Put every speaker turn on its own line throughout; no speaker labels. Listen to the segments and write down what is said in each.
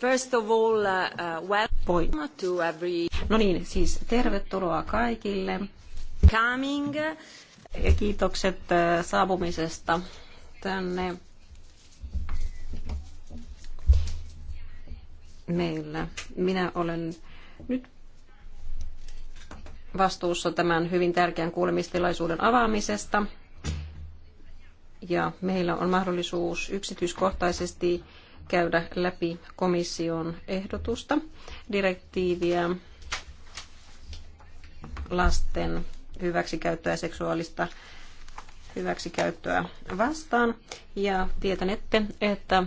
first of all, uh, uh
welcome to every... No niin, siis tervetuloa kaikille. Coming. Ja kiitokset uh, saapumisesta tänne. Meillä. Minä olen nyt vastuussa tämän hyvin tärkeän kuulemistilaisuuden avaamisesta. Ja meillä on mahdollisuus yksityiskohtaisesti käydä läpi komission ehdotusta, direktiiviä lasten hyväksikäyttöä ja seksuaalista hyväksikäyttöä vastaan. Ja tietänette, että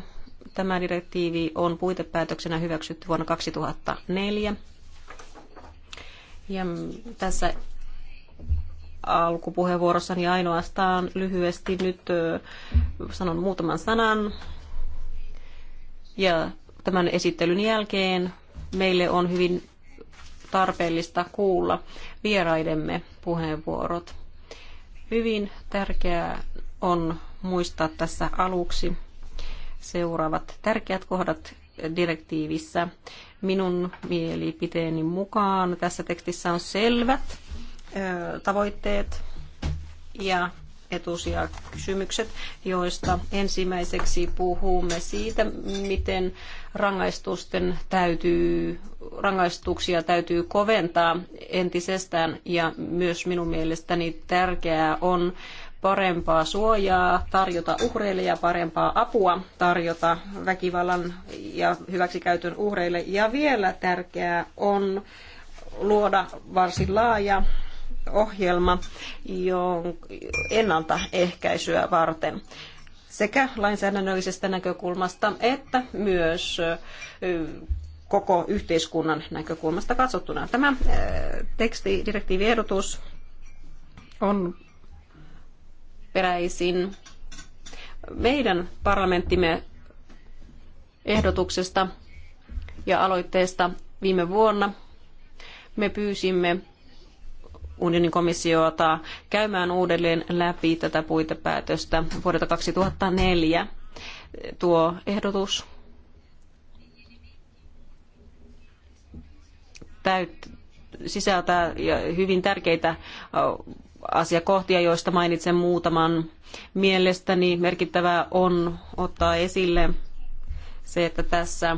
tämä direktiivi on puitepäätöksenä hyväksytty vuonna 2004. Ja tässä alkupuheenvuorossani ainoastaan lyhyesti nyt sanon muutaman sanan ja tämän esittelyn jälkeen meille on hyvin tarpeellista kuulla vieraidemme puheenvuorot. Hyvin tärkeää on muistaa tässä aluksi seuraavat tärkeät kohdat direktiivissä. Minun mielipiteeni mukaan tässä tekstissä on selvät tavoitteet ja etusia kysymykset, joista ensimmäiseksi puhumme siitä, miten rangaistusten täytyy, rangaistuksia täytyy koventaa entisestään ja myös minun mielestäni tärkeää on parempaa suojaa, tarjota uhreille ja parempaa apua, tarjota väkivallan ja hyväksikäytön uhreille. Ja vielä tärkeää on luoda varsin laaja ohjelma ennaltaehkäisyä varten sekä lainsäädännöllisestä näkökulmasta että myös koko yhteiskunnan näkökulmasta katsottuna. Tämä teksti, on peräisin meidän parlamenttimme ehdotuksesta ja aloitteesta viime vuonna. Me pyysimme unionin komissiota käymään uudelleen läpi tätä puitepäätöstä vuodelta 2004. Tuo ehdotus täyt, sisältää hyvin tärkeitä asiakohtia, joista mainitsen muutaman. Mielestäni merkittävää on ottaa esille se, että tässä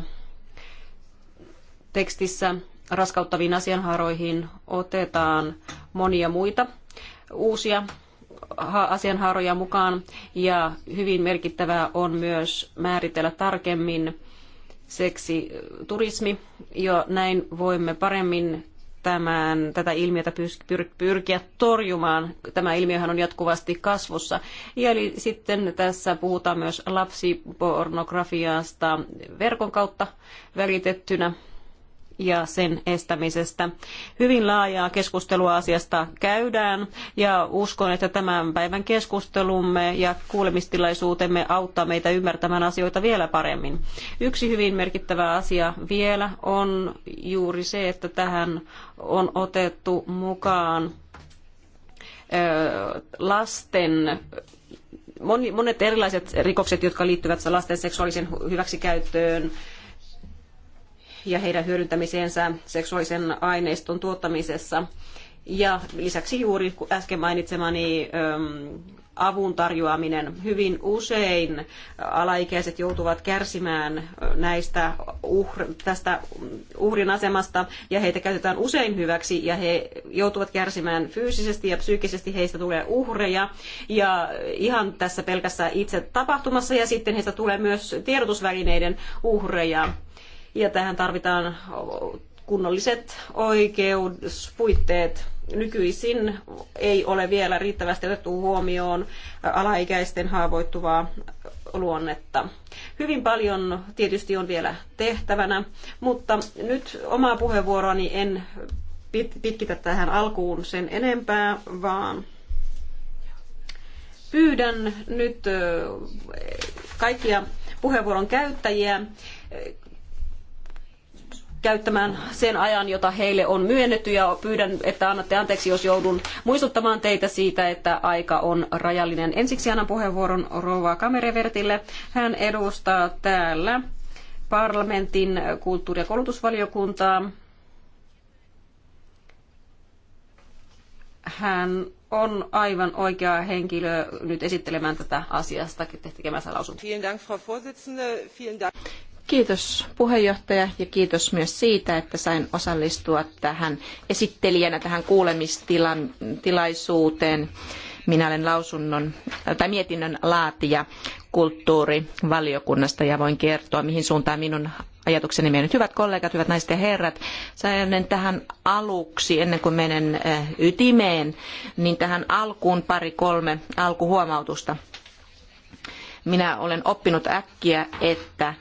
tekstissä raskauttaviin asianhaaroihin otetaan monia muita uusia asianhaaroja mukaan ja hyvin merkittävää on myös määritellä tarkemmin seksiturismi, ja näin voimme paremmin tämän, tätä ilmiötä pyrkiä torjumaan. Tämä ilmiöhän on jatkuvasti kasvussa. Ja eli sitten tässä puhutaan myös lapsipornografiasta verkon kautta välitettynä ja sen estämisestä. Hyvin laajaa keskustelua asiasta käydään ja uskon, että tämän päivän keskustelumme ja kuulemistilaisuutemme auttaa meitä ymmärtämään asioita vielä paremmin. Yksi hyvin merkittävä asia vielä on juuri se, että tähän on otettu mukaan lasten monet erilaiset rikokset, jotka liittyvät lasten seksuaalisen hyväksikäyttöön, ja heidän hyödyntämiseensä seksuaalisen aineiston tuottamisessa. Ja lisäksi juuri äsken mainitsemani avun tarjoaminen. Hyvin usein alaikäiset joutuvat kärsimään näistä uhr, tästä uhrin asemasta ja heitä käytetään usein hyväksi ja he joutuvat kärsimään fyysisesti ja psyykkisesti heistä tulee uhreja ja ihan tässä pelkässä itse tapahtumassa ja sitten heistä tulee myös tiedotusvälineiden uhreja ja tähän tarvitaan kunnolliset oikeuspuitteet. Nykyisin ei ole vielä riittävästi otettu huomioon alaikäisten haavoittuvaa luonnetta. Hyvin paljon tietysti on vielä tehtävänä, mutta nyt omaa puheenvuoroani en pitkitä tähän alkuun sen enempää, vaan pyydän nyt kaikkia puheenvuoron käyttäjiä käyttämään sen ajan, jota heille on myönnetty ja pyydän, että annatte anteeksi, jos joudun muistuttamaan teitä siitä, että aika on rajallinen. Ensiksi annan puheenvuoron Rova Kamerevertille. Hän edustaa täällä parlamentin kulttuuri- ja koulutusvaliokuntaa. Hän on aivan oikea henkilö nyt esittelemään tätä asiasta tekemänsä lausuntoa.
Kiitos puheenjohtaja ja kiitos myös siitä, että sain osallistua tähän esittelijänä tähän kuulemistilaisuuteen. Minä olen lausunnon tai mietinnön laatija kulttuurivaliokunnasta ja voin kertoa, mihin suuntaan minun ajatukseni mennyt. Hyvät kollegat, hyvät naiset ja herrat, sain tähän aluksi, ennen kuin menen eh, ytimeen, niin tähän alkuun pari kolme alkuhuomautusta. Minä olen oppinut äkkiä, että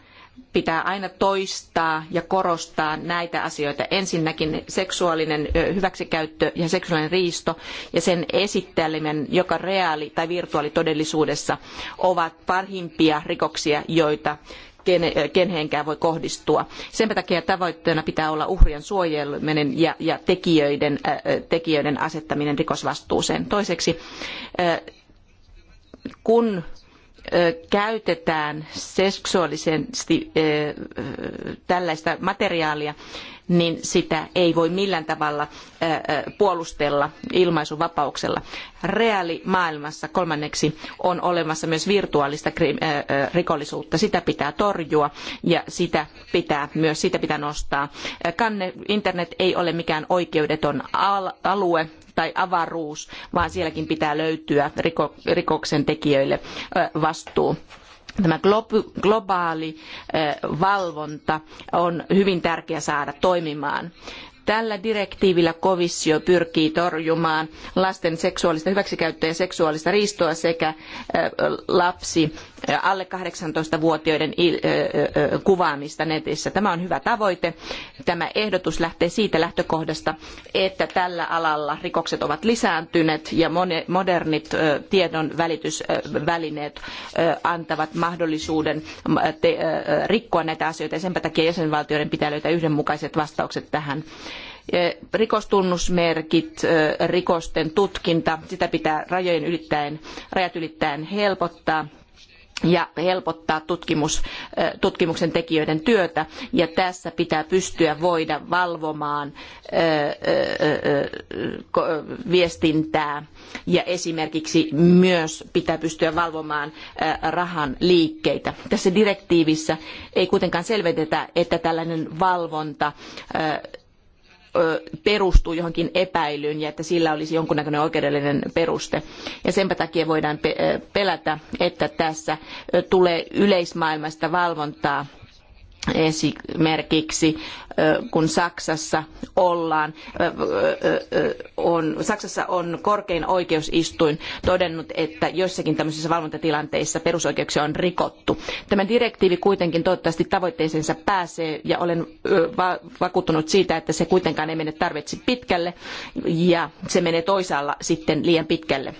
pitää aina toistaa ja korostaa näitä asioita. Ensinnäkin seksuaalinen hyväksikäyttö ja seksuaalinen riisto ja sen esitteleminen, joka reaali- tai virtuaalitodellisuudessa ovat parhimpia rikoksia, joita kenheenkään voi kohdistua. Sen takia tavoitteena pitää olla uhrien suojeleminen ja, ja tekijöiden, tekijöiden asettaminen rikosvastuuseen. Toiseksi, kun käytetään seksuaalisesti tällaista materiaalia, niin sitä ei voi millään tavalla puolustella ilmaisuvapauksella. Reaalimaailmassa kolmanneksi on olemassa myös virtuaalista rikollisuutta. Sitä pitää torjua ja sitä pitää myös sitä pitää nostaa. Kanne, internet ei ole mikään oikeudeton alue tai avaruus, vaan sielläkin pitää löytyä rikoksen tekijöille vastuu Tämä globaali eh, valvonta on hyvin tärkeä saada toimimaan. Tällä direktiivillä komissio pyrkii torjumaan lasten seksuaalista hyväksikäyttöä ja seksuaalista riistoa sekä lapsi alle 18-vuotiaiden kuvaamista netissä. Tämä on hyvä tavoite. Tämä ehdotus lähtee siitä lähtökohdasta, että tällä alalla rikokset ovat lisääntyneet ja modernit tiedon välitysvälineet antavat mahdollisuuden rikkoa näitä asioita ja sen takia jäsenvaltioiden pitää löytää yhdenmukaiset vastaukset tähän rikostunnusmerkit, rikosten tutkinta, sitä pitää rajojen ylittäen, rajat ylittäen helpottaa ja helpottaa tutkimuksen tekijöiden työtä. Ja tässä pitää pystyä voida valvomaan viestintää ja esimerkiksi myös pitää pystyä valvomaan rahan liikkeitä. Tässä direktiivissä ei kuitenkaan selventetä, että tällainen valvonta perustuu johonkin epäilyyn ja että sillä olisi jonkunnäköinen oikeudellinen peruste. Ja sen takia voidaan pelätä, että tässä tulee yleismaailmasta valvontaa esimerkiksi kun Saksassa ollaan, on, Saksassa on korkein oikeusistuin todennut, että joissakin tämmöisissä valvontatilanteissa perusoikeuksia on rikottu. Tämä direktiivi kuitenkin toivottavasti tavoitteeseensa pääsee ja olen vakuuttunut siitä, että se kuitenkaan ei mene tarvitse pitkälle ja se menee toisaalla sitten liian pitkälle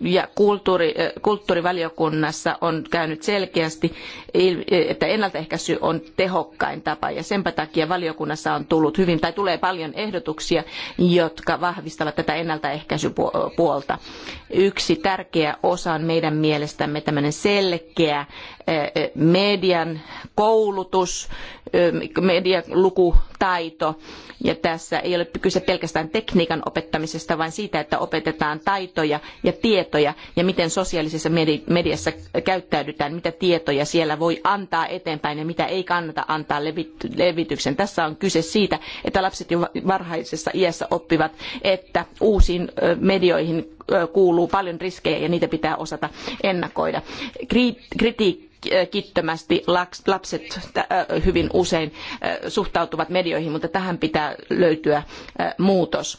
ja kulttuuri, eh, kulttuurivaliokunnassa on käynyt selkeästi, eh, että ennaltaehkäisy on tehokkain tapa ja senpä takia valiokunnassa on tullut hyvin tai tulee paljon ehdotuksia, jotka vahvistavat tätä ennaltaehkäisypuolta. Yksi tärkeä osa on meidän mielestämme tämmöinen selkeä median koulutus, median lukutaito. Ja tässä ei ole kyse pelkästään tekniikan opettamisesta, vaan siitä, että opetetaan taitoja ja tietoja ja miten sosiaalisessa mediassa käyttäydytään, mitä tietoja siellä voi antaa eteenpäin ja mitä ei kannata antaa levityksen. Tässä on kyse siitä, että lapset jo varhaisessa iässä oppivat, että uusiin medioihin kuuluu paljon riskejä ja niitä pitää osata ennakoida. Kritiikki kittömästi äh, lapset äh, hyvin usein äh, suhtautuvat medioihin, mutta tähän pitää löytyä muutos.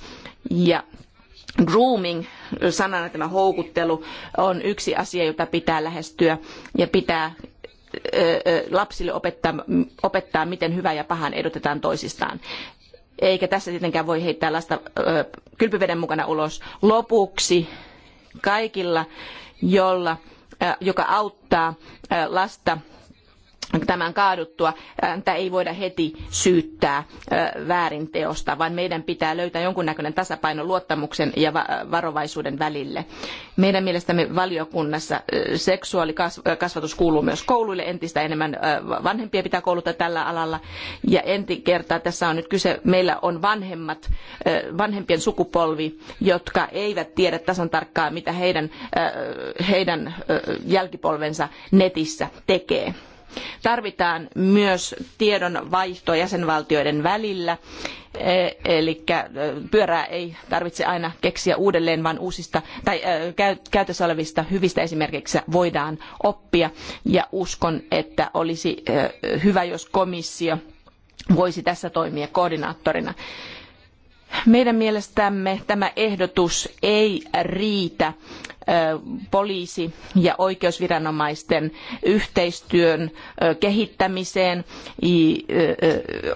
Ja grooming sanana tämä houkuttelu on yksi asia, jota pitää lähestyä ja pitää lapsille opettaa, opettaa miten hyvä ja pahan edotetaan toisistaan eikä tässä tietenkään voi heittää lasta kylpyveden mukana ulos. Lopuksi kaikilla, jolla joka auttaa lasta tämän kaaduttua häntä ei voida heti syyttää väärinteosta, vaan meidän pitää löytää jonkunnäköinen tasapaino luottamuksen ja varovaisuuden välille. Meidän mielestämme valiokunnassa seksuaalikasvatus kuuluu myös kouluille entistä enemmän. Vanhempia pitää kouluttaa tällä alalla. Ja enti kertaa tässä on nyt kyse, meillä on vanhemmat, vanhempien sukupolvi, jotka eivät tiedä tasan tarkkaan, mitä heidän, heidän jälkipolvensa netissä tekee Tarvitaan myös tiedon vaihtoa jäsenvaltioiden välillä, e, eli e, pyörää ei tarvitse aina keksiä uudelleen, vaan uusista tai e, käytössä olevista hyvistä esimerkiksi voidaan oppia. Ja uskon, että olisi hyvä, jos komissio voisi tässä toimia koordinaattorina. Meidän mielestämme tämä ehdotus ei riitä poliisi- ja oikeusviranomaisten yhteistyön kehittämiseen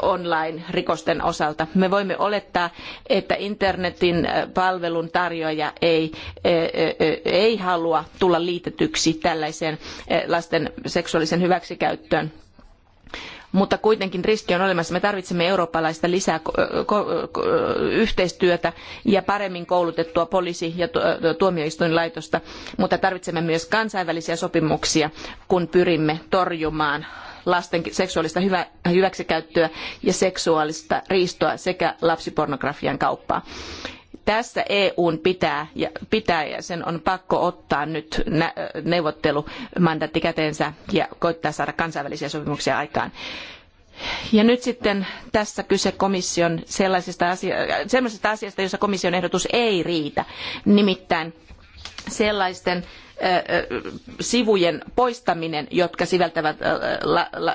online-rikosten osalta. Me voimme olettaa, että internetin palvelun tarjoaja ei, ei halua tulla liitetyksi tällaiseen lasten seksuaalisen hyväksikäyttöön mutta kuitenkin riski on olemassa. Me tarvitsemme eurooppalaista lisää yhteistyötä ja paremmin koulutettua poliisi- ja tuomioistuinlaitosta, mutta tarvitsemme myös kansainvälisiä sopimuksia, kun pyrimme torjumaan lasten seksuaalista hyvä, hyväksikäyttöä ja seksuaalista riistoa sekä lapsipornografian kauppaa. Tässä EUn pitää ja, pitää ja sen on pakko ottaa nyt neuvottelumandaatti käteensä ja koittaa saada kansainvälisiä sopimuksia aikaan. Ja nyt sitten tässä kyse komission sellaisesta, asia, sellaisesta asiasta, jossa komission ehdotus ei riitä, nimittäin sellaisten sivujen poistaminen, jotka sivältävät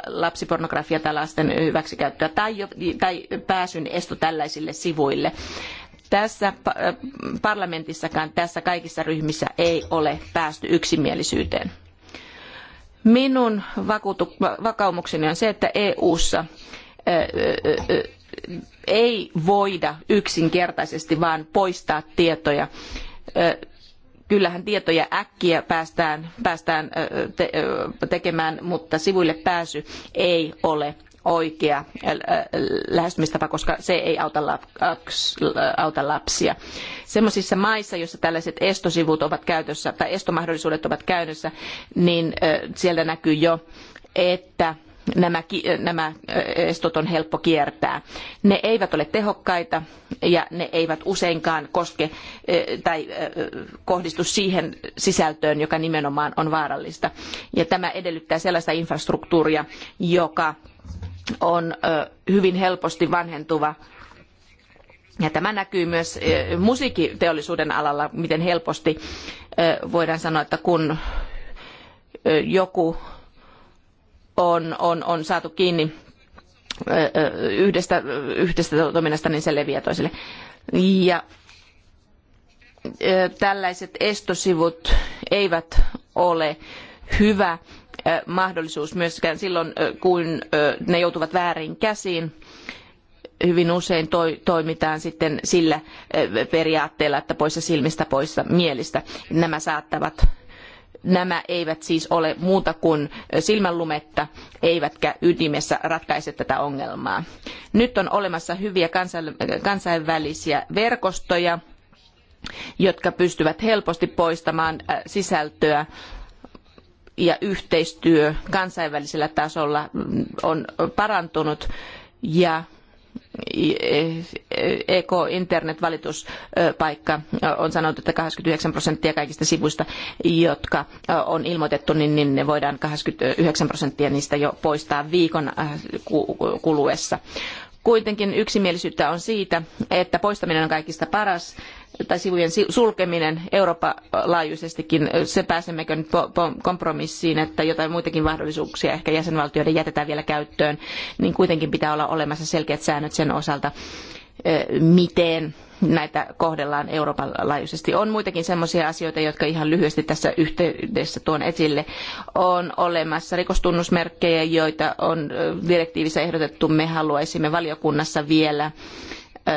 lapsipornografiaa tai lasten hyväksikäyttöä tai, tai pääsyn esto tällaisille sivuille tässä äh, parlamentissakaan, tässä kaikissa ryhmissä ei ole päästy yksimielisyyteen. Minun vakuutu, vakaumukseni on se, että EU:ssa äh, äh, ei voida yksinkertaisesti vaan poistaa tietoja. Kyllähän tietoja äkkiä päästään, päästään tekemään, mutta sivuille pääsy ei ole oikea lähestymistapa, koska se ei auta lapsia. Semmoisissa maissa, joissa tällaiset estosivut ovat käytössä tai estomahdollisuudet ovat käytössä, niin siellä näkyy jo, että nämä, nämä estot on helppo kiertää. Ne eivät ole tehokkaita ja ne eivät useinkaan koske tai kohdistu siihen sisältöön, joka nimenomaan on vaarallista. Ja tämä edellyttää sellaista infrastruktuuria, joka on hyvin helposti vanhentuva. Ja tämä näkyy myös musiikkiteollisuuden alalla, miten helposti voidaan sanoa, että kun joku on, on, on saatu kiinni yhdestä, yhdestä toiminnasta, niin se leviää toiselle. Ja tällaiset estosivut eivät ole hyvä mahdollisuus myöskään silloin, kun ne joutuvat väärin käsiin hyvin usein toimitaan sitten sillä periaatteella, että poissa silmistä, poissa mielistä. Nämä saattavat Nämä eivät siis ole muuta kuin silmänlumetta, eivätkä ytimessä ratkaise tätä ongelmaa. Nyt on olemassa hyviä kansainvälisiä verkostoja, jotka pystyvät helposti poistamaan sisältöä ja yhteistyö kansainvälisellä tasolla on parantunut ja EK e, e Internet valituspaikka on sanonut, että 89 prosenttia kaikista sivuista, jotka on ilmoitettu, niin, niin ne voidaan 89 prosenttia niistä jo poistaa viikon äh, kuluessa. Kuitenkin yksimielisyyttä on siitä, että poistaminen on kaikista paras tai sivujen sulkeminen Euroopan laajuisestikin, se pääsemmekö nyt kompromissiin, että jotain muitakin mahdollisuuksia ehkä jäsenvaltioiden jätetään vielä käyttöön, niin kuitenkin pitää olla olemassa selkeät säännöt sen osalta, miten näitä kohdellaan Euroopan laajuisesti. On muitakin sellaisia asioita, jotka ihan lyhyesti tässä yhteydessä tuon esille. On olemassa rikostunnusmerkkejä, joita on direktiivissä ehdotettu. Me haluaisimme valiokunnassa vielä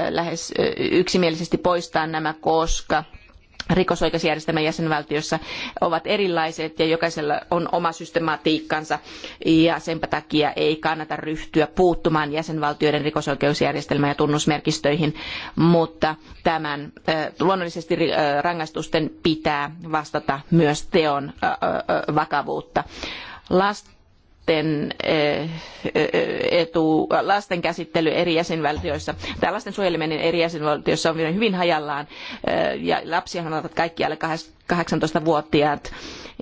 lähes yksimielisesti poistaa nämä, koska rikosoikeusjärjestelmän jäsenvaltioissa ovat erilaiset ja jokaisella on oma systematiikkansa ja senpä takia ei kannata ryhtyä puuttumaan jäsenvaltioiden rikosoikeusjärjestelmään ja tunnusmerkistöihin, mutta tämän luonnollisesti rangaistusten pitää vastata myös teon vakavuutta. Last lasten, eh, eh, eh, etu, lasten käsittely eri jäsenvaltioissa, tai lasten suojeleminen eri jäsenvaltioissa on vielä hyvin hajallaan, ja lapsiahan ovat kaikki alle 18-vuotiaat,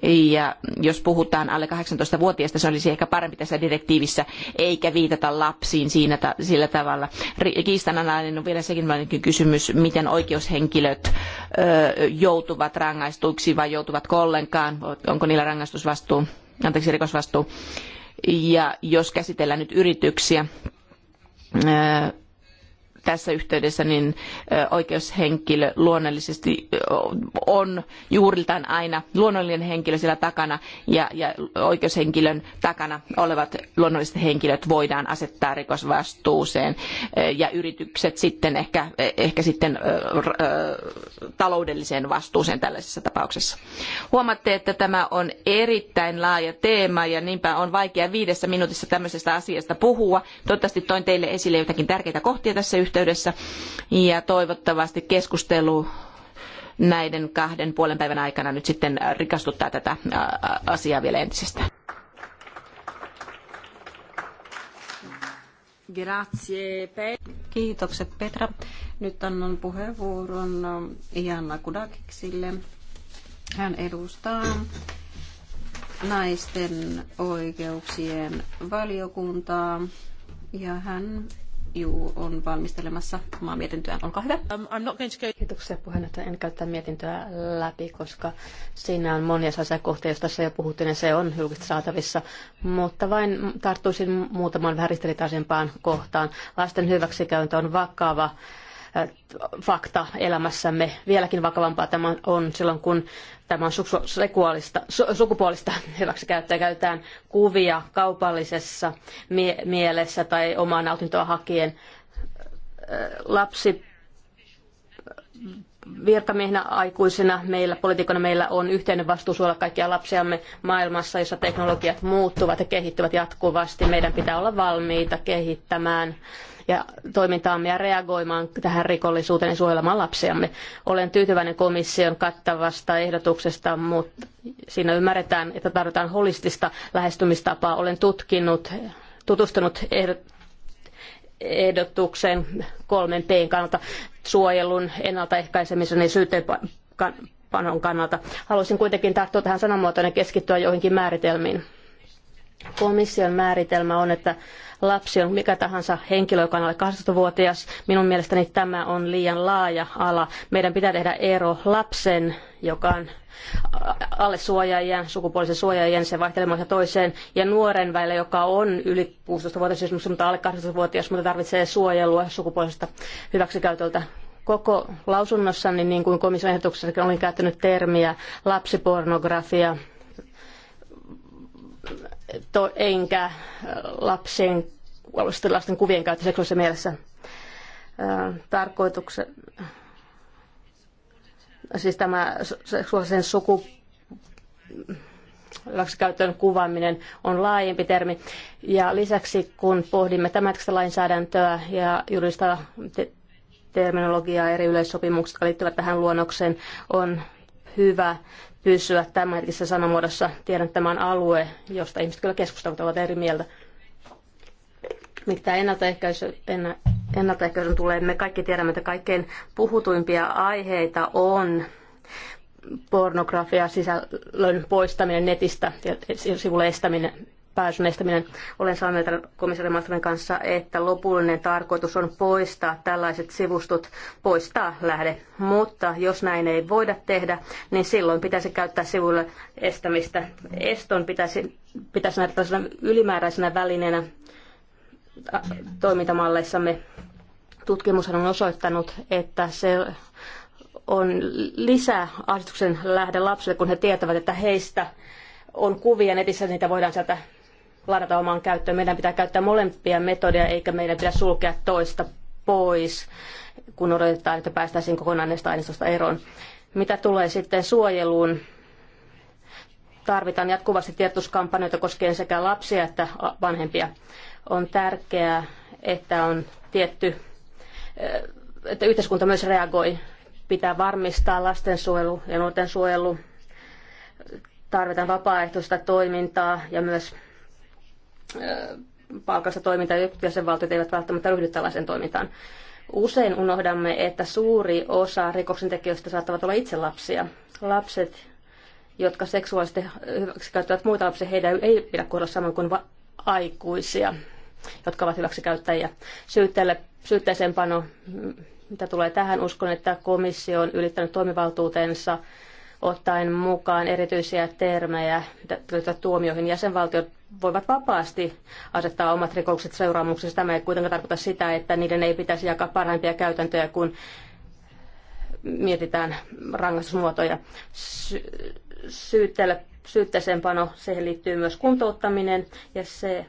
ja jos puhutaan alle 18-vuotiaista, se olisi ehkä parempi tässä direktiivissä, eikä viitata lapsiin siinä, sillä tavalla. Kiistanalainen on vielä sekin kysymys, miten oikeushenkilöt joutuvat rangaistuiksi vai joutuvatko ollenkaan, onko niillä rangaistusvastuu anteeksi rikosvastuu. Ja jos käsitellään nyt yrityksiä, tässä yhteydessä niin oikeushenkilö luonnollisesti on juuriltaan aina luonnollinen henkilö siellä takana ja, ja oikeushenkilön takana olevat luonnolliset henkilöt voidaan asettaa rikosvastuuseen ja yritykset sitten ehkä, e, ehkä sitten taloudelliseen vastuuseen tällaisessa tapauksessa. Huomaatte, että tämä on erittäin laaja teema ja niinpä on vaikea viidessä minuutissa tämmöisestä asiasta puhua. Toivottavasti toin teille esille jotakin tärkeitä kohtia tässä yhteydessä yhteydessä ja toivottavasti keskustelu näiden kahden puolen päivän aikana nyt sitten rikastuttaa tätä asiaa
vielä entisestään. Kiitokset Petra. Nyt annan puheenvuoron Janna Kudakiksille. Hän edustaa naisten oikeuksien valiokuntaa ja hän EU on valmistelemassa omaa mietintöään. Olkaa hyvä.
Um, I'm not going to go... Kiitoksia puheenjohtaja.
En käytä mietintöä läpi, koska siinä on monia asiakohtia, joista tässä jo puhuttiin, ja se on julkisesti saatavissa. Mutta vain tarttuisin muutamaan vähän ristiriitaisempaan kohtaan. Lasten hyväksikäyntö on vakava äh, fakta elämässämme. Vieläkin vakavampaa tämä on silloin, kun Tämä on seksuaalista, sukupuolista hyväksikäyttöä. Käytetään kuvia kaupallisessa mie- mielessä tai omaa nautintoa hakien. Lapsi virkamiehinä aikuisena meillä, poliitikkoina meillä on yhteinen vastuu suojella kaikkia lapsiamme maailmassa, jossa teknologiat muuttuvat ja kehittyvät jatkuvasti. Meidän pitää olla valmiita kehittämään ja toimintaamme ja reagoimaan tähän rikollisuuteen ja suojelemaan lapsiamme. Olen tyytyväinen komission kattavasta ehdotuksesta, mutta siinä ymmärretään, että tarvitaan holistista lähestymistapaa. Olen tutkinut, tutustunut ehdotukseen ehdotuksen kolmen p kannalta suojelun, ennaltaehkäisemisen ja syyteenpanon kannalta. Haluaisin kuitenkin tarttua tähän sanamuotoon ja keskittyä joihinkin määritelmiin. Komission määritelmä on, että lapsi on mikä tahansa henkilö, joka on alle 18-vuotias. Minun mielestäni tämä on liian laaja ala. Meidän pitää tehdä ero lapsen, joka on alle suojaajien, sukupuolisen suojaajien, se vaihtelemassa toiseen, ja nuoren välillä, joka on yli 16-vuotias, mutta alle 18-vuotias, mutta tarvitsee suojelua sukupuolisesta hyväksikäytöltä koko lausunnossani, niin kuin komission ehdotuksessakin, olin käyttänyt termiä lapsipornografia to, enkä äh, lapsien, lasten kuvien käyttö seksuaalisessa mielessä. Äh, tarkoituksen, siis tämä seksuaalisen suku käytön kuvaaminen on laajempi termi. Ja lisäksi kun pohdimme tämänhetkistä lainsäädäntöä ja juridista te- terminologiaa eri yleissopimukset, jotka liittyvät tähän luonnokseen, on hyvä pysyä tämänhetkisessä sanamuodossa. Tiedän, että tämä on alue, josta ihmiset kyllä keskustelut ovat eri mieltä. Mitä ennaltaehkäisy, ennä, ennaltaehkäisyn tulee, me kaikki tiedämme, että kaikkein puhutuimpia aiheita on pornografia, sisällön poistaminen netistä ja sivulle estäminen, pääsyn estäminen. Olen saanut mieltä komissaari Malmströmin kanssa, että lopullinen tarkoitus on poistaa tällaiset sivustot, poistaa lähde. Mutta jos näin ei voida tehdä, niin silloin pitäisi käyttää sivuille estämistä. Eston pitäisi, pitäisi nähdä tällaisena ylimääräisenä välineenä toimintamalleissamme. Tutkimus on osoittanut, että se on lisää ahdistuksen lähde lapsille, kun he tietävät, että heistä on kuvia netissä, niitä voidaan sieltä ladata omaan käyttöön. Meidän pitää käyttää molempia metodeja, eikä meidän pidä sulkea toista pois, kun odotetaan, että päästäisiin kokonaan näistä aineistosta eroon. Mitä tulee sitten suojeluun, tarvitaan jatkuvasti tiedotuskampanjoita koskien sekä lapsia että vanhempia. On tärkeää, että on tietty, että yhteiskunta myös reagoi. Pitää varmistaa lastensuojelu ja nuorten suojelu. Tarvitaan vapaaehtoista toimintaa ja myös palkallista toimintaa, ja jäsenvaltiot eivät välttämättä ryhdy tällaiseen toimintaan. Usein unohdamme, että suuri osa rikoksentekijöistä saattavat olla itse lapsia. Lapset, jotka seksuaalisesti hyväksikäyttävät muita lapsia, heidän ei pidä kohdella samoin kuin aikuisia, jotka ovat hyväksikäyttäjiä. syytteeseen pano, mitä tulee tähän, uskon, että komissio on ylittänyt toimivaltuutensa ottaen mukaan erityisiä termejä, mitä tuomioihin jäsenvaltiot voivat vapaasti asettaa omat rikokset seuraamuksessa. Tämä ei kuitenkaan tarkoita sitä, että niiden ei pitäisi jakaa parhaimpia käytäntöjä, kun mietitään rangaistusmuotoja. Sy- syytteeseen pano, siihen liittyy myös kuntouttaminen ja se,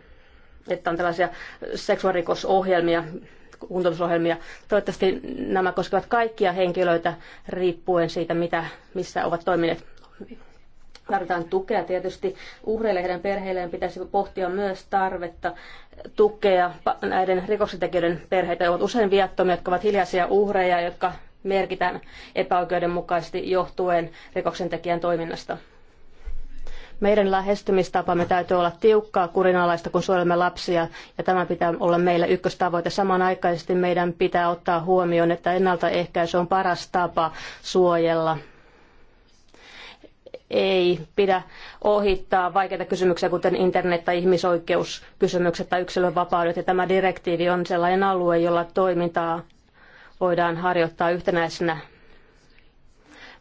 että on tällaisia seksuaalirikosohjelmia, kuntoutusohjelmia. Toivottavasti nämä koskevat kaikkia henkilöitä riippuen siitä, mitä, missä ovat toimineet Tarvitaan tukea tietysti uhreille heidän perheilleen pitäisi pohtia myös tarvetta tukea näiden rikoksentekijöiden perheitä, ovat usein viattomia, jotka ovat hiljaisia uhreja, jotka merkitään epäoikeudenmukaisesti johtuen rikoksentekijän toiminnasta. Meidän lähestymistapamme täytyy olla tiukkaa, kurinalaista, kun suojelemme lapsia, ja tämä pitää olla meillä ykköstavoite. Samanaikaisesti meidän pitää ottaa huomioon, että ennaltaehkäisy on paras tapa suojella ei pidä ohittaa vaikeita kysymyksiä, kuten internet- tai ihmisoikeuskysymykset tai yksilönvapaudet. Ja tämä direktiivi on sellainen alue, jolla toimintaa voidaan harjoittaa yhtenäisenä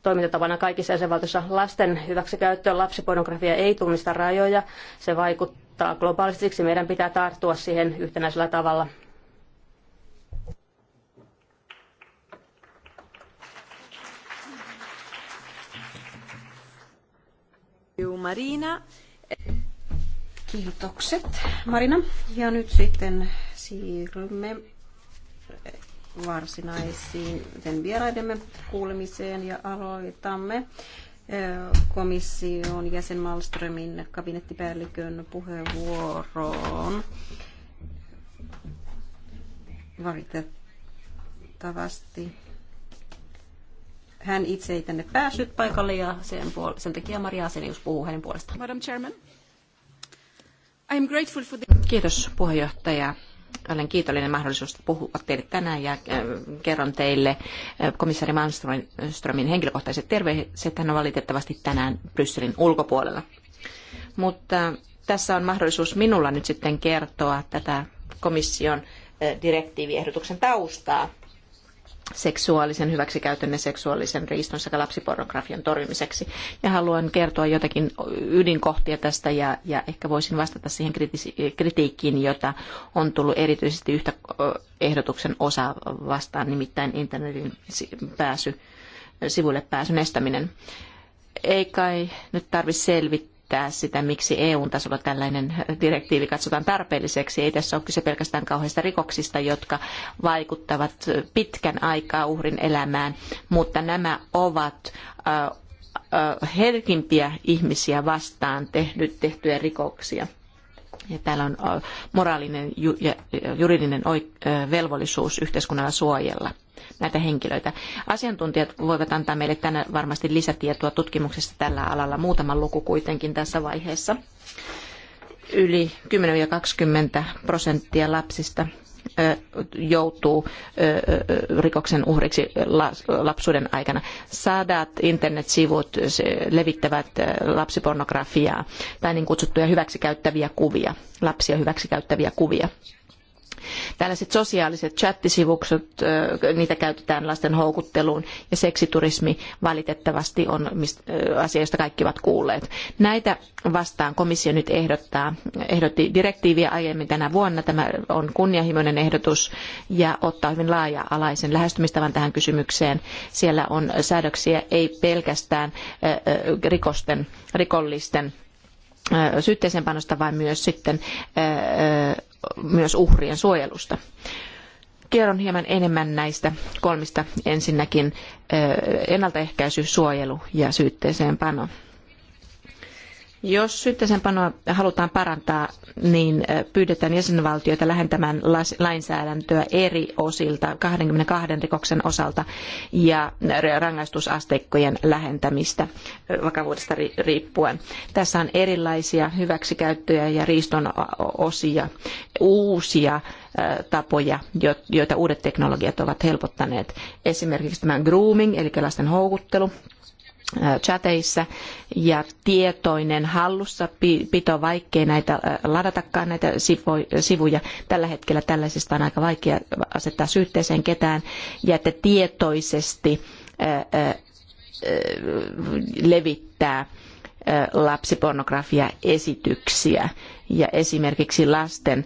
toimintatavana kaikissa jäsenvaltioissa. Lasten hyväksikäyttöön lapsipornografia ei tunnista rajoja. Se vaikuttaa globaalisti, siksi meidän pitää tarttua siihen yhtenäisellä tavalla.
Marina.
Kiitokset Marina. Ja nyt sitten siirrymme eh, varsinaisiin sen vieraidemme kuulemiseen ja aloitamme eh, komission jäsen Malmströmin kabinettipäällikön puheenvuoroon. Valitettavasti hän itse ei tänne päässyt paikalle ja sen, puol- sen takia Maria Asenius puhuu hänen puolestaan. Madam Chairman.
I am grateful for the... Kiitos puheenjohtaja. Olen kiitollinen mahdollisuus puhua teille tänään ja äh, kerron teille äh, komissaari Malmströmin henkilökohtaiset terveiset. Hän on valitettavasti tänään Brysselin ulkopuolella. Mutta äh, tässä on mahdollisuus minulla nyt sitten kertoa tätä komission direktiiviehdotuksen taustaa seksuaalisen hyväksikäytön ja seksuaalisen riiston sekä lapsipornografian torjumiseksi. Ja haluan kertoa jotakin ydinkohtia tästä ja, ja ehkä voisin vastata siihen kritiikkiin, jota on tullut erityisesti yhtä ehdotuksen osaa vastaan, nimittäin internetin pääsy, sivuille pääsyn estäminen. Ei kai nyt tarvitse selvittää selittää sitä, miksi EUn tasolla tällainen direktiivi katsotaan tarpeelliseksi. Ei tässä ole kyse pelkästään kauheista rikoksista, jotka vaikuttavat pitkän aikaa uhrin elämään, mutta nämä ovat herkimpiä ihmisiä vastaan tehtyjä rikoksia. Ja täällä on moraalinen ja juridinen velvollisuus yhteiskunnalla suojella näitä henkilöitä. Asiantuntijat voivat antaa meille tänään varmasti lisätietoa tutkimuksesta tällä alalla. Muutama luku kuitenkin tässä vaiheessa. Yli 10-20 prosenttia lapsista joutuu rikoksen uhriksi lapsuuden aikana. Sadat internetsivut levittävät lapsipornografiaa tai niin kutsuttuja hyväksikäyttäviä kuvia, lapsia hyväksikäyttäviä kuvia. Tällaiset sosiaaliset chattisivukset, niitä käytetään lasten houkutteluun ja seksiturismi valitettavasti on asia, josta kaikki ovat kuulleet. Näitä vastaan komissio nyt ehdottaa, ehdotti direktiiviä aiemmin tänä vuonna. Tämä on kunnianhimoinen ehdotus ja ottaa hyvin laaja-alaisen lähestymistavan tähän kysymykseen. Siellä on säädöksiä ei pelkästään rikosten, rikollisten syytteeseenpanosta, vaan myös sitten myös uhrien suojelusta. Kerron hieman enemmän näistä kolmista. Ensinnäkin ennaltaehkäisy, suojelu ja syytteeseen pano. Jos syyttäisenpanoa halutaan parantaa, niin pyydetään jäsenvaltioita lähentämään lainsäädäntöä eri osilta, 22 rikoksen osalta ja rangaistusasteikkojen lähentämistä vakavuudesta riippuen. Tässä on erilaisia hyväksikäyttöjä ja riiston osia, uusia tapoja, joita uudet teknologiat ovat helpottaneet. Esimerkiksi tämä grooming, eli lasten houkuttelu, chateissa ja tietoinen hallussapito, vaikkei näitä ladatakaan näitä sivuja. Tällä hetkellä tällaisesta on aika vaikea asettaa syytteeseen ketään ja että tietoisesti levittää lapsipornografiaesityksiä ja esimerkiksi lasten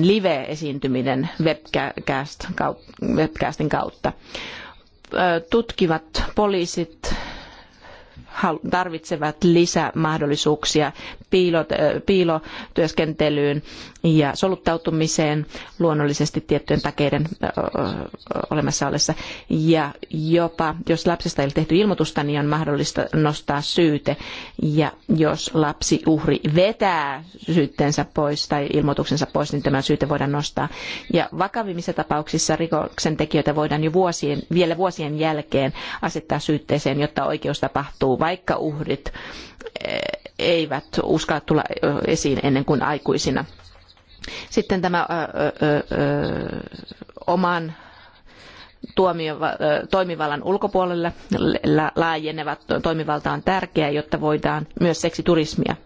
live-esiintyminen webcastin kautta tutkivat poliisit tarvitsevat lisämahdollisuuksia piilot, piilotyöskentelyyn ja soluttautumiseen luonnollisesti tiettyjen takeiden olemassa ollessa. Ja jopa jos lapsesta ei ole tehty ilmoitusta, niin on mahdollista nostaa syyte. Ja jos lapsi uhri vetää syytteensä pois tai ilmoituksensa pois, niin tämä syyte voidaan nostaa. Ja vakavimmissa tapauksissa rikoksen tekijöitä voidaan jo vuosien, vielä vuosien jälkeen asettaa syytteeseen, jotta oikeus tapahtuu tapahtuu, vaikka uhrit eh, eivät uskalla tulla esiin ennen kuin aikuisina. Sitten tämä oman toimivallan ulkopuolelle laajeneva toimivalta on tärkeä, jotta voidaan myös seksiturismia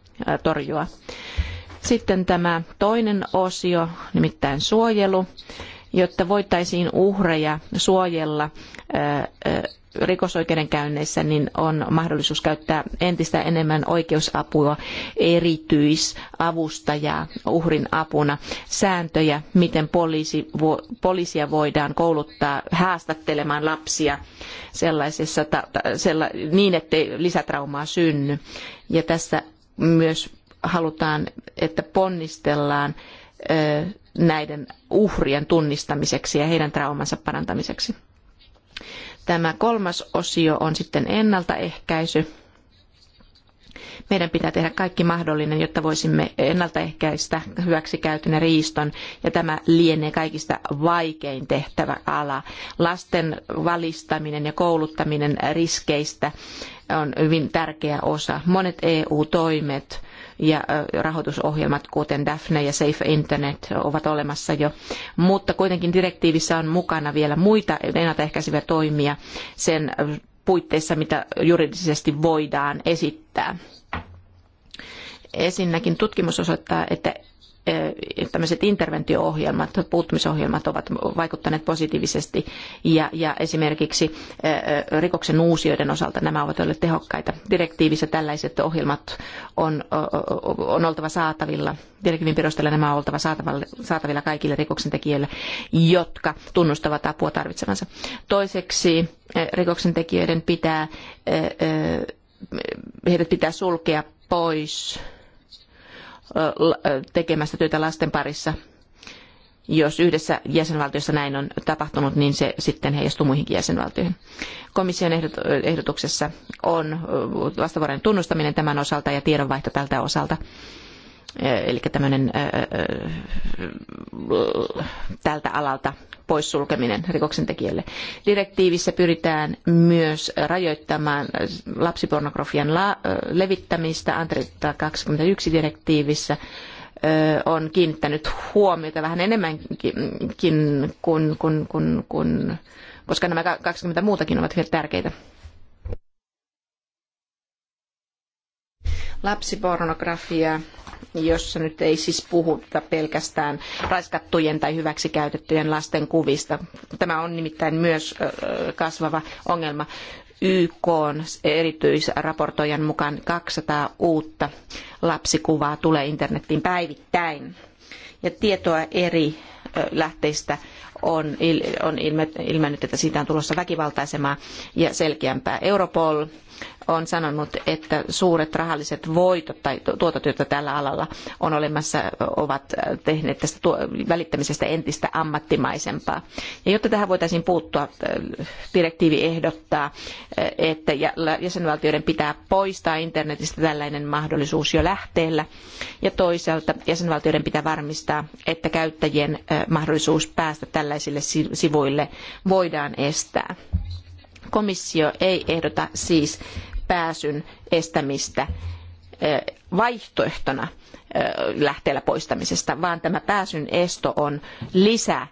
torjua. Sitten tämä toinen osio, nimittäin suojelu, jotta voitaisiin uhreja suojella rikosoikeudenkäynneissä, niin on mahdollisuus käyttää entistä enemmän oikeusapua, erityisavustajaa uhrin apuna, sääntöjä, miten poliisi, poliisia voidaan kouluttaa haastattelemaan lapsia sellaisessa, ta, ta, sella, niin, ettei lisätraumaa synny. Ja tässä myös halutaan, että ponnistellaan näiden uhrien tunnistamiseksi ja heidän traumansa parantamiseksi. Tämä kolmas osio on sitten ennaltaehkäisy. Meidän pitää tehdä kaikki mahdollinen, jotta voisimme ennaltaehkäistä hyväksikäytön ja riiston, ja tämä lienee kaikista vaikein tehtävä ala. Lasten valistaminen ja kouluttaminen riskeistä on hyvin tärkeä osa. Monet EU-toimet ja rahoitusohjelmat, kuten Daphne ja Safe Internet, ovat olemassa jo. Mutta kuitenkin direktiivissä on mukana vielä muita ennaltaehkäiseviä toimia sen puitteissa, mitä juridisesti voidaan esittää. Ensinnäkin tutkimus osoittaa, että tämmöiset interventio-ohjelmat, puuttumisohjelmat ovat vaikuttaneet positiivisesti ja, ja esimerkiksi rikoksen uusijoiden osalta nämä ovat olleet tehokkaita. Direktiivissä tällaiset ohjelmat on, on oltava saatavilla, direktiivin perusteella nämä on oltava saatavilla, saatavilla kaikille rikoksentekijöille, jotka tunnustavat apua tarvitsevansa. Toiseksi rikoksentekijöiden pitää, heidät pitää sulkea pois tekemästä työtä lasten parissa. Jos yhdessä jäsenvaltiossa näin on tapahtunut, niin se sitten heijastuu muihinkin jäsenvaltioihin. Komission ehdotuksessa on vastavuoroinen tunnustaminen tämän osalta ja tiedonvaihto tältä osalta eli tämmöinen tältä alalta poissulkeminen rikoksentekijälle. Direktiivissä pyritään myös rajoittamaan lapsipornografian levittämistä. Antretta 21 direktiivissä on kiinnittänyt huomiota vähän enemmänkin kuin, kun kun kuin koska nämä 20 muutakin ovat vielä tärkeitä Lapsipornografia, jossa nyt ei siis puhuta pelkästään raiskattujen tai hyväksikäytettyjen lasten kuvista. Tämä on nimittäin myös kasvava ongelma. YK on erityisraportoijan mukaan 200 uutta lapsikuvaa tulee internetin päivittäin. Ja tietoa eri lähteistä on, on ilmennyt, että siitä on tulossa väkivaltaisempaa ja selkeämpää. Europol on sanonut, että suuret rahalliset voitot tai tuotot, joita tällä alalla on olemassa, ovat tehneet tästä välittämisestä entistä ammattimaisempaa. Ja jotta tähän voitaisiin puuttua, äh, direktiivi ehdottaa, äh, että jäsenvaltioiden pitää poistaa internetistä tällainen mahdollisuus jo lähteellä. Ja toisaalta jäsenvaltioiden pitää varmistaa, että käyttäjien äh, mahdollisuus päästä tällä tällaisille sivuille voidaan estää. Komissio ei ehdota siis pääsyn estämistä vaihtoehtona lähteellä poistamisesta, vaan tämä pääsyn esto on lisä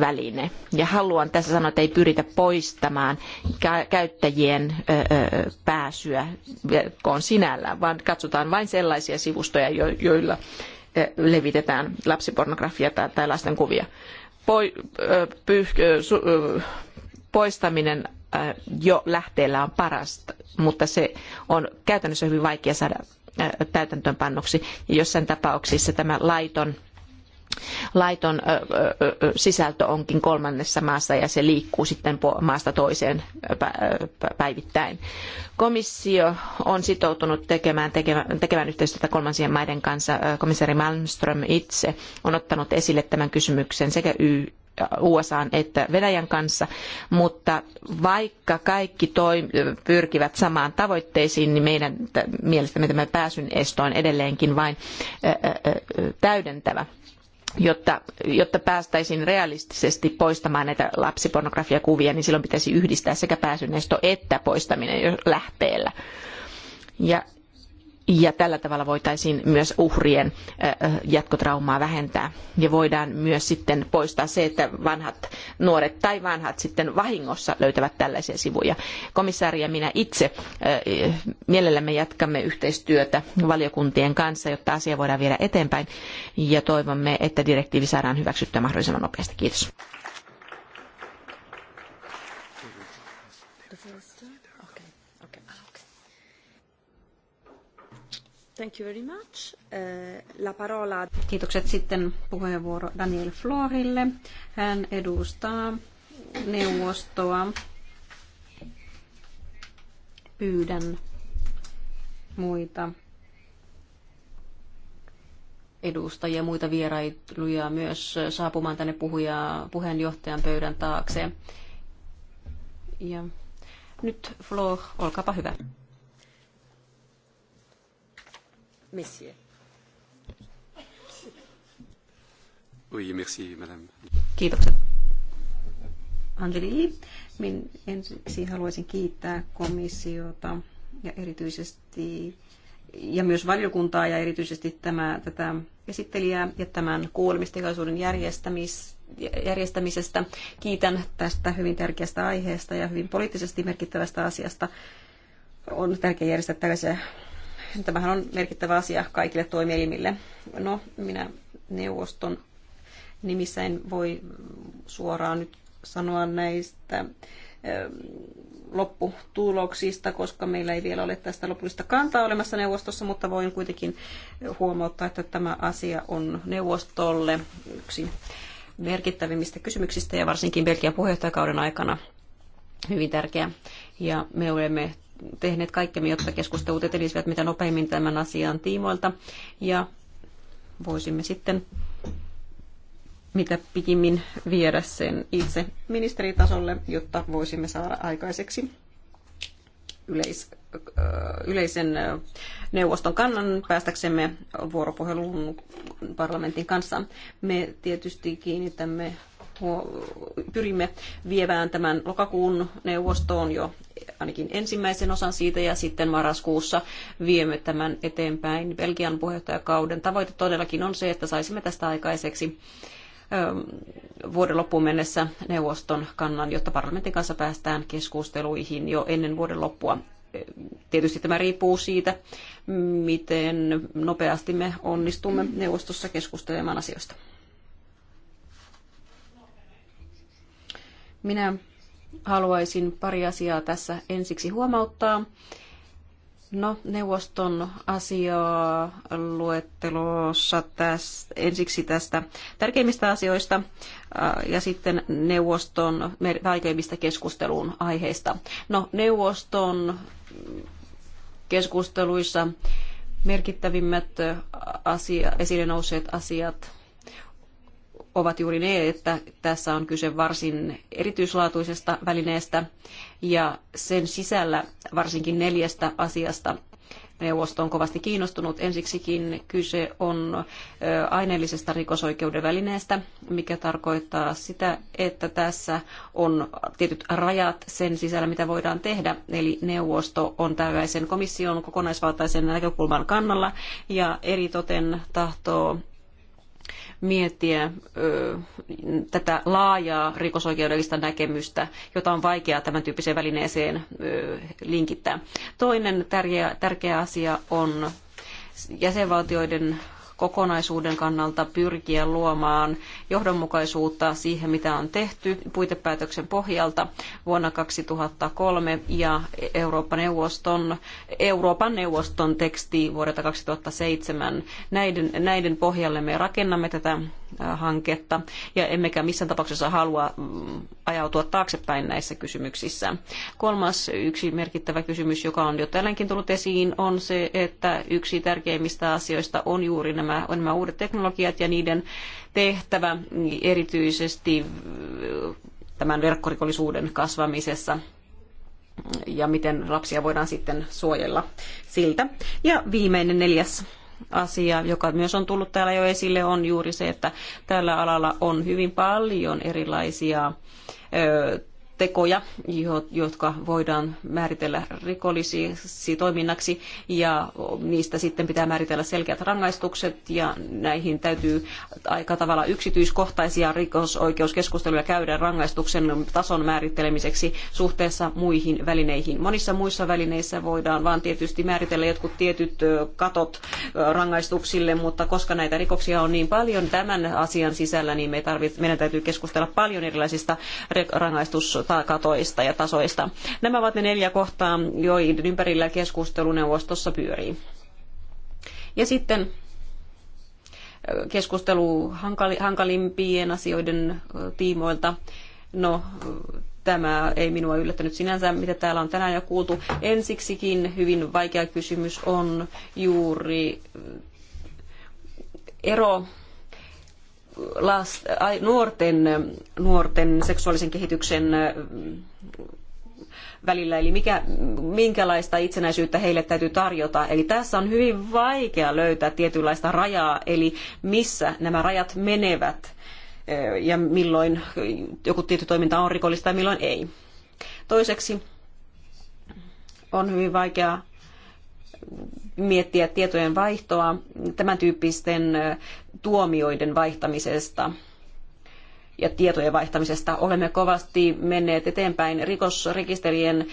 väline. Ja haluan tässä sanoa, että ei pyritä poistamaan käyttäjien pääsyä verkkoon sinällään, vaan katsotaan vain sellaisia sivustoja, joilla levitetään lapsipornografiaa tai lasten kuvia poistaminen jo lähteellä on parasta, mutta se on käytännössä hyvin vaikea saada täytäntöönpannoksi. Ja jossain tapauksissa tämä laiton laiton sisältö onkin kolmannessa maassa ja se liikkuu sitten maasta toiseen päivittäin. Komissio on sitoutunut tekemään, tekemään yhteistyötä kolmansien maiden kanssa. Komissaari Malmström itse on ottanut esille tämän kysymyksen sekä y USAn että Venäjän kanssa, mutta vaikka kaikki pyrkivät samaan tavoitteisiin, niin meidän mielestämme tämä pääsyn esto on edelleenkin vain täydentävä jotta, jotta päästäisiin realistisesti poistamaan näitä lapsipornografiakuvia, niin silloin pitäisi yhdistää sekä pääsynesto että poistaminen lähteellä. Ja ja tällä tavalla voitaisiin myös uhrien jatkotraumaa vähentää. Ja voidaan myös sitten poistaa se, että vanhat nuoret tai vanhat sitten vahingossa löytävät tällaisia sivuja. Komissaari ja minä itse mielellämme jatkamme yhteistyötä valiokuntien kanssa, jotta asia voidaan viedä eteenpäin. Ja toivomme, että direktiivi saadaan hyväksyttyä mahdollisimman nopeasti. Kiitos.
Thank you very much. Eh, la parola. Kiitokset
sitten puheenvuoro Daniel Florille. Hän edustaa neuvostoa. Pyydän muita edustajia, muita vierailuja myös saapumaan tänne puhuja, puheenjohtajan pöydän taakse. Ja nyt Flor, olkaapa hyvä.
Oui, merci, madame.
Kiitokset. min ensiksi haluaisin kiittää komissiota ja erityisesti ja myös valiokuntaa ja erityisesti tämä, tätä esittelijää ja tämän kuulemistilaisuuden järjestämis, järjestämisestä. Kiitän tästä hyvin tärkeästä aiheesta ja hyvin poliittisesti merkittävästä asiasta. On tärkeää järjestää tällaisia Tämähän on merkittävä asia kaikille toimielimille. No, minä neuvoston nimissä en voi suoraan nyt sanoa näistä ähm, lopputuloksista, koska meillä ei vielä ole tästä lopullista kantaa olemassa neuvostossa, mutta voin kuitenkin huomauttaa, että tämä asia on neuvostolle yksi merkittävimmistä kysymyksistä ja varsinkin Belgian puheenjohtajakauden aikana hyvin tärkeä. Ja me olemme tehneet kaikkemme, jotta keskustelut etenisivät mitä nopeimmin tämän asian tiimoilta. Ja voisimme sitten mitä pikimmin viedä sen itse ministeritasolle, jotta voisimme saada aikaiseksi yleis, yleisen neuvoston kannan päästäksemme vuoropuheluun parlamentin kanssa. Me tietysti kiinnitämme pyrimme viemään tämän lokakuun neuvostoon jo ainakin ensimmäisen osan siitä ja sitten marraskuussa viemme tämän eteenpäin. Belgian puheenjohtajakauden tavoite todellakin on se, että saisimme tästä aikaiseksi ähm, vuoden loppuun mennessä neuvoston kannan, jotta parlamentin kanssa päästään keskusteluihin jo ennen vuoden loppua. Tietysti tämä riippuu siitä, miten nopeasti me onnistumme neuvostossa keskustelemaan asioista. Minä haluaisin pari asiaa tässä ensiksi huomauttaa. No, neuvoston asiaa luettelossa tästä, ensiksi tästä tärkeimmistä asioista äh, ja sitten neuvoston vaikeimmista keskustelun aiheista. No, neuvoston keskusteluissa merkittävimmät asia, esille nousseet asiat ovat juuri ne, että tässä on kyse varsin erityislaatuisesta välineestä ja sen sisällä varsinkin neljästä asiasta neuvosto on kovasti kiinnostunut. Ensiksikin kyse on aineellisesta rikosoikeuden välineestä, mikä tarkoittaa sitä, että tässä on tietyt rajat sen sisällä, mitä voidaan tehdä. Eli neuvosto on tällaisen komission kokonaisvaltaisen näkökulman kannalla ja eritoten tahtoo miettiä ö, tätä laajaa rikosoikeudellista näkemystä, jota on vaikea tämän tyyppiseen välineeseen ö, linkittää. Toinen tärkeä, tärkeä asia on jäsenvaltioiden kokonaisuuden kannalta pyrkiä luomaan johdonmukaisuutta siihen, mitä on tehty puitepäätöksen pohjalta vuonna 2003 ja Euroopan neuvoston, Euroopan neuvoston teksti vuodelta 2007. Näiden, näiden pohjalle me rakennamme tätä hanketta, ja emmekä missään tapauksessa halua mm, ajautua taaksepäin näissä kysymyksissä. Kolmas yksi merkittävä kysymys, joka on jo tälläkin tullut esiin, on se, että yksi tärkeimmistä asioista on juuri nämä, on nämä uudet teknologiat ja niiden tehtävä erityisesti mm, tämän verkkorikollisuuden kasvamisessa ja miten lapsia voidaan sitten suojella siltä. Ja viimeinen neljäs asia, joka myös on tullut täällä jo esille, on juuri se, että tällä alalla on hyvin paljon erilaisia tekoja, jotka voidaan määritellä rikollisiksi toiminnaksi ja niistä sitten pitää määritellä selkeät rangaistukset ja näihin täytyy aika tavalla yksityiskohtaisia rikosoikeuskeskusteluja käydä rangaistuksen tason määrittelemiseksi suhteessa muihin välineihin. Monissa muissa välineissä voidaan vaan tietysti määritellä jotkut tietyt katot rangaistuksille, mutta koska näitä rikoksia on niin paljon tämän asian sisällä, niin me tarvit, meidän täytyy keskustella paljon erilaisista rangaistustasoista katoista ja tasoista. Nämä ovat ne neljä kohtaa, joiden ympärillä keskusteluneuvostossa pyörii. Ja sitten keskustelu hankalimpien asioiden tiimoilta. No, tämä ei minua yllättänyt sinänsä, mitä täällä on tänään jo kuultu. Ensiksikin hyvin vaikea kysymys on juuri ero last, nuorten, nuorten seksuaalisen kehityksen välillä, eli mikä, minkälaista itsenäisyyttä heille täytyy tarjota. Eli tässä on hyvin vaikea löytää tietynlaista rajaa, eli missä nämä rajat menevät ja milloin joku tietty toiminta on rikollista ja milloin ei. Toiseksi on hyvin vaikea miettiä tietojen vaihtoa tämän tyyppisten tuomioiden vaihtamisesta ja tietojen vaihtamisesta. Olemme kovasti menneet eteenpäin rikosrekisterien,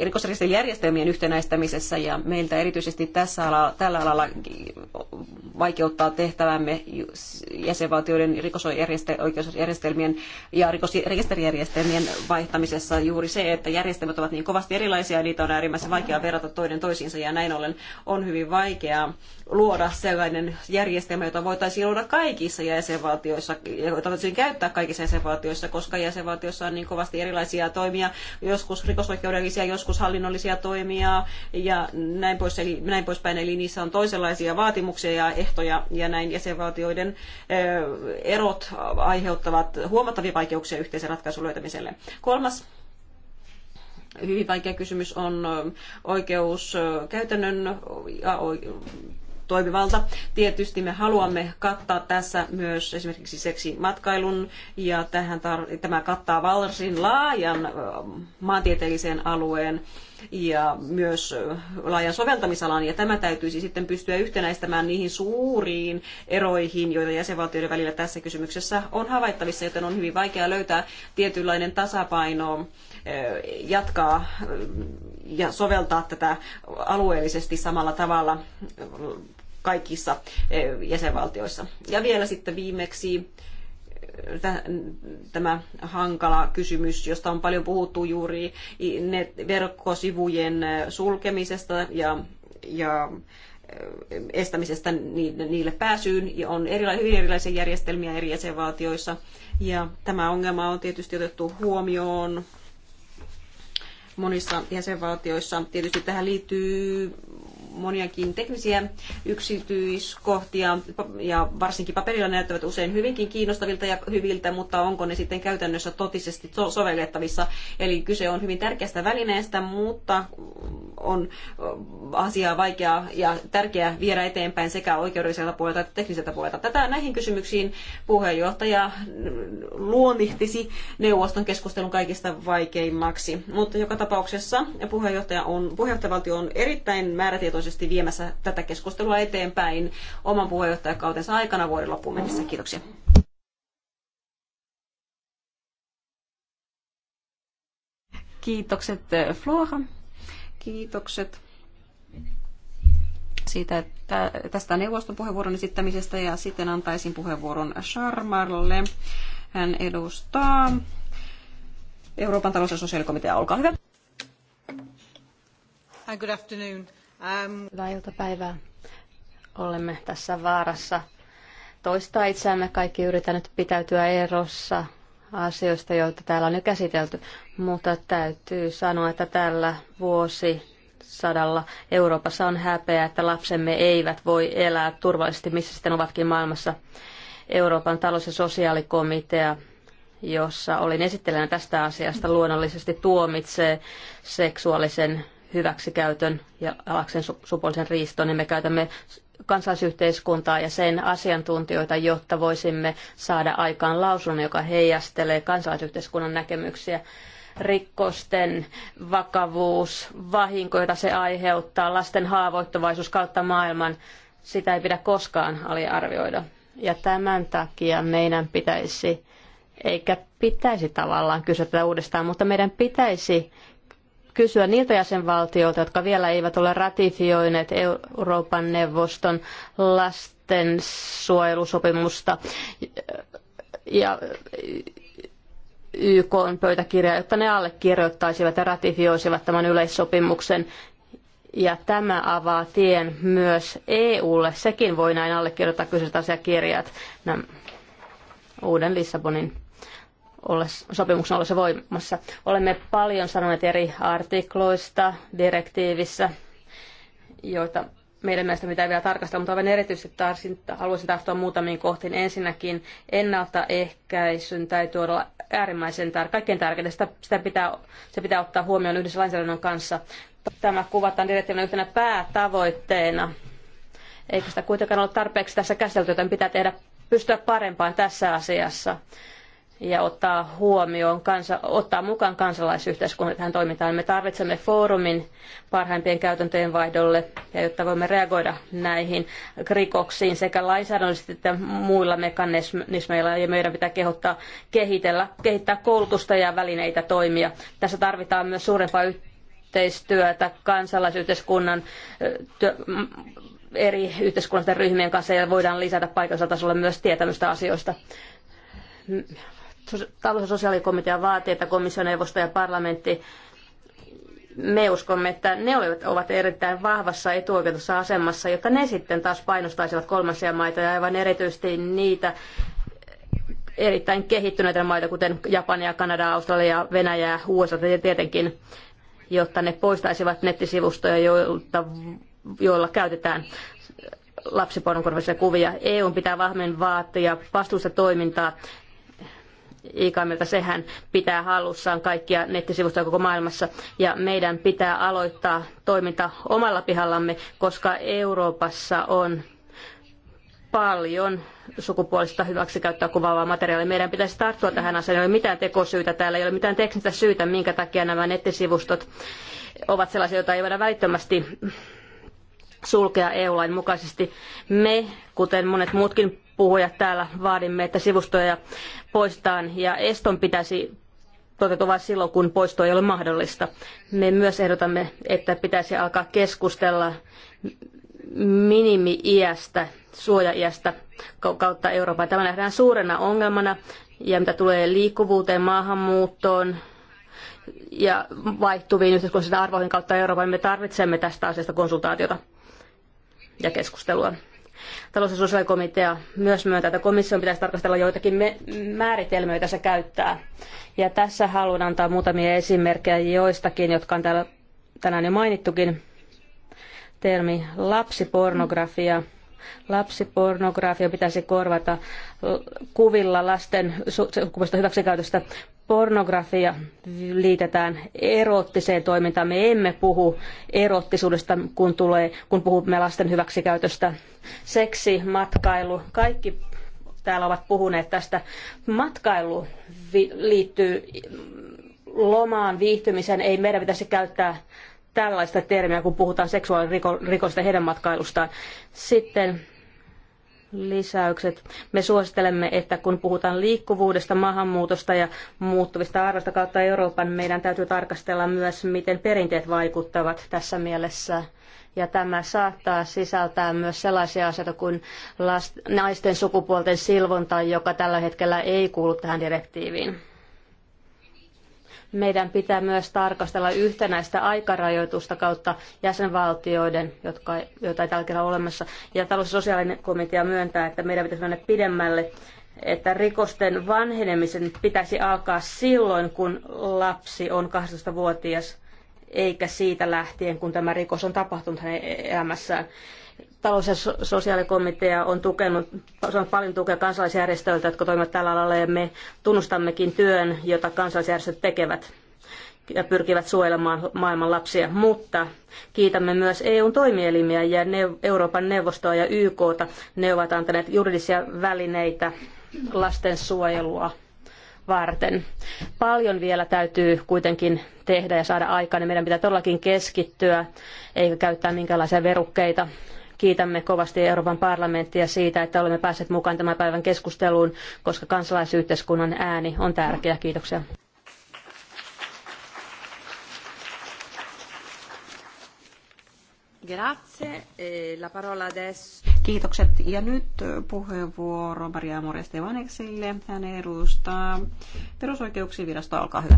rikosrekisterijärjestelmien yhtenäistämisessä ja meiltä erityisesti tässä ala, tällä alalla vaikeuttaa tehtävämme jäsenvaltioiden rikosoikeusjärjestelmien ja rikosrekisterijärjestelmien vaihtamisessa juuri se, että järjestelmät ovat niin kovasti erilaisia ja niitä on äärimmäisen vaikea verrata toinen toisiinsa ja näin ollen on hyvin vaikea luoda sellainen järjestelmä, jota voitaisiin luoda kaikissa jäsenvaltioissa, jota voitaisiin käyttää kaikissa jäsenvaltioissa, koska jäsenvaltioissa on niin kovasti erilaisia toimia, joskus rikosoikeudellisia, joskus hallinnollisia toimia ja näin, pois, eli, näin poispäin. Eli niissä on toisenlaisia vaatimuksia ja ehtoja ja näin jäsenvaltioiden eh, erot aiheuttavat huomattavia vaikeuksia yhteisen ratkaisun löytämiselle. Kolmas hyvin vaikea kysymys on eh, oikeus ja toimivalta. Tietysti me haluamme kattaa tässä myös esimerkiksi seksimatkailun ja tähän tämä kattaa varsin laajan maantieteellisen alueen ja myös laajan soveltamisalan, ja tämä täytyisi sitten pystyä yhtenäistämään niihin suuriin eroihin, joita jäsenvaltioiden välillä tässä kysymyksessä on havaittavissa, joten on hyvin vaikea löytää tietynlainen tasapaino jatkaa ja soveltaa tätä alueellisesti samalla tavalla kaikissa eh, jäsenvaltioissa. Ja vielä sitten viimeksi eh, tämä hankala kysymys, josta on paljon puhuttu juuri verkkosivujen eh, sulkemisesta ja, ja estämisestä niille pääsyyn. Ja on erila- hyvin erilaisia järjestelmiä eri jäsenvaltioissa. Ja tämä ongelma on tietysti otettu huomioon monissa jäsenvaltioissa. Tietysti tähän liittyy moniakin teknisiä yksityiskohtia ja varsinkin paperilla näyttävät usein hyvinkin kiinnostavilta ja hyviltä, mutta onko ne sitten käytännössä totisesti sovellettavissa. Eli kyse on hyvin tärkeästä välineestä, mutta on asiaa vaikeaa ja tärkeää viedä eteenpäin sekä oikeudelliselta puolelta että tekniseltä puolelta. Tätä näihin kysymyksiin puheenjohtaja luonnihtisi neuvoston keskustelun kaikista vaikeimmaksi. Mutta joka tapauksessa puheenjohtaja on, puheenjohtajavaltio on erittäin määrätietoinen tietoisesti viemässä tätä keskustelua eteenpäin oman puheenjohtajakautensa aikana vuoden loppuun mennessä. Kiitoksia. Kiitokset eh, Flora. Kiitokset siitä, että tästä neuvoston puheenvuoron esittämisestä ja sitten antaisin puheenvuoron Sharmarlle. Hän edustaa Euroopan talous- ja sosiaalikomitea. Olkaa hyvä.
Good afternoon. Ähm, Hyvää iltapäivää.
Olemme tässä vaarassa toistaa itseämme. Kaikki yritämme nyt pitäytyä erossa asioista, joita täällä on jo käsitelty, mutta täytyy sanoa, että tällä vuosi sadalla Euroopassa on häpeä, että lapsemme eivät voi elää turvallisesti, missä sitten ovatkin maailmassa. Euroopan talous- ja sosiaalikomitea, jossa olin esittelijänä tästä asiasta, luonnollisesti tuomitsee seksuaalisen hyväksikäytön ja alaksen supollisen riiston, niin me käytämme kansalaisyhteiskuntaa ja sen asiantuntijoita, jotta voisimme saada aikaan lausun, joka heijastelee kansalaisyhteiskunnan näkemyksiä rikkosten vakavuus, vahinko, jota se aiheuttaa, lasten haavoittuvaisuus kautta maailman, sitä ei pidä koskaan aliarvioida. Ja tämän takia meidän pitäisi, eikä pitäisi tavallaan kysyä tätä uudestaan, mutta meidän pitäisi kysyä niiltä jäsenvaltioilta, jotka vielä eivät ole ratifioineet Euroopan neuvoston lastensuojelusopimusta ja YK pöytäkirjaa, jotta ne allekirjoittaisivat ja ratifioisivat tämän yleissopimuksen. Ja tämä avaa tien myös EUlle. Sekin voi näin allekirjoittaa kyseiset asiakirjat, nämä uuden Lissabonin sopimuksen ollessa voimassa. Olemme paljon sanoneet eri artikloista direktiivissä, joita meidän mielestä mitä vielä tarkastella, mutta aivan erityisesti tarsin, haluaisin tarttua muutamiin kohtiin. Ensinnäkin ennaltaehkäisyn täytyy olla äärimmäisen tär- kaikkein tärkeintä. Sitä, sitä pitää, se pitää ottaa huomioon yhdessä lainsäädännön kanssa. Tämä kuvataan direktiivin yhtenä päätavoitteena. Eikö sitä kuitenkaan ole tarpeeksi tässä käsitelty, joten pitää tehdä pystyä parempaan tässä asiassa ja ottaa huomioon, kansa, ottaa mukaan kansalaisyhteiskunnan tähän toimintaan. Me tarvitsemme foorumin parhaimpien käytäntöjen vaihdolle, ja jotta voimme reagoida näihin rikoksiin sekä lainsäädännöllisesti että muilla mekanismeilla, ja meidän pitää kehottaa kehitellä, kehittää koulutusta ja välineitä toimia. Tässä tarvitaan myös suurempaa yhteistyötä kansalaisyhteiskunnan työ, eri yhteiskunnallisten ryhmien kanssa ja voidaan lisätä paikallisella tasolla myös tietämystä asioista talous- ja sosiaalikomitea vaatii, että komissioneuvosto ja parlamentti me uskomme, että ne ovat erittäin vahvassa etuoikeutussa asemassa, jotta ne sitten taas painostaisivat kolmansia maita ja aivan erityisesti niitä erittäin kehittyneitä maita, kuten Japania, Kanadaa, Australia, Venäjää, USA tietenkin, jotta ne poistaisivat nettisivustoja, joilta, joilla käytetään lapsipornokorvaisia kuvia. EU pitää vahvemmin vaatia vastuusta toimintaa Ikamilta, sehän pitää hallussaan kaikkia nettisivustoja koko maailmassa. Ja meidän pitää aloittaa toiminta omalla pihallamme, koska Euroopassa on paljon sukupuolista hyväksikäyttöä kuvaavaa materiaalia. Meidän pitäisi tarttua tähän asiaan. Ei ole mitään tekosyytä täällä, ei ole mitään teknistä syytä, minkä takia nämä nettisivustot ovat sellaisia, joita ei voida välittömästi sulkea EU-lain mukaisesti. Me, kuten monet muutkin puhujat täällä, vaadimme, että sivustoja poistetaan ja eston pitäisi toteutua vain silloin, kun poisto ei ole mahdollista. Me myös ehdotamme, että pitäisi alkaa keskustella minimi-iästä, suoja-iästä kautta Euroopan. Tämä nähdään suurena ongelmana ja mitä tulee liikkuvuuteen, maahanmuuttoon, ja vaihtuviin yhteiskunnallisiin arvoihin kautta Euroopan. Me tarvitsemme tästä asiasta konsultaatiota ja keskustelua talous- ja sosiaalikomitea myös myöntää, että komission pitäisi tarkastella joitakin me- määritelmiä, joita se käyttää. Ja tässä haluan antaa muutamia esimerkkejä joistakin, jotka on täällä tänään jo mainittukin. Termi lapsipornografia. Lapsipornografia pitäisi korvata kuvilla lasten sukupuolista hyväksikäytöstä pornografia liitetään erottiseen toimintaan. Me emme puhu erottisuudesta, kun, tulee, kun puhumme lasten hyväksikäytöstä. Seksi, matkailu, kaikki täällä ovat puhuneet tästä. Matkailu liittyy lomaan, viihtymiseen. Ei meidän pitäisi käyttää tällaista termiä, kun puhutaan seksuaalirikosta heidän matkailustaan. Sitten lisäykset. Me suosittelemme, että kun puhutaan liikkuvuudesta, maahanmuutosta ja muuttuvista arvoista kautta Euroopan, meidän täytyy tarkastella myös, miten perinteet vaikuttavat tässä mielessä. Ja tämä saattaa sisältää myös sellaisia asioita kuin naisten sukupuolten silvonta, joka tällä hetkellä ei kuulu tähän direktiiviin meidän pitää myös tarkastella yhtenäistä aikarajoitusta kautta jäsenvaltioiden, jotka, joita ei tällä kerralla olemassa. Ja talous- ja sosiaalinen komitea myöntää, että meidän pitäisi mennä pidemmälle, että rikosten vanhenemisen pitäisi alkaa silloin, kun lapsi on 12-vuotias, eikä siitä lähtien, kun tämä rikos on tapahtunut hänen e- e- elämässään talous- ja sosiaalikomitea on tukenut, on paljon tukea kansalaisjärjestöiltä, jotka toimivat tällä alalla, ja me tunnustammekin työn, jota kansalaisjärjestöt tekevät ja pyrkivät suojelemaan maailman lapsia, mutta kiitämme myös EUn toimielimiä ja Euroopan neuvostoa ja YKta. Ne ovat antaneet juridisia välineitä lastensuojelua varten. Paljon vielä täytyy kuitenkin tehdä ja saada aikaan, ja meidän pitää todellakin keskittyä, eikä käyttää minkäänlaisia verukkeita Kiitämme kovasti Euroopan parlamenttia siitä, että olemme päässeet mukaan tämän päivän keskusteluun, koska kansalaisyhteiskunnan ääni on tärkeä. Kiitoksia.
Grazie. E la parola adesso.
Kiitokset. Ja nyt puheenvuoro Maria Morestevaneksille. Hän edustaa perusoikeuksien virasto. Olkaa hyvä.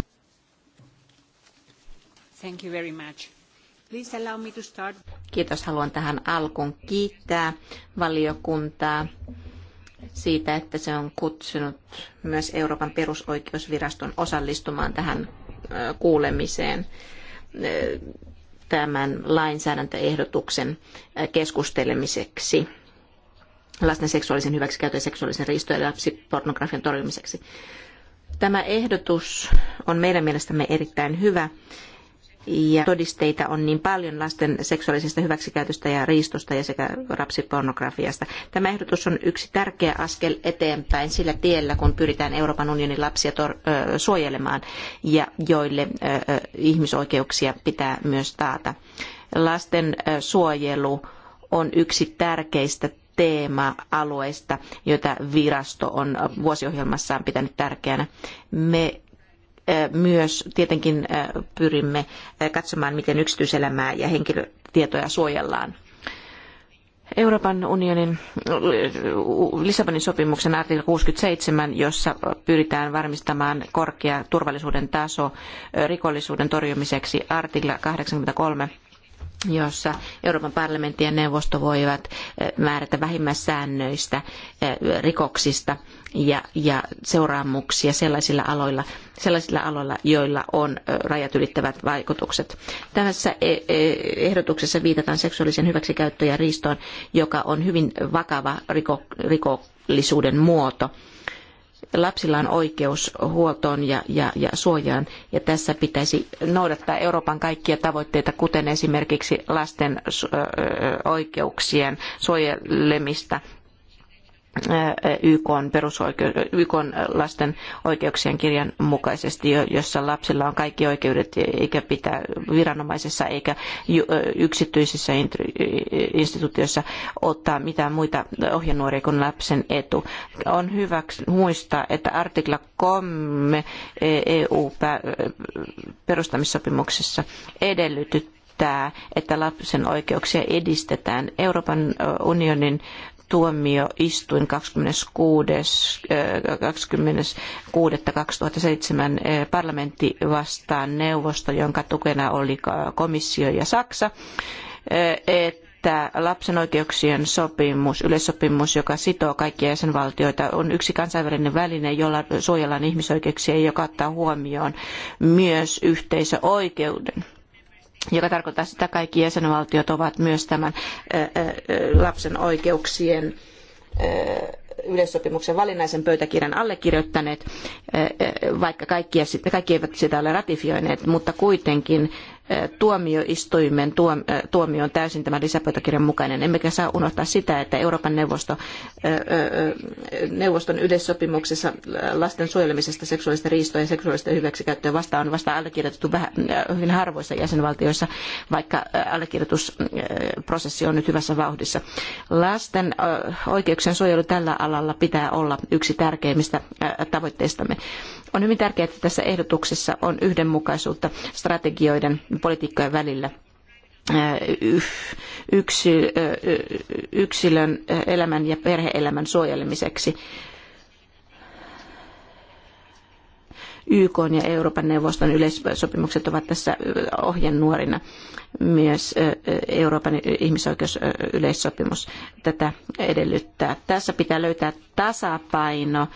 Thank you very much. Please allow me to start.
Kiitos. Haluan tähän alkuun kiittää valiokuntaa siitä, että se on kutsunut myös Euroopan perusoikeusviraston osallistumaan tähän kuulemiseen tämän lainsäädäntöehdotuksen keskustelemiseksi lasten seksuaalisen hyväksikäytön ja seksuaalisen riistojen ja lapsipornografian torjumiseksi. Tämä ehdotus on meidän mielestämme erittäin hyvä ja todisteita on niin paljon lasten seksuaalisesta hyväksikäytöstä ja riistosta ja sekä rapsipornografiasta. Tämä ehdotus on yksi tärkeä askel eteenpäin sillä tiellä, kun pyritään Euroopan unionin lapsia suojelemaan ja joille ihmisoikeuksia pitää myös taata. Lasten suojelu on yksi tärkeistä teema-alueista, joita virasto on vuosiohjelmassaan pitänyt tärkeänä. Me myös tietenkin pyrimme katsomaan, miten yksityiselämää ja henkilötietoja suojellaan. Euroopan unionin Lissabonin sopimuksen artikla 67, jossa pyritään varmistamaan korkea turvallisuuden taso rikollisuuden torjumiseksi, artikla 83 jossa Euroopan parlamentti ja neuvosto voivat määrätä vähimmäissäännöistä rikoksista ja, ja seuraamuksia sellaisilla aloilla, sellaisilla aloilla, joilla on rajat ylittävät vaikutukset. Tässä e, e, ehdotuksessa viitataan seksuaalisen hyväksikäyttöön ja riistoon, joka on hyvin vakava riko, rikollisuuden muoto lapsilla on oikeus huoltoon ja, ja, ja, suojaan. Ja tässä pitäisi noudattaa Euroopan kaikkia tavoitteita, kuten esimerkiksi lasten oikeuksien suojelemista YK, perusoikeu- YK lasten oikeuksien kirjan mukaisesti, jossa lapsilla on kaikki oikeudet e- eikä pitää viranomaisessa eikä yksityisissä instituutioissa ottaa mitään muita ohjenuoria kuin lapsen etu. On hyvä muistaa, että artikla 3 EU-perustamissopimuksessa e edellytyttää että lapsen oikeuksia edistetään. Euroopan unionin tuomioistuin istuin 26.2007 parlamentti vastaan neuvosto, jonka tukena oli komissio ja Saksa, että lapsen oikeuksien sopimus, yleissopimus, joka sitoo kaikkia jäsenvaltioita, on yksi kansainvälinen väline, jolla suojellaan ihmisoikeuksia ja joka ottaa huomioon myös yhteisöoikeuden joka tarkoittaa sitä, että kaikki jäsenvaltiot ovat myös tämän lapsen oikeuksien yleissopimuksen valinnaisen pöytäkirjan allekirjoittaneet, vaikka kaikki, kaikki eivät sitä ole ratifioineet, mutta kuitenkin tuomioistuimen äh, tuomio on täysin tämän lisäpöytäkirjan mukainen. Emmekä saa unohtaa sitä, että Euroopan neuvosto, äh, äh, neuvoston yleissopimuksessa lasten suojelemisesta seksuaalista riistoa ja seksuaalista hyväksikäyttöä vastaan on vasta allekirjoitettu vähän, hyvin harvoissa jäsenvaltioissa, vaikka allekirjoitusprosessi on nyt hyvässä vauhdissa. Lasten oikeuksien suojelu tällä alalla pitää olla yksi tärkeimmistä tavoitteistamme. On hyvin tärkeää, että tässä ehdotuksessa on yhdenmukaisuutta strategioiden politiikkojen välillä yksilön elämän ja perheelämän suojelemiseksi. YK ja Euroopan neuvoston yleissopimukset ovat tässä ohjenuorina. Myös Euroopan ihmisoikeusyleissopimus tätä edellyttää. Tässä pitää löytää tasapaino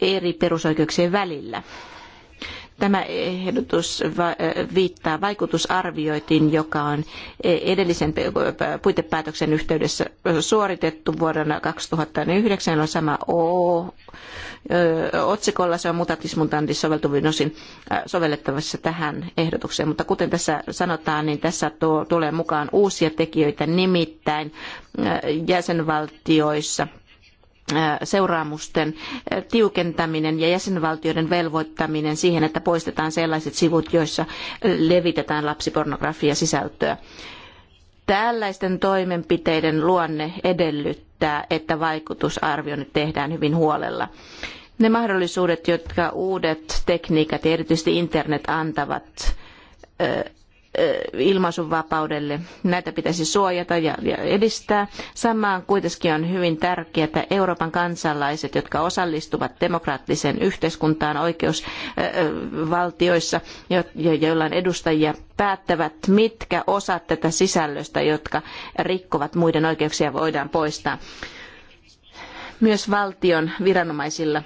eri perusoikeuksien välillä Tämä ehdotus äh, viittaa vaikutusarviointiin, joka on edellisen äh, puitepäätöksen yhteydessä suoritettu vuodena 2009, on sama O äh, otsikolla, se on mutatismutandin soveltuvin osin sovellettavassa tähän ehdotukseen. Mutta kuten tässä sanotaan, niin tässä tulee mukaan uusia tekijöitä, nimittäin jäsenvaltioissa seuraamusten tiukentaminen ja jäsenvaltioiden velvoittaminen siihen, että poistetaan sellaiset sivut, joissa levitetään lapsipornografia sisältöä. Tällaisten toimenpiteiden luonne edellyttää, että vaikutusarvioinnit tehdään hyvin huolella. Ne mahdollisuudet, jotka uudet tekniikat ja erityisesti internet antavat, ilmaisunvapaudelle. Näitä pitäisi suojata ja, edistää. Samaan kuitenkin on hyvin tärkeää, että Euroopan kansalaiset, jotka osallistuvat demokraattiseen yhteiskuntaan oikeusvaltioissa, joilla on edustajia, päättävät, mitkä osat tätä sisällöstä, jotka rikkovat muiden oikeuksia, voidaan poistaa. Myös valtion viranomaisilla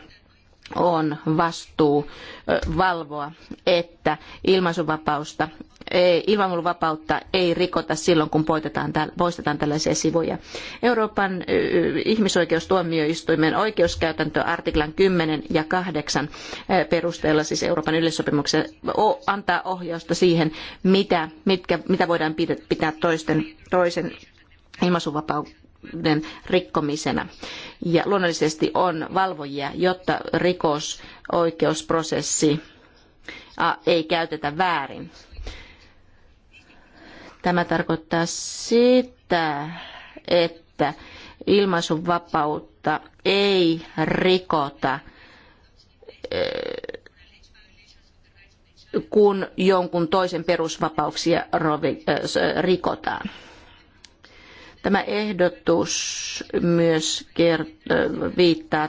on vastuu valvoa, että ilmaisuvapausta, ilmailuvapautta ei rikota silloin, kun poistetaan tällaisia sivuja. Euroopan ihmisoikeustuomioistuimen oikeuskäytäntö artiklan 10 ja 8 perusteella, siis Euroopan yleissopimuksen, antaa ohjausta siihen, mitä, mitkä, mitä voidaan pitää toisten, toisen ilmaisuvapautta oikeuden rikkomisena. Ja luonnollisesti on valvojia, jotta rikosoikeusprosessi ei käytetä väärin. Tämä tarkoittaa sitä, että ilmaisunvapautta ei rikota, e, kun jonkun toisen perusvapauksia e, rikotaan. Tämä ehdotus myös viittaa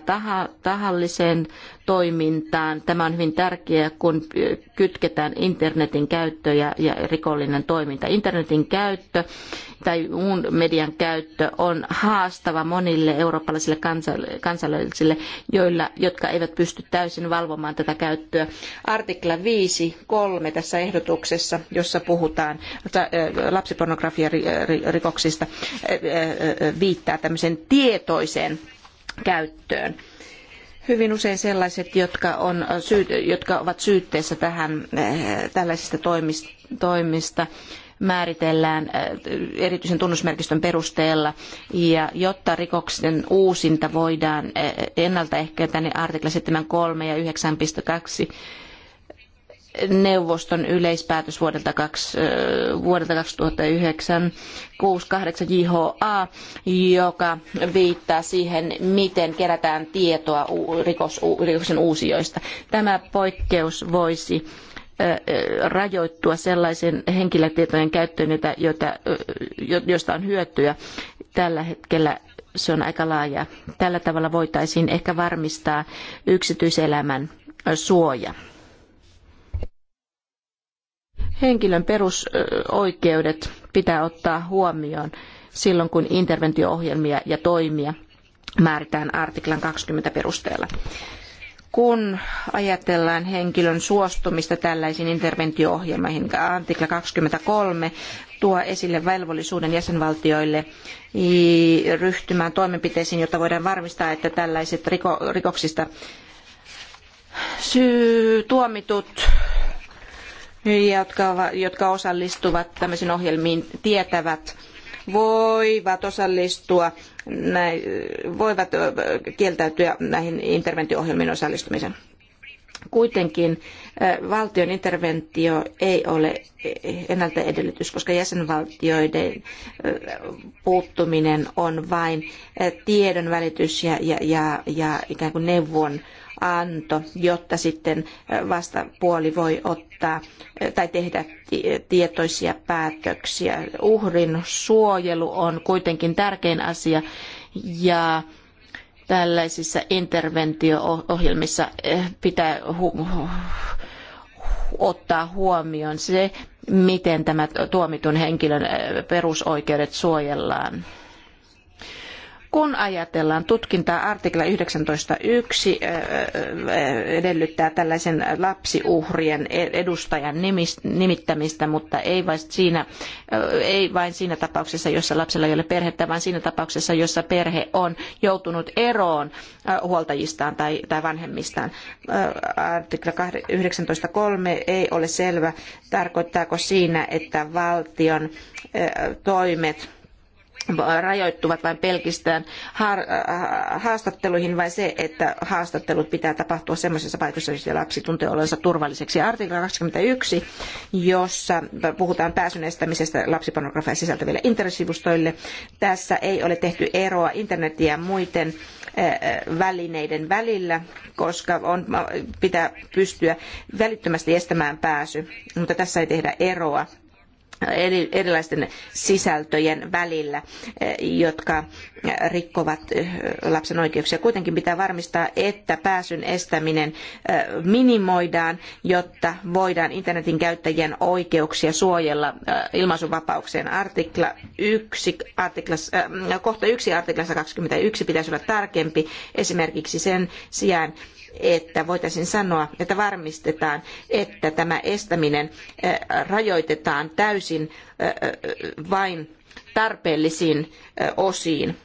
tahalliseen toimintaan. Tämä on hyvin tärkeää, kun kytketään internetin käyttö ja, ja rikollinen toiminta. Internetin käyttö tai muun median käyttö on haastava monille eurooppalaisille kansalaisille, joilla, jotka eivät pysty täysin valvomaan tätä käyttöä. Artikla 5.3 tässä ehdotuksessa, jossa puhutaan lapsipornografiarikoksista, viittaa tämmöisen tietoiseen käyttöön hyvin usein sellaiset, jotka, on, jotka ovat syytteessä tähän, eh, tällaisista toimista, määritellään eh, erityisen tunnusmerkistön perusteella. Ja jotta rikoksen uusinta voidaan eh, ennaltaehkäistä, niin artikla 7.3 ja 9.2 neuvoston yleispäätös vuodelta, kaksi, vuodelta 2009 68 JHA, joka viittaa siihen, miten kerätään tietoa rikos, rikoksen uusijoista. Tämä poikkeus voisi rajoittua sellaisen henkilötietojen käyttöön, jota, jota, on hyötyä. Tällä hetkellä se on aika laaja. Tällä tavalla voitaisiin ehkä varmistaa yksityiselämän suoja henkilön perusoikeudet pitää ottaa huomioon silloin, kun interventioohjelmia ja toimia määritään artiklan 20 perusteella. Kun ajatellaan henkilön suostumista tällaisiin interventioohjelmiin, artikla 23 tuo esille velvollisuuden jäsenvaltioille ryhtymään toimenpiteisiin, jotta voidaan varmistaa, että tällaiset rikoksista tuomitut jotka, jotka osallistuvat tämmöisiin ohjelmiin, tietävät, voivat osallistua, voivat kieltäytyä näihin interventioohjelmiin osallistumisen. Kuitenkin valtion interventio ei ole ennalta edellytys, koska jäsenvaltioiden puuttuminen on vain tiedonvälitys ja, ja, ja, ja ikään kuin neuvon anto, jotta sitten vastapuoli voi ottaa tai tehdä tietoisia päätöksiä. Uhrin suojelu on kuitenkin tärkein asia ja tällaisissa interventio-ohjelmissa pitää ottaa huomioon se, miten tämä tuomitun henkilön perusoikeudet suojellaan. Kun ajatellaan tutkintaa, artikla 19.1 edellyttää tällaisen lapsiuhrien e- edustajan nimittämistä, mutta ei vain siinä, ei vain siinä tapauksessa, jossa lapsella ei ole perhettä, vaan siinä tapauksessa, jossa perhe on joutunut eroon huoltajistaan tai, tai vanhemmistaan. Artikla 19.3 ei ole selvä, tarkoittaako siinä, että valtion toimet rajoittuvat vain pelkistään äh, haastatteluihin, vai se, että haastattelut pitää tapahtua sellaisissa paikoissa, joissa lapsi tuntee olonsa turvalliseksi. Artikla 21, jossa puhutaan pääsyn estämisestä lapsipornografiaa sisältäville internetsivustoille. Tässä ei ole tehty eroa internetin ja muiden äh, välineiden välillä, koska on, äh, pitää pystyä välittömästi estämään pääsy, mutta tässä ei tehdä eroa erilaisten sisältöjen välillä, eh, jotka rikkovat eh, lapsen oikeuksia. Kuitenkin pitää varmistaa, että pääsyn estäminen eh, minimoidaan, jotta voidaan internetin käyttäjien oikeuksia suojella ilmaisuvapauksien artikla 1, artiklas, kohta 1 artiklassa 21 pitäisi olla tarkempi esimerkiksi sen sijaan, että voitaisiin sanoa, että varmistetaan, että tämä estäminen eh, rajoitetaan täysin eh, eh, vain tarpeellisiin osiin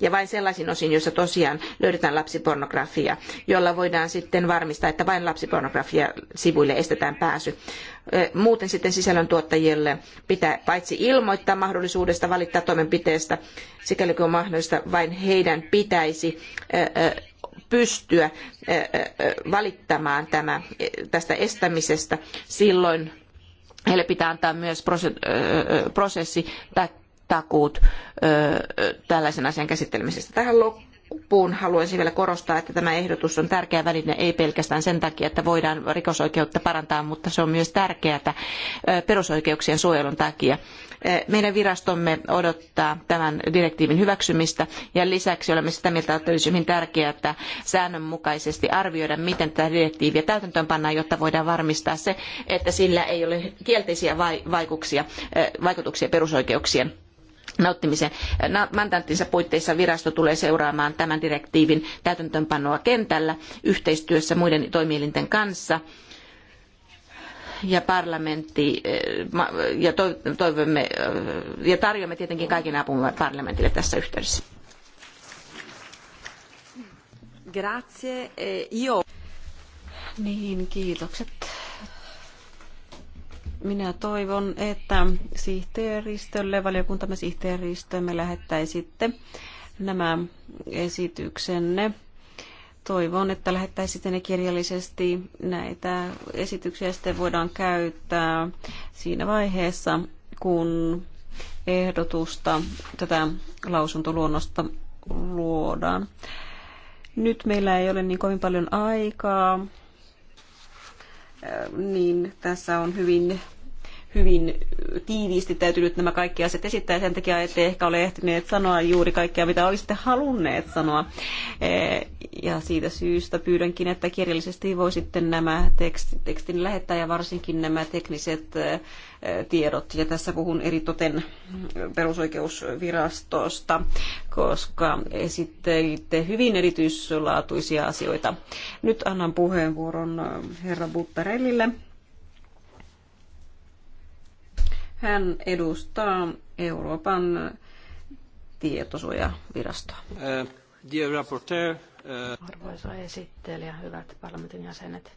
ja vain sellaisiin osiin, joissa tosiaan löydetään lapsipornografia, jolla voidaan sitten varmistaa, että vain lapsipornografia sivuille estetään pääsy. Muuten sitten sisällöntuottajille pitää paitsi ilmoittaa mahdollisuudesta valittaa toimenpiteestä, sikäli kuin mahdollista, vain heidän pitäisi pystyä valittamaan tämä, tästä estämisestä. Silloin heille pitää antaa myös prosessi tai takuut tällaisen asian käsittelemisestä. Tähän loppuun haluaisin vielä korostaa, että tämä ehdotus on tärkeä väline ei pelkästään sen takia, että voidaan rikosoikeutta parantaa, mutta se on myös tärkeää perusoikeuksien suojelun takia Eh, meidän virastomme odottaa tämän direktiivin hyväksymistä ja lisäksi olemme sitä mieltä, että olisi hyvin tärkeää, että säännönmukaisesti arvioida, miten tätä direktiiviä täytäntöönpannaan jotta voidaan varmistaa se, että sillä ei ole kielteisiä eh, vaikutuksia perusoikeuksien nauttimisen eh, mandaattinsa puitteissa virasto tulee seuraamaan tämän direktiivin täytäntöönpanoa kentällä yhteistyössä muiden toimielinten kanssa ja parlamentti eh, ja, toivomme, eh, ja tarjoamme tietenkin kaiken apumme parlamentille tässä yhteydessä.
Grazie. Eh, io...
Niin, kiitokset. Minä toivon, että sihteeristölle, valiokuntamme sihteeristömme lähettäisitte nämä esityksenne toivon, että lähettäisitte ne kirjallisesti. Näitä esityksiä sitten voidaan käyttää siinä vaiheessa, kun ehdotusta tätä lausuntoluonnosta luodaan. Nyt meillä ei ole niin kovin paljon aikaa, niin tässä on hyvin hyvin tiiviisti täytynyt nämä kaikki asiat esittää. Sen takia ettei ehkä ole ehtineet sanoa juuri kaikkea, mitä olisitte halunneet sanoa. Eh, ja siitä syystä pyydänkin, että kirjallisesti voisitte nämä tekstin lähettää ja varsinkin nämä tekniset eh, tiedot. Ja tässä puhun eritoten perusoikeusvirastosta, koska esittelitte hyvin erityislaatuisia asioita. Nyt annan puheenvuoron eh, herra Buttarellille Hän edustaa Euroopan tietosuojavirastoa.
Uh, dear rapporteur, uh, Arvoisa esittelijä, hyvät parlamentin
jäsenet.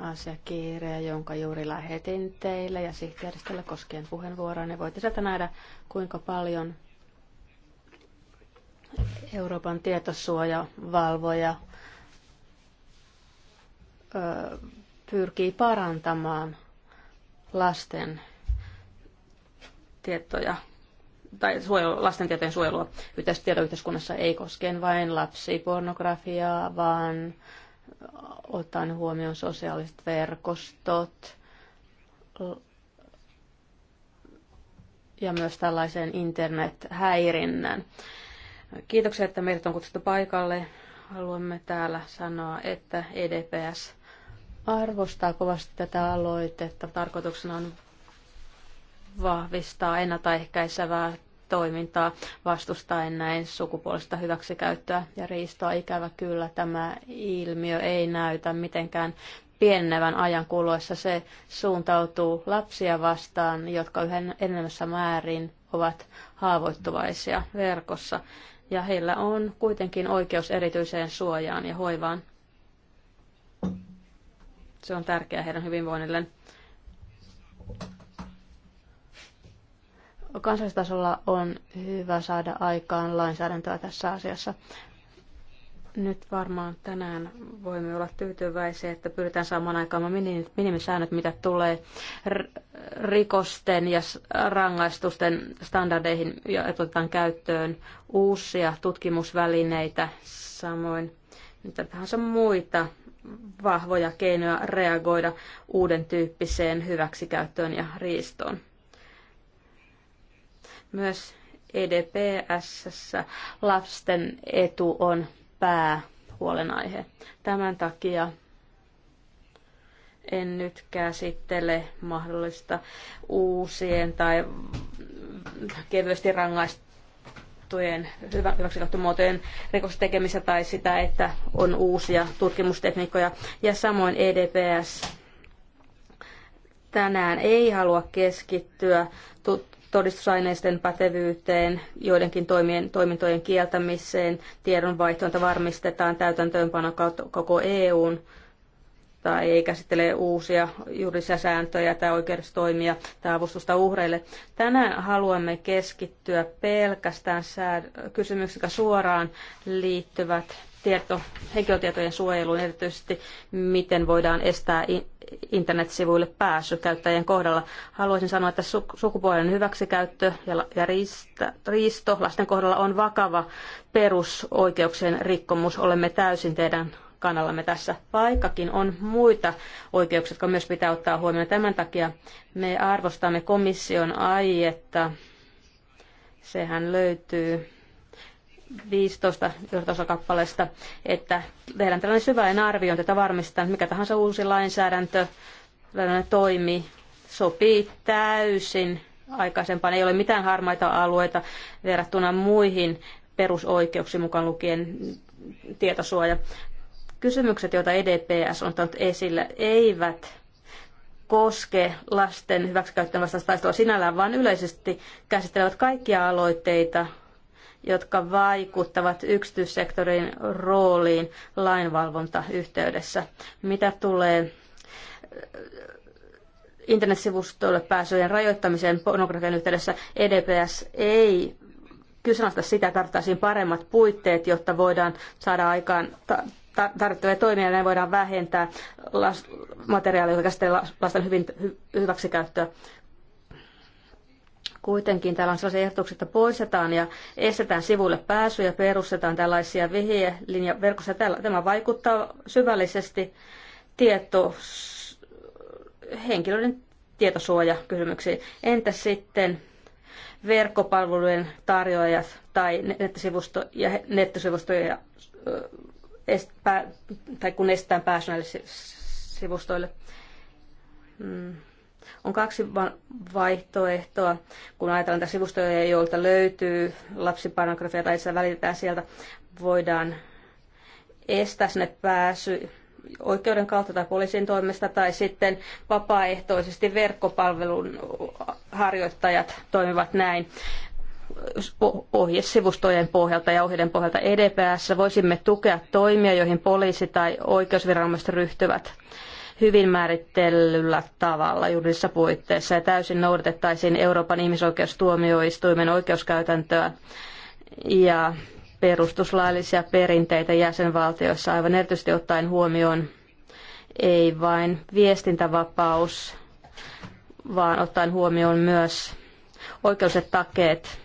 asiakirja, jonka juuri lähetin teille ja sihteeristölle koskien puheenvuoroa, niin voitte sieltä nähdä, kuinka paljon Euroopan tietosuojavalvoja pyrkii parantamaan lasten tietoja tai suojelu, lasten tietojen suojelua tietoyhteiskunnassa ei koskien vain lapsipornografiaa, vaan otan huomioon sosiaaliset verkostot ja myös tällaisen internet Kiitoksia, että meidät on kutsuttu paikalle. Haluamme täällä sanoa, että EDPS arvostaa kovasti tätä aloitetta. Tarkoituksena on vahvistaa ennaltaehkäisevää toimintaa vastustaen näin sukupuolista hyväksikäyttöä ja riistoa. Ikävä kyllä tämä ilmiö ei näytä mitenkään pienenevän ajan kuluessa. Se suuntautuu lapsia vastaan, jotka yhä enemmässä määrin ovat haavoittuvaisia verkossa. Ja heillä on kuitenkin oikeus erityiseen suojaan ja hoivaan. Se on tärkeää heidän hyvinvoinnilleen. Kansallistasolla on hyvä saada aikaan lainsäädäntöä tässä asiassa. Nyt varmaan tänään voimme olla tyytyväisiä, että pyritään saamaan aikaan minimisäännöt, mitä tulee rikosten ja rangaistusten standardeihin ja otetaan käyttöön uusia tutkimusvälineitä, samoin mitä tahansa muita vahvoja keinoja reagoida uuden tyyppiseen hyväksikäyttöön ja riistoon. Myös EDPS lapsen etu on päähuolenaihe. Tämän takia en nyt käsittele mahdollista uusien tai kevyesti rangaist- tapahtujen hyväksikäyttömuotojen rikostekemistä tai sitä, että on uusia tutkimustekniikkoja. Ja samoin EDPS tänään ei halua keskittyä todistusaineisten pätevyyteen, joidenkin toimien, toimintojen kieltämiseen, tiedonvaihtoon, että varmistetaan täytäntöönpano kautta koko EUn tai ei käsittele uusia juridisia sääntöjä tai oikeustoimia tai avustusta uhreille. Tänään haluamme keskittyä pelkästään sääd- kysymyksiin, jotka suoraan liittyvät tieto, henkilötietojen suojeluun, erityisesti miten voidaan estää internetsivuille pääsy käyttäjien kohdalla. Haluaisin sanoa, että sukupuolen hyväksikäyttö ja, ja riisto lasten kohdalla on vakava perusoikeuksien rikkomus. Olemme täysin teidän kannallamme tässä, vaikkakin on muita oikeuksia, jotka myös pitää ottaa huomioon. Tämän takia me arvostamme komission aietta. Sehän löytyy 15 johtosakappaleesta, että tehdään tällainen syväinen arviointi, että varmistetaan, että mikä tahansa uusi lainsäädäntö toimii, sopii täysin aikaisempaan. Ei ole mitään harmaita alueita verrattuna muihin perusoikeuksiin mukaan lukien tietosuoja. Kysymykset, joita EDPS on ottanut esille, eivät koske lasten hyväksikäyttöön vastaista taistelua sinällään, vaan yleisesti käsittelevät kaikkia aloitteita, jotka vaikuttavat yksityissektorin rooliin lainvalvontayhteydessä. Mitä tulee äh, internetsivustoille pääsyjen rajoittamiseen pornografian yhteydessä, EDPS ei kyseenalaista sitä, tarvittaisiin paremmat puitteet, jotta voidaan saada aikaan tarvittavia toimia, ja ne voidaan vähentää materiaalia, joka käsittelee lasten hyvin, hy, hyväksikäyttöä. Kuitenkin täällä on sellaisia ehdotuksia, että poistetaan ja estetään sivuille pääsy ja perustetaan tällaisia vihjelinja verkossa. Tämä vaikuttaa syvällisesti tieto, henkilöiden tietosuojakysymyksiin. Entä sitten verkkopalvelujen tarjoajat tai nettisivusto ja nettisivustoja tai kun estetään pääsy näille sivustoille. Mm. On kaksi vaihtoehtoa, kun ajatellaan että sivustoja, joilta löytyy lapsipornografia tai sitä välitetään sieltä, voidaan estää sinne pääsy oikeuden kautta tai poliisin toimesta tai sitten vapaaehtoisesti verkkopalvelun harjoittajat toimivat näin ohjesivustojen pohjalta ja ohjeiden pohjalta EDPS voisimme tukea toimia, joihin poliisi tai oikeusviranomaiset ryhtyvät hyvin määrittellyllä tavalla juridisessa puitteissa ja täysin noudatettaisiin Euroopan ihmisoikeustuomioistuimen oikeuskäytäntöä ja perustuslaillisia perinteitä jäsenvaltioissa aivan erityisesti ottaen huomioon ei vain viestintävapaus, vaan ottaen huomioon myös oikeuset takeet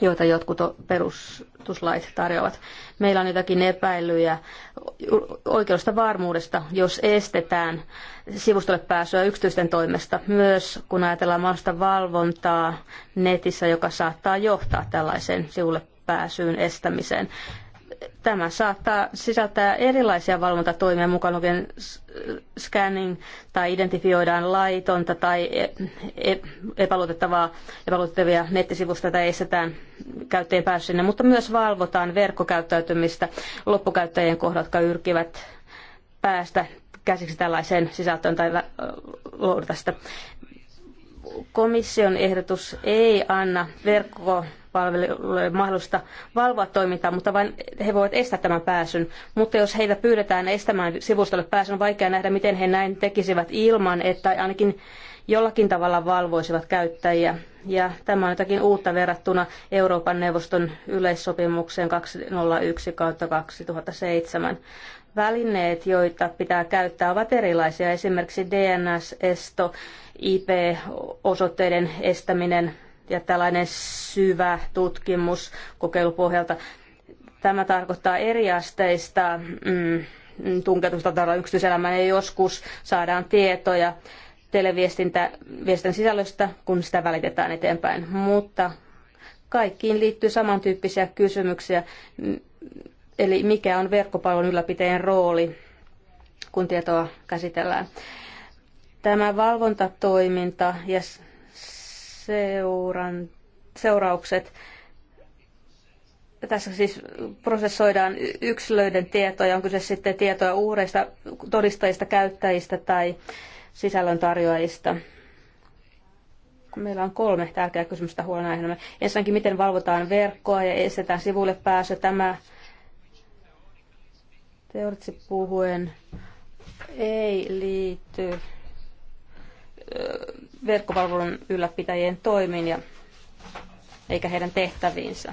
joita jotkut perustuslait tarjoavat. Meillä on jotakin epäilyjä oikeudesta varmuudesta, jos estetään sivustolle pääsyä yksityisten toimesta, myös kun ajatellaan maasta valvontaa netissä, joka saattaa johtaa tällaiseen sivulle pääsyyn estämiseen. Tämä saattaa sisältää erilaisia valvontatoimia mukaan lukien scanning tai identifioidaan laitonta tai e- e- epäluotettavaa, epäluotettavia nettisivustoja tai estetään käyttäjien pääsy sinne, mutta myös valvotaan verkkokäyttäytymistä loppukäyttäjien kohdalla, jotka yrkivät päästä käsiksi tällaiseen sisältöön tai lohdata sitä. Komission ehdotus ei anna verkko palveluille mahdollista valvoa toimintaa, mutta vain he voivat estää tämän pääsyn. Mutta jos heitä pyydetään estämään sivustolle pääsyn, on vaikea nähdä, miten he näin tekisivät ilman, että ainakin jollakin tavalla valvoisivat käyttäjiä. Ja tämä on jotakin uutta verrattuna Euroopan neuvoston yleissopimukseen 201 2007. Välineet, joita pitää käyttää, ovat erilaisia. Esimerkiksi DNS-esto, IP-osoitteiden estäminen, ja tällainen syvä tutkimus kokeilupohjalta. Tämä tarkoittaa eriasteista mm, tunketusta tarvitaan yksityiselämään ja joskus saadaan tietoja viestin sisällöstä, kun sitä välitetään eteenpäin. Mutta kaikkiin liittyy samantyyppisiä kysymyksiä, mm, eli mikä on verkkopalvelun ylläpitäjän rooli, kun tietoa käsitellään. Tämä valvontatoiminta ja yes, seuran, seuraukset. Tässä siis prosessoidaan yksilöiden tietoja, on kyse sitten tietoja uhreista, todistajista, käyttäjistä tai sisällöntarjoajista. Meillä on kolme tärkeää kysymystä huolenaiheena. Ensinnäkin, miten valvotaan verkkoa ja estetään sivulle pääsy. Tämä teoreettisesti puhuen ei liity verkkopalvelun ylläpitäjien toimin ja eikä heidän tehtäviinsä.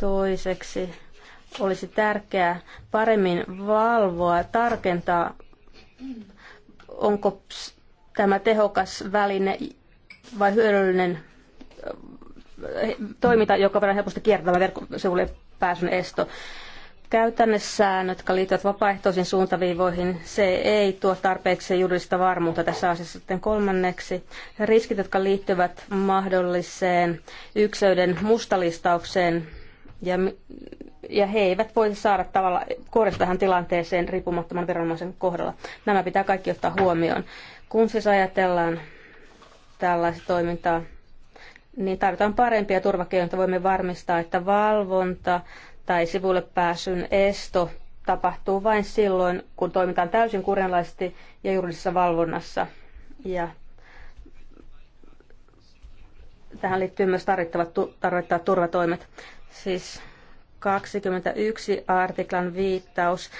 Toiseksi olisi tärkeää paremmin valvoa ja tarkentaa, onko tämä tehokas väline vai hyödyllinen toiminta, joka on helposti kiertävä verkkosivulle pääsyn esto käytännössäännöt, jotka liittyvät vapaaehtoisiin suuntaviivoihin, se ei tuo tarpeeksi juridista varmuutta tässä asiassa sitten kolmanneksi. Riskit, jotka liittyvät mahdolliseen yksilöiden mustalistaukseen ja, ja he eivät voi saada tavalla korjata tähän tilanteeseen riippumattoman viranomaisen kohdalla. Nämä pitää kaikki ottaa huomioon. Kun siis ajatellaan tällaista toimintaa, niin tarvitaan parempia turvakeinoja, voimme varmistaa, että valvonta tai sivulle pääsyn esto tapahtuu vain silloin, kun toimitaan täysin kurjanlaisesti ja juridisessa valvonnassa. Ja tähän liittyy myös tarvittavat, tarvittavat turvatoimet. Siis 21 artiklan viittaus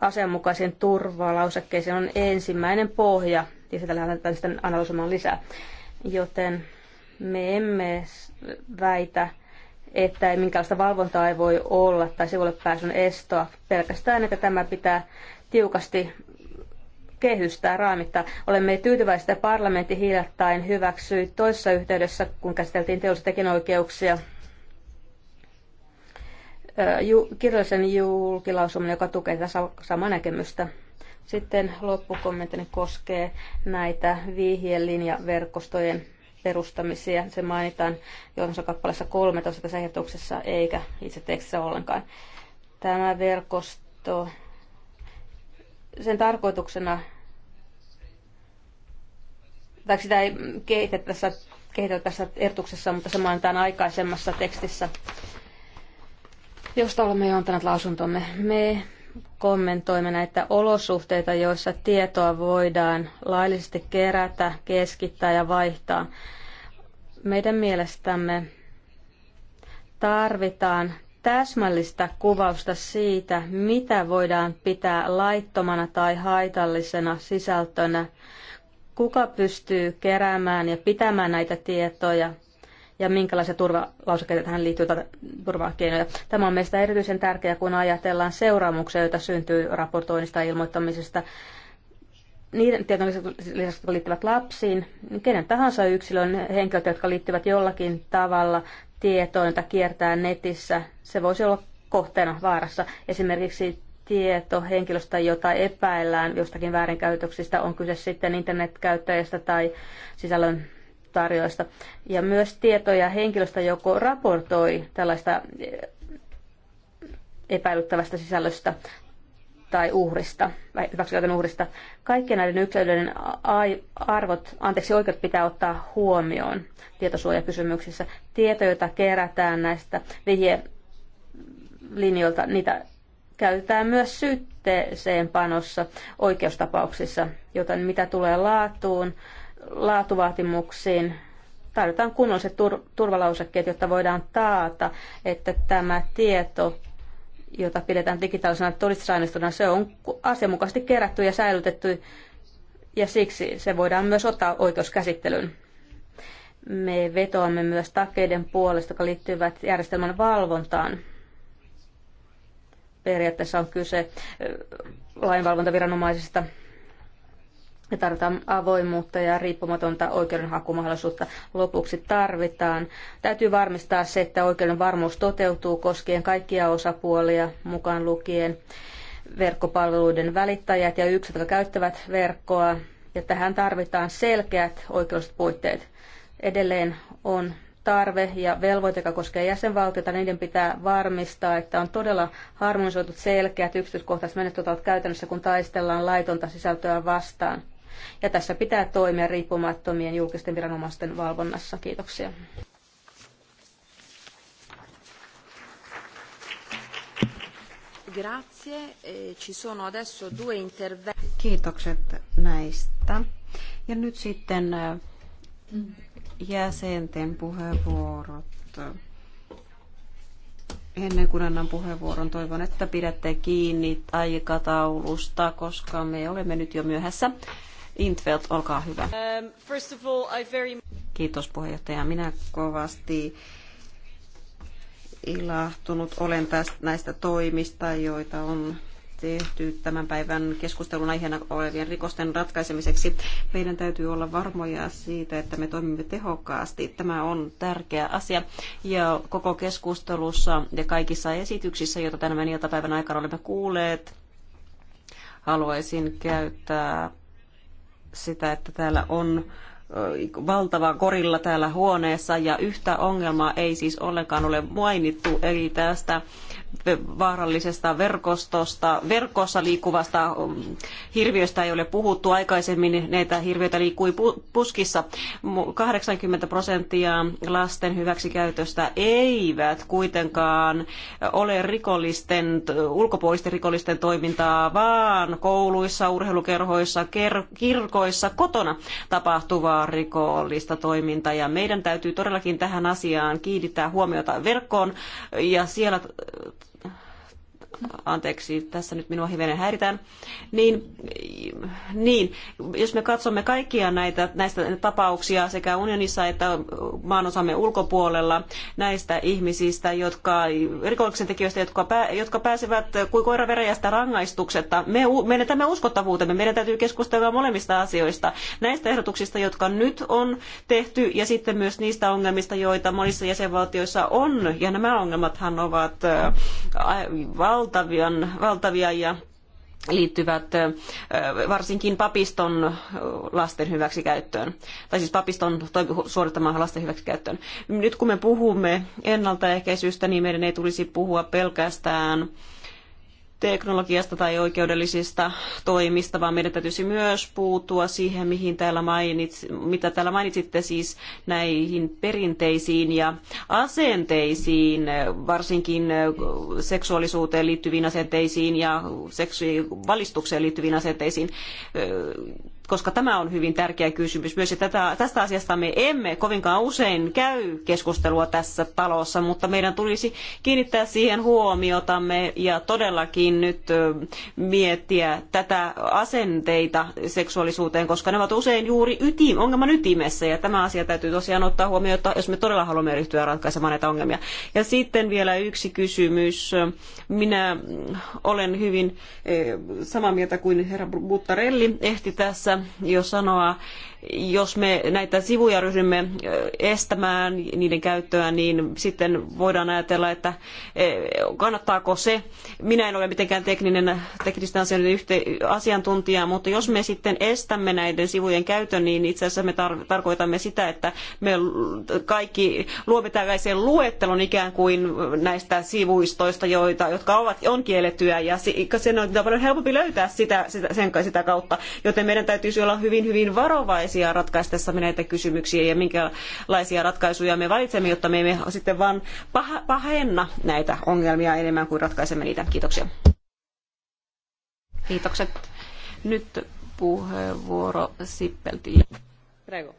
asianmukaisiin turvalausekkeisiin on ensimmäinen pohja, ja sitä lähdetään sitten analysoimaan lisää. Joten me emme väitä, että ei minkäänlaista valvontaa ei voi olla tai sivulle pääsyn estoa. Pelkästään, että tämä pitää tiukasti kehystää, raamittaa. Olemme tyytyväisiä, että parlamentti hiljattain hyväksyi toisessa yhteydessä, kun käsiteltiin teollisia tekinoikeuksia, kirjallisen julkilausuminen, joka tukee tätä samaa näkemystä. Sitten loppukommenttini koskee näitä vihjelinjaverkostojen verkostojen perustamisia. Se mainitaan johdossa kappaleessa 13 tässä ehdotuksessa eikä itse tekstissä ollenkaan. Tämä verkosto, sen tarkoituksena, tai sitä ei kehitetä tässä, kehitetä tässä ehdotuksessa, mutta se mainitaan aikaisemmassa tekstissä, josta olemme jo antaneet lausuntomme. Me kommentoimme näitä olosuhteita, joissa tietoa voidaan laillisesti kerätä, keskittää ja vaihtaa. Meidän mielestämme tarvitaan täsmällistä kuvausta siitä, mitä voidaan pitää laittomana tai haitallisena sisältönä, kuka pystyy keräämään ja pitämään näitä tietoja – ja minkälaisia turvalausekkeita tähän liittyy turvakeinoja. Tämä on meistä erityisen tärkeää, kun ajatellaan seuraamuksia, joita syntyy raportoinnista ja ilmoittamisesta niiden tietojen lisäksi, jotka liittyvät lapsiin, niin kenen tahansa yksilön henkilöt, jotka liittyvät jollakin tavalla tietoon, jota kiertää netissä, se voisi olla kohteena vaarassa. Esimerkiksi tieto henkilöstä, jota epäillään jostakin väärinkäytöksistä, on kyse sitten internetkäyttäjästä tai sisällön tarjoista. ja myös tietoja henkilöstä, joko raportoi tällaista eh, epäilyttävästä sisällöstä tai uhrista, hyväksikäytön uhrista. Kaikkien näiden yksilöiden arvot, anteeksi, oikeat pitää ottaa huomioon tietosuojakysymyksissä. Tieto, jota kerätään näistä vihjelinjoilta, niitä käytetään myös syytteeseen panossa oikeustapauksissa, joten mitä tulee laatuun, laatuvaatimuksiin tarvitaan kunnolliset tur- turvalausekkeet, jotta voidaan taata, että tämä tieto, jota pidetään digitaalisena todistusaineistona, se on asianmukaisesti kerätty ja säilytetty, ja siksi se voidaan myös ottaa oikeuskäsittelyyn. Me vetoamme myös takeiden puolesta, jotka liittyvät järjestelmän valvontaan. Periaatteessa on kyse lainvalvontaviranomaisista – me tarvitaan avoimuutta ja riippumatonta oikeudenhakumahdollisuutta. Lopuksi tarvitaan. Täytyy varmistaa se, että oikeuden varmuus toteutuu koskien kaikkia osapuolia mukaan lukien verkkopalveluiden välittäjät ja yksilöt, jotka käyttävät verkkoa. Ja tähän tarvitaan selkeät oikeudelliset puitteet. Edelleen on tarve ja velvoite, joka koskee jäsenvaltiota, niiden pitää varmistaa, että on todella harmonisoitu selkeät yksityiskohtaiset menettelytavat käytännössä, kun taistellaan laitonta sisältöä vastaan ja tässä pitää toimia riippumattomien julkisten viranomaisten valvonnassa. Kiitoksia.
Grazie. E, ci sono adesso due interventi. Kiitokset näistä.
Ja nyt sitten jäsenten puheenvuorot. Ennen kuin annan puheenvuoron, toivon, että pidätte kiinni aikataulusta, koska me olemme nyt jo myöhässä. Intveld, olkaa hyvä. Um, Kiitos puheenjohtaja. Minä kovasti ilahtunut olen tästä, näistä toimista, joita on tehty tämän päivän keskustelun aiheena olevien rikosten ratkaisemiseksi. Meidän täytyy olla varmoja siitä, että me toimimme tehokkaasti. Tämä on tärkeä asia ja koko keskustelussa ja kaikissa esityksissä, joita tämän iltapäivän aikana olemme kuulleet, haluaisin käyttää sitä, että täällä on valtava korilla täällä huoneessa ja yhtä ongelmaa ei siis ollenkaan ole mainittu, eli tästä vaarallisesta verkostosta, verkossa liikkuvasta um, hirviöstä ei ole puhuttu aikaisemmin. Näitä hirviöitä liikkui puskissa. 80 prosenttia lasten hyväksikäytöstä eivät kuitenkaan ole rikollisten, ulkopuolisten rikollisten toimintaa, vaan kouluissa, urheilukerhoissa, kirkoissa, kotona tapahtuvaa rikollista toimintaa. Ja meidän täytyy todellakin tähän asiaan kiinnittää huomiota verkkoon ja siellä anteeksi, tässä nyt minua hivenen häiritään, niin, niin jos me katsomme kaikkia näitä, näistä tapauksia sekä unionissa että maanosamme ulkopuolella näistä ihmisistä, jotka, tekijöistä, jotka, pää, jotka pääsevät kuin koira veräjästä rangaistuksetta, me menetämme uskottavuutemme, meidän täytyy keskustella molemmista asioista, näistä ehdotuksista, jotka nyt on tehty ja sitten myös niistä ongelmista, joita monissa jäsenvaltioissa on, ja nämä ongelmathan ovat äh, val- valtavian, valtavia ja liittyvät varsinkin papiston lasten hyväksikäyttöön, tai siis papiston suorittamaan lasten hyväksikäyttöön. Nyt kun me puhumme ennaltaehkäisystä, niin meidän ei tulisi puhua pelkästään teknologiasta tai oikeudellisista toimista, vaan meidän täytyisi myös puuttua siihen, mihin täällä mainits, mitä täällä mainitsitte, siis näihin perinteisiin ja asenteisiin, varsinkin seksuaalisuuteen liittyviin asenteisiin ja seksuaalivalistukseen liittyviin asenteisiin koska tämä on hyvin tärkeä kysymys myös. Ja tätä, tästä asiasta me emme kovinkaan usein käy keskustelua tässä talossa, mutta meidän tulisi kiinnittää siihen huomiotamme ja todellakin nyt miettiä tätä asenteita seksuaalisuuteen, koska ne ovat usein juuri ytim, ongelman ytimessä ja tämä asia täytyy tosiaan ottaa huomioon, jos me todella haluamme ryhtyä ratkaisemaan näitä ongelmia. Ja sitten vielä yksi kysymys. Minä olen hyvin samaa mieltä kuin herra Buttarelli ehti tässä jo sanoa, jos me näitä sivuja ryhdymme estämään niiden käyttöä, niin sitten voidaan ajatella, että e, kannattaako se. Minä en ole mitenkään tekninen, teknisten asioiden yhte, asiantuntija, mutta jos me sitten estämme näiden sivujen käytön, niin itse asiassa me tar tarkoitamme sitä, että me kaikki luomme tällaisen luettelon ikään kuin näistä sivuistoista, joita, jotka ovat, on kiellettyä ja sen on paljon helpompi löytää sitä, sitä, sen, sitä kautta, joten meidän täytyisi olla hyvin, hyvin varovaisia erilaisia ratkaistessamme näitä kysymyksiä ja minkälaisia ratkaisuja me valitsemme, jotta me emme sitten vaan pahenna näitä ongelmia enemmän kuin ratkaisemme niitä. Kiitoksia. Kiitokset. Nyt puheenvuoro Sippeltille.
Prego.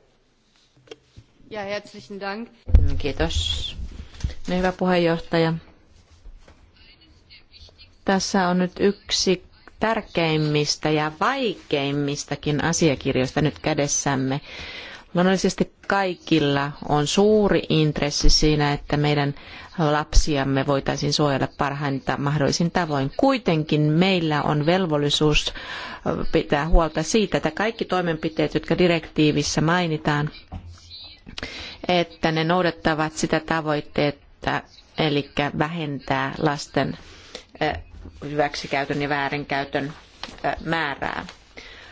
Ja herzlichen Dank.
Kiitos. Hyvä puheenjohtaja. Tässä on nyt yksi tärkeimmistä ja vaikeimmistakin asiakirjoista nyt kädessämme. Luonnollisesti kaikilla on suuri intressi siinä, että meidän lapsiamme voitaisiin suojella parhainta mahdollisin tavoin. Kuitenkin meillä on velvollisuus pitää huolta siitä, että kaikki toimenpiteet, jotka direktiivissä mainitaan, että ne noudattavat sitä tavoitteetta, eli vähentää lasten hyväksikäytön ja väärinkäytön määrää.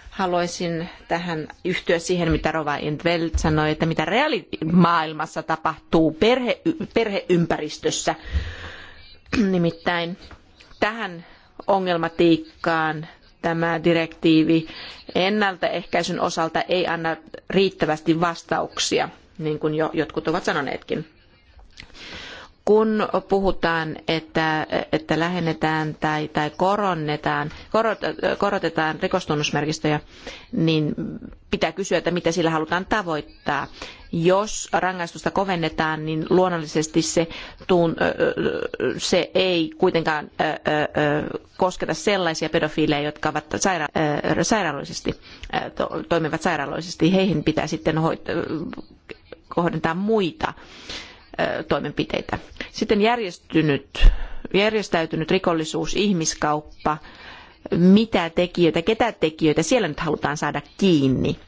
Haluaisin tähän yhtyä siihen, mitä Rova Intveld sanoi, että mitä reaalimaailmassa tapahtuu perhe, perheympäristössä. Nimittäin tähän ongelmatiikkaan tämä direktiivi ennaltaehkäisyn osalta ei anna riittävästi vastauksia, niin kuin jo jotkut ovat sanoneetkin kun puhutaan, että, että lähennetään tai, tai koronnetaan, korot, korotetaan rikostunnusmerkistöjä, niin pitää kysyä, että mitä sillä halutaan tavoittaa. Jos rangaistusta kovennetaan, niin luonnollisesti se, tuun, se ei kuitenkaan kosketa sellaisia pedofiileja, jotka ovat saira- sairaaloisesti, toimivat sairaaloisesti. Heihin pitää sitten hoit- kohdentaa muita toimenpiteitä. Sitten järjestynyt, järjestäytynyt rikollisuus, ihmiskauppa, mitä tekijöitä, ketä tekijöitä siellä nyt halutaan saada kiinni.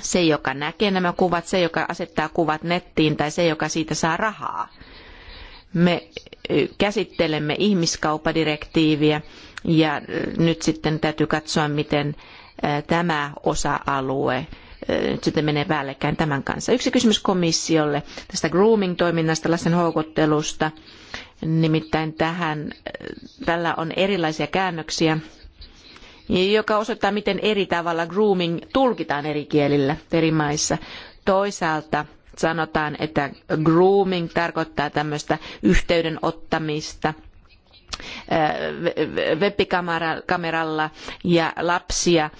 Se, joka näkee nämä kuvat, se, joka asettaa kuvat nettiin tai se, joka siitä saa rahaa. Me käsittelemme ihmiskaupadirektiiviä ja nyt sitten täytyy katsoa, miten tämä osa-alue nyt sitten menee päällekkäin tämän kanssa. Yksi kysymys komissiolle tästä grooming-toiminnasta, lasten houkuttelusta. Nimittäin tähän, tällä on erilaisia käännöksiä, joka osoittaa, miten eri tavalla grooming tulkitaan eri kielillä eri maissa. Toisaalta sanotaan, että grooming tarkoittaa tämmöistä yhteyden ottamista – webbikameralla ja lapsia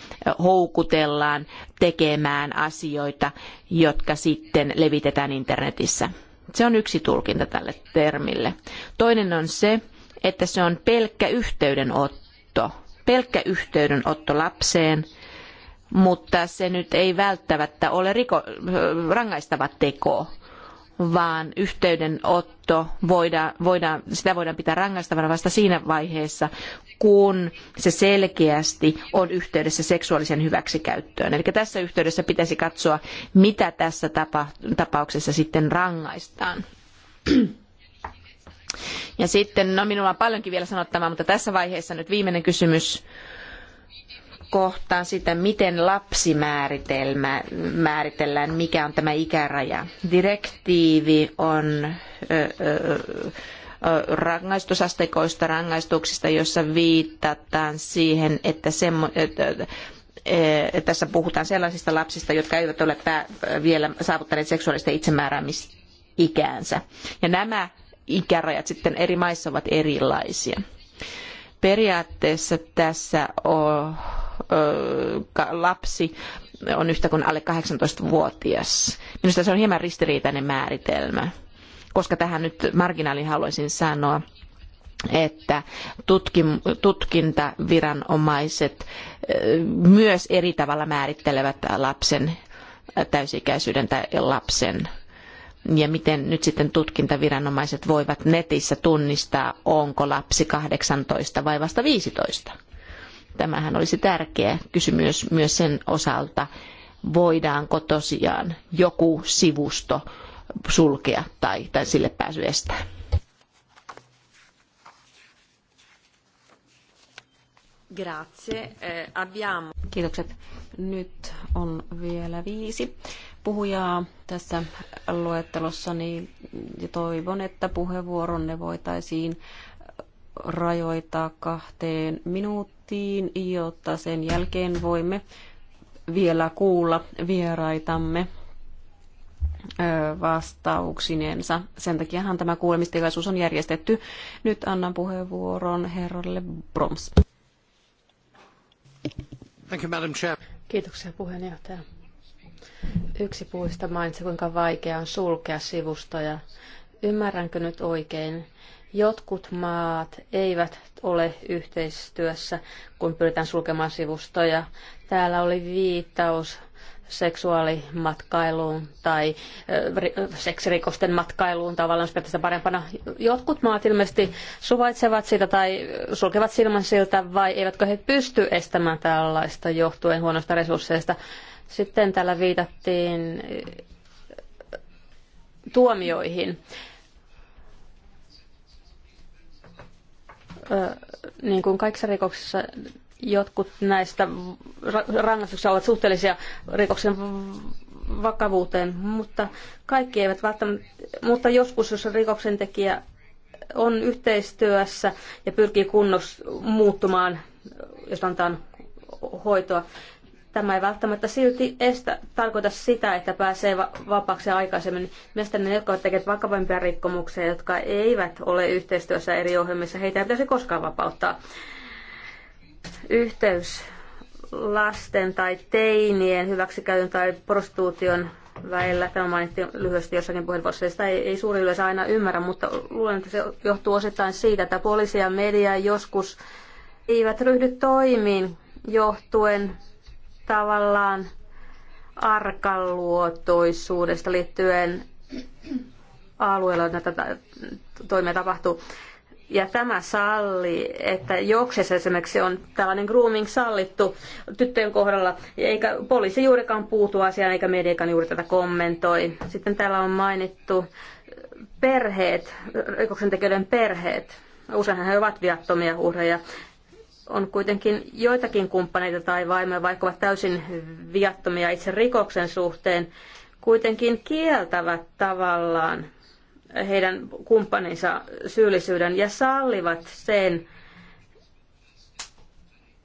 houkutellaan tekemään asioita, jotka sitten levitetään internetissä. Se on yksi tulkinta tälle termille. Toinen on se, että se on pelkkä yhteydenotto. Pelkkä yhteydenotto lapseen, mutta se nyt ei välttämättä ole riko, rangaistava teko vaan yhteydenotto voidaan, voidaan, sitä voidaan pitää rangaistavana vasta siinä vaiheessa, kun se selkeästi on yhteydessä seksuaaliseen hyväksikäyttöön. Eli tässä yhteydessä pitäisi katsoa, mitä tässä tapauksessa sitten rangaistaan. Ja sitten, no minulla on paljonkin vielä sanottavaa, mutta tässä vaiheessa nyt viimeinen kysymys kohtaan sitä, miten lapsi määritellään, mikä on tämä ikäraja. Direktiivi on ö, ö, rangaistusasteikoista, rangaistuksista, jossa viitataan siihen, että, semmo, tässä puhutaan sellaisista lapsista, jotka eivät ole vielä saavuttaneet seksuaalista itsemääräämisikäänsä. Ja nämä ikärajat sitten eri maissa ovat erilaisia. Periaatteessa tässä on lapsi on yhtä kuin alle 18-vuotias. Minusta se on hieman ristiriitainen määritelmä, koska tähän nyt marginaaliin haluaisin sanoa, että tutkim, tutkintaviranomaiset myös eri tavalla määrittelevät lapsen täysikäisyyden tai lapsen ja miten nyt sitten tutkintaviranomaiset voivat netissä tunnistaa, onko lapsi 18 vai vasta 15. Tämähän olisi tärkeä kysymys myös sen osalta, voidaanko tosiaan joku sivusto sulkea tai, tai sille pääsy estää.
Grazie. Eh, abbiamo...
Kiitokset. Nyt on vielä viisi puhujaa tässä luettelossa, ja toivon, että puheenvuoronne voitaisiin rajoittaa kahteen minuuttiin pakettiin, jotta sen jälkeen voimme vielä kuulla vieraitamme vastauksinensa. Sen takiahan tämä kuulemistilaisuus on järjestetty. Nyt annan puheenvuoron herralle Broms. Thank you, Madam Chair.
Kiitoksia puheenjohtaja. Yksi puista mainitsi, kuinka vaikea on sulkea sivustoja. Ymmärränkö nyt oikein, Jotkut maat eivät ole yhteistyössä, kun pyritään sulkemaan sivustoja. Täällä oli viittaus seksuaalimatkailuun tai seksirikosten matkailuun tavallaan pitäisi parempana. Jotkut maat ilmeisesti suvaitsevat sitä tai sulkevat silmän siltä vai eivätkö he pysty estämään tällaista johtuen huonoista resursseista. Sitten täällä viitattiin tuomioihin. niin kuin kaikissa rikoksissa jotkut näistä rangaistuksista ovat suhteellisia rikoksen vakavuuteen, mutta kaikki eivät välttämättä, mutta joskus, jos rikoksen tekijä on yhteistyössä ja pyrkii kunnossa muuttumaan, jos antaa hoitoa, Tämä ei välttämättä silti estä, tarkoita sitä, että pääsee vapaaksi aikaisemmin. Mielestäni ne, jotka tekevät vakavampia rikkomuksia, jotka eivät ole yhteistyössä eri ohjelmissa, heitä ei pitäisi koskaan vapauttaa. Yhteys lasten tai teinien hyväksikäytön tai prostituution välillä. Tämä mainittiin lyhyesti jossakin puheenvuorossa. Sitä ei, ei suuri yleensä aina ymmärrä, mutta luulen, että se johtuu osittain siitä, että poliisi ja media joskus eivät ryhdy toimiin johtuen tavallaan arkaluotoisuudesta liittyen alueella näitä toimia tapahtuu. Ja tämä salli, että joksessa esimerkiksi on tällainen grooming sallittu tyttöjen kohdalla, eikä poliisi juurikaan puutu asiaan, eikä mediakaan juuri tätä kommentoi. Sitten täällä on mainittu perheet, rikoksentekijöiden perheet. Useinhan he ovat viattomia uhreja on kuitenkin joitakin kumppaneita tai vaimoja, vaikka ovat täysin viattomia itse rikoksen suhteen, kuitenkin kieltävät tavallaan heidän kumppaninsa syyllisyyden ja sallivat sen,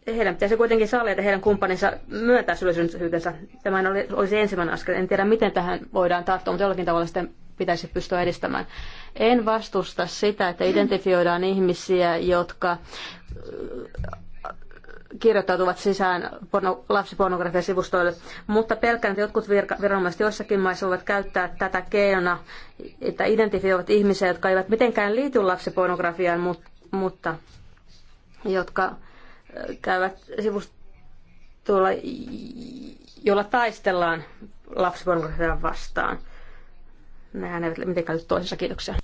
heidän pitäisi kuitenkin sallia, että heidän kumppaninsa myöntää syyllisyytensä. Tämä olisi ensimmäinen askel. En tiedä, miten tähän voidaan tarttua, mutta jollakin tavalla sitten pitäisi pystyä edistämään. En vastusta sitä, että identifioidaan ihmisiä, jotka äh, kirjoittautuvat sisään lapsipornografian sivustoille, mutta pelkään, että jotkut viranomaiset joissakin maissa voivat käyttää tätä keinona, että identifioivat ihmisiä, jotka eivät mitenkään liity lapsipornografiaan, mutta, jotka äh, käyvät sivustolla, jolla taistellaan lapsipornografian vastaan. Nehän eivät mitenkään liity toisessa Kiitoksia.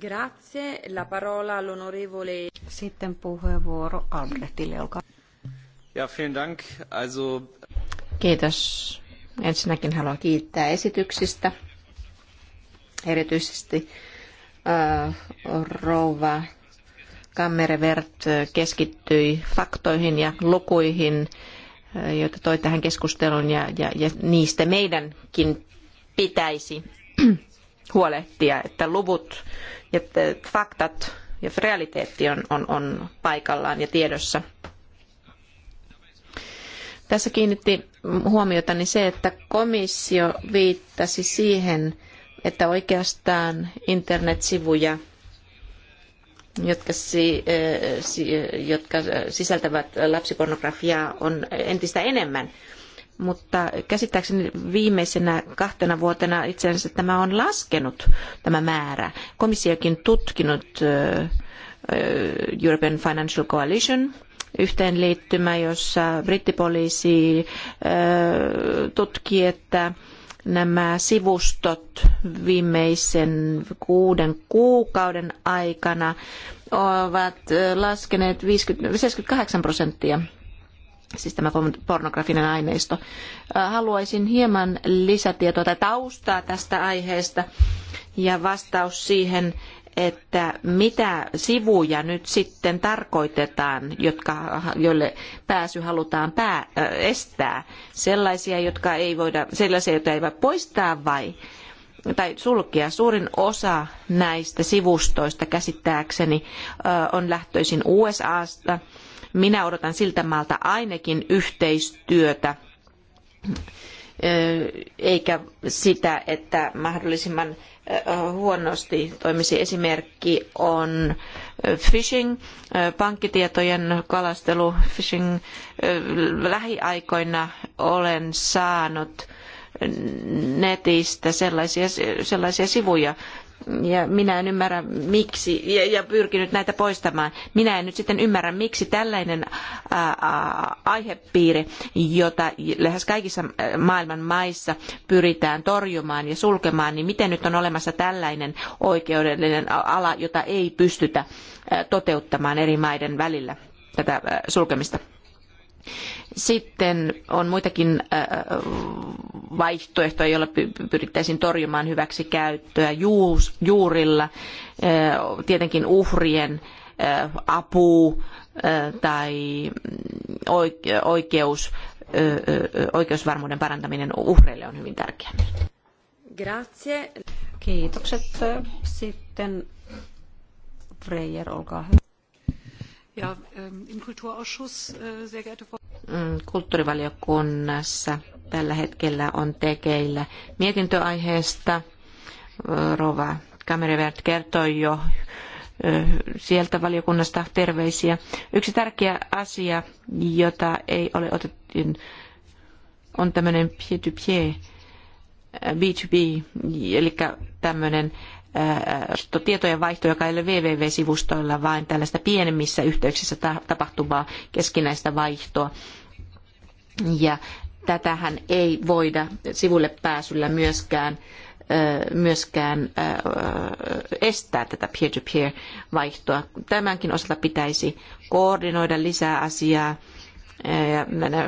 Grazie. La parola all'onorevole.
Sitten puheenvuoro Albrechtille, olkaa.
Ja, vielen Dank. Also...
Kiitos. Ensinnäkin haluan kiittää esityksistä. Erityisesti äh, rouva Kammerevert äh, keskittyi faktoihin ja lukuihin joita toi tähän keskusteluun ja, ja, ja niistä meidänkin pitäisi huolehtia, että luvut ja faktat ja realiteetti on, on, on paikallaan ja tiedossa. Tässä kiinnitti huomiotani niin se, että komissio viittasi siihen, että oikeastaan internetsivuja jotka, eh, si, jotka sisältävät lapsipornografiaa, on entistä enemmän. Mutta käsittääkseni viimeisenä kahtena vuotena itse asiassa tämä on laskenut, tämä määrä. Komissiokin tutkinut eh, eh, European Financial Coalition yhteenliittymä, jossa brittipoliisi tutki, että nämä sivustot viimeisen kuuden kuukauden aikana ovat laskeneet 50, 78 prosenttia, siis tämä pornografinen aineisto. Haluaisin hieman lisätietoa tai taustaa tästä aiheesta ja vastaus siihen, että mitä sivuja nyt sitten tarkoitetaan, jotka, joille pääsy halutaan pää, äh, estää. Sellaisia, jotka ei voida, sellaisia, joita ei voi poistaa vai tai sulkea. Suurin osa näistä sivustoista käsittääkseni äh, on lähtöisin USAsta. Minä odotan siltä maalta ainakin yhteistyötä eikä sitä, että mahdollisimman huonosti toimisi esimerkki on phishing, pankkitietojen kalastelu, phishing. Lähiaikoina olen saanut netistä sellaisia, sellaisia sivuja, ja minä en ymmärrä miksi, ja, ja pyrkinyt näitä poistamaan. Minä en nyt sitten ymmärrä, miksi tällainen ää, ää, aihepiiri, jota lähes kaikissa maailman maissa pyritään torjumaan ja sulkemaan, niin miten nyt on olemassa tällainen oikeudellinen ala, jota ei pystytä toteuttamaan eri maiden välillä tätä sulkemista. Sitten on muitakin äh, äh, vaihtoehtoja, joilla pyrittäisiin torjumaan hyväksi käyttöä juurilla. Äh, tietenkin uhrien apu tai oikeus, oikeusvarmuuden parantaminen uhreille on hyvin tärkeää.
Grazie. Kiitokset. Sitten Freyer, olkaa hyvä.
Ja, im Kulturausschuss, sehr geehrte Frau
Mm,
kulttuurivaliokunnassa tällä hetkellä on tekeillä mietintöaiheesta. Rova Kamerivert kertoi jo sieltä valiokunnasta terveisiä. Yksi tärkeä asia, jota ei ole otettu, on tämmöinen peer-to-peer, -peer, to b 2 b eli tämmöinen tietojenvaihto, joka ei ole www-sivustoilla, vaan tällaista pienemmissä yhteyksissä tapahtuvaa keskinäistä vaihtoa. Ja tätähän ei voida sivulle pääsyllä myöskään myöskään estää tätä peer-to-peer -peer vaihtoa. Tämänkin osalta pitäisi koordinoida lisää asiaa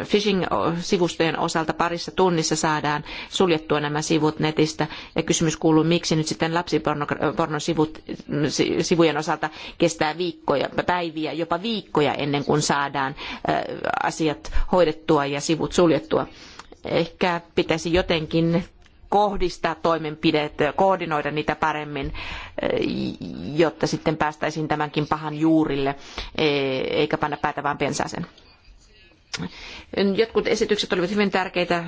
phishing-sivustojen osalta parissa tunnissa saadaan suljettua nämä sivut netistä. Ja kysymys kuuluu, miksi nyt sitten lapsipornon sivujen osalta kestää viikkoja, päiviä, jopa viikkoja ennen kuin saadaan äh, asiat hoidettua ja sivut suljettua. Ehkä pitäisi jotenkin kohdistaa toimenpideet, koordinoida niitä paremmin, äh, jotta sitten päästäisiin tämänkin pahan juurille, e, eikä panna päätä vaan pensaaseen. Jotkut esitykset olivat hyvin tärkeitä,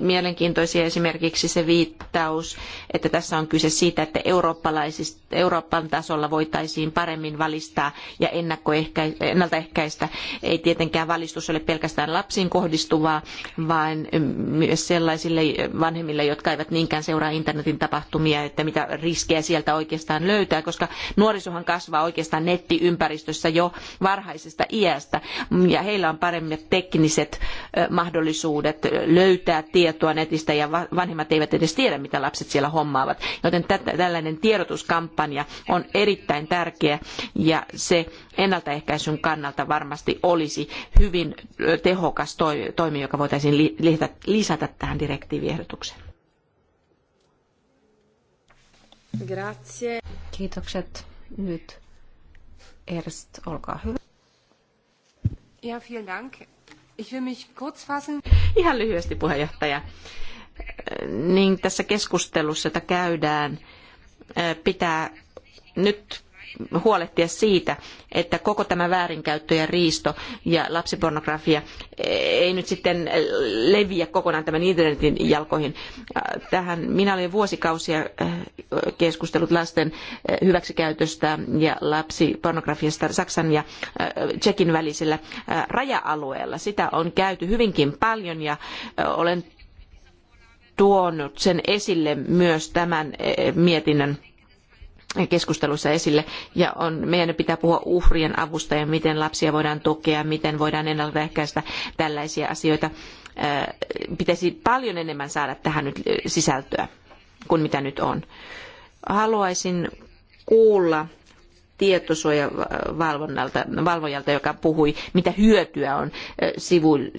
mielenkiintoisia esimerkiksi se viittaus, että tässä on kyse siitä, että Euroopan tasolla voitaisiin paremmin valistaa ja ennaltaehkäistä. Ei tietenkään valistus ole pelkästään lapsiin kohdistuvaa, vaan myös sellaisille vanhemmille, jotka eivät niinkään seuraa internetin tapahtumia, että mitä riskejä sieltä oikeastaan löytää, koska nuorisohan kasvaa oikeastaan nettiympäristössä jo varhaisesta iästä ja heillä on paremmat tekniset mahdollisuudet löytää tietoa netistä ja vanhemmat eivät edes tiedä, mitä lapset siellä hommaavat. Joten tällainen tiedotuskampanja on erittäin tärkeä ja se ennaltaehkäisyn kannalta varmasti olisi hyvin tehokas toimi, joka voitaisiin lisätä tähän direktiiviehdotukseen.
Grazie.
Kiitokset. Nyt Erst, olkaa hyvä.
Ja, vielen Dank. Ich will mich kurz fassen.
Ihan lyhyesti puheenjohtaja. Niin tässä keskustelussa, jota käydään, pitää nyt huolehtia siitä, että koko tämä väärinkäyttö ja riisto ja lapsipornografia e, ei nyt sitten leviä kokonaan tämän internetin jalkoihin. Äh, tähän minä olen vuosikausia äh, keskustellut lasten äh, hyväksikäytöstä ja lapsipornografiasta Saksan ja Tsekin välisellä raja-alueella. Sitä on käyty hyvinkin paljon ja olen tuonut sen esille myös tämän mietinnön keskusteluissa esille. Ja on, meidän pitää puhua uhrien avusta ja miten lapsia voidaan tukea, miten voidaan ennaltaehkäistä tällaisia asioita. Äh, pitäisi paljon enemmän saada tähän nyt äh, sisältöä kuin mitä nyt on. Haluaisin kuulla tietosuojavalvojalta, joka puhui, mitä hyötyä on äh,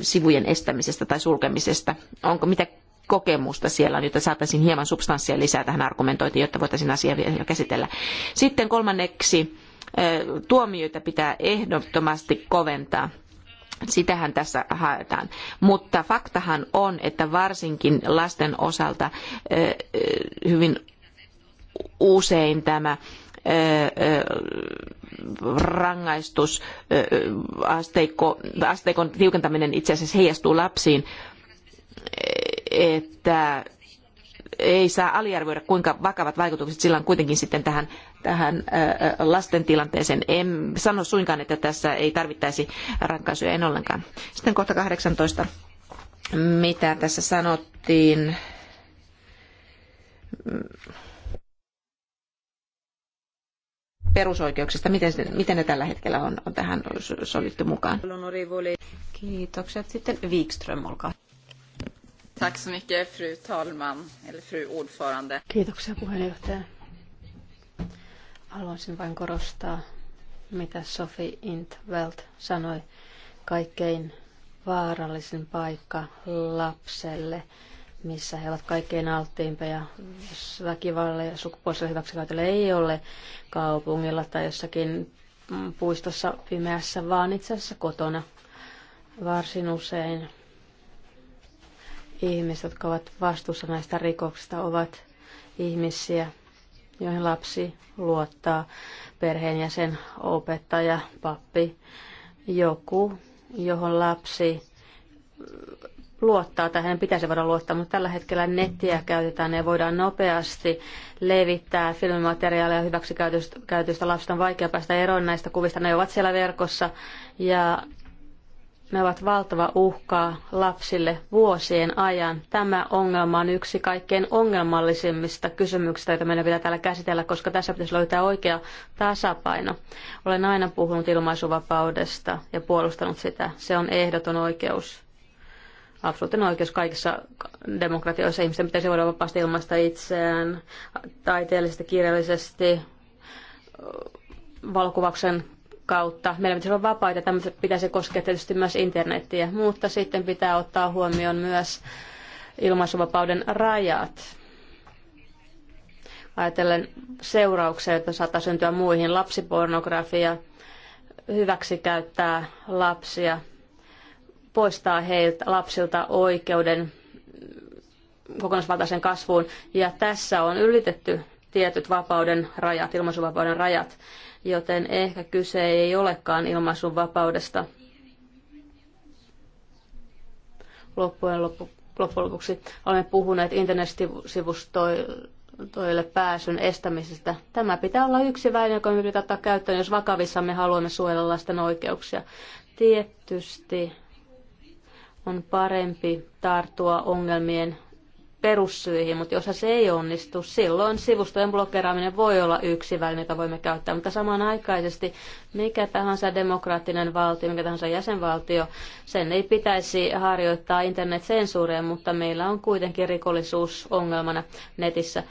sivujen estämisestä tai sulkemisesta. Onko mitä kokemusta siellä on, jotta saataisiin hieman substanssia lisää tähän argumentointiin, jotta voitaisiin asiaa vielä käsitellä. Sitten kolmanneksi tuomioita pitää ehdottomasti koventaa. Sitähän tässä haetaan. Mutta faktahan on, että varsinkin lasten osalta hyvin usein tämä rangaistusasteikon asteikon tiukentaminen itse asiassa heijastuu lapsiin että ei saa aliarvioida, kuinka vakavat vaikutukset sillä on kuitenkin sitten tähän, tähän lasten tilanteeseen. En sano suinkaan, että tässä ei tarvittaisi rankaisuja, en ollenkaan. Sitten kohta 18. Mitä tässä sanottiin? perusoikeuksista, miten, miten ne tällä hetkellä on, on tähän sovittu mukaan.
Kiitokset.
Sitten Wikström, olkaa Tack så mycket, fru talman, eller fru ordförande.
Kiitoksia puheenjohtaja. Haluaisin vain korostaa, mitä Sophie Intveld sanoi. Kaikkein vaarallisin paikka lapselle, missä he ovat kaikkein alttiimpia väkivallalle ja sukupuoliselle hyväksikäytölle ei ole kaupungilla tai jossakin puistossa pimeässä, vaan itse asiassa kotona varsin usein ihmiset, jotka ovat vastuussa näistä rikoksista, ovat ihmisiä, joihin lapsi luottaa, perheenjäsen, opettaja, pappi, joku, johon lapsi luottaa tai hänen pitäisi voida luottaa, mutta tällä hetkellä nettiä käytetään ja voidaan nopeasti levittää filmimateriaalia hyväksi käytöstä, Lapset on vaikea päästä eroon näistä kuvista, ne ovat siellä verkossa ja ne ovat valtava uhkaa lapsille vuosien ajan. Tämä ongelma on yksi kaikkein ongelmallisimmista kysymyksistä, joita meidän pitää täällä käsitellä, koska tässä pitäisi löytää oikea tasapaino. Olen aina puhunut ilmaisuvapaudesta ja puolustanut sitä. Se on ehdoton oikeus. Absoluuttinen oikeus kaikissa demokratioissa. Ihmisten pitäisi voida vapaasti ilmaista itseään taiteellisesti, kirjallisesti, valokuvauksen kautta. Meillä pitäisi olla vapaita, tämmöistä pitäisi koskea tietysti myös internettiä, mutta sitten pitää ottaa huomioon myös ilmaisuvapauden rajat. Ajatellen seurauksia, joita saattaa syntyä muihin, lapsipornografia, hyväksikäyttää lapsia, poistaa heiltä lapsilta oikeuden kokonaisvaltaisen kasvuun. Ja tässä on ylitetty tietyt vapauden rajat, ilmaisuvapauden rajat joten ehkä kyse ei olekaan ilmaisun vapaudesta. Loppujen loppu, loppujen lopuksi olemme puhuneet internetsivustoille pääsyn estämisestä. Tämä pitää olla yksi väline, joka me pitää ottaa käyttöön, jos me haluamme suojella lasten oikeuksia. Tietysti on parempi tartua ongelmien perussyihin, mutta jos se ei onnistu, silloin sivustojen blokkeraaminen voi olla yksi väline, jota voimme käyttää. Mutta samanaikaisesti mikä tahansa demokraattinen valtio, mikä tahansa jäsenvaltio, sen ei pitäisi harjoittaa internetsensuuria, mutta meillä on kuitenkin rikollisuusongelmana netissä.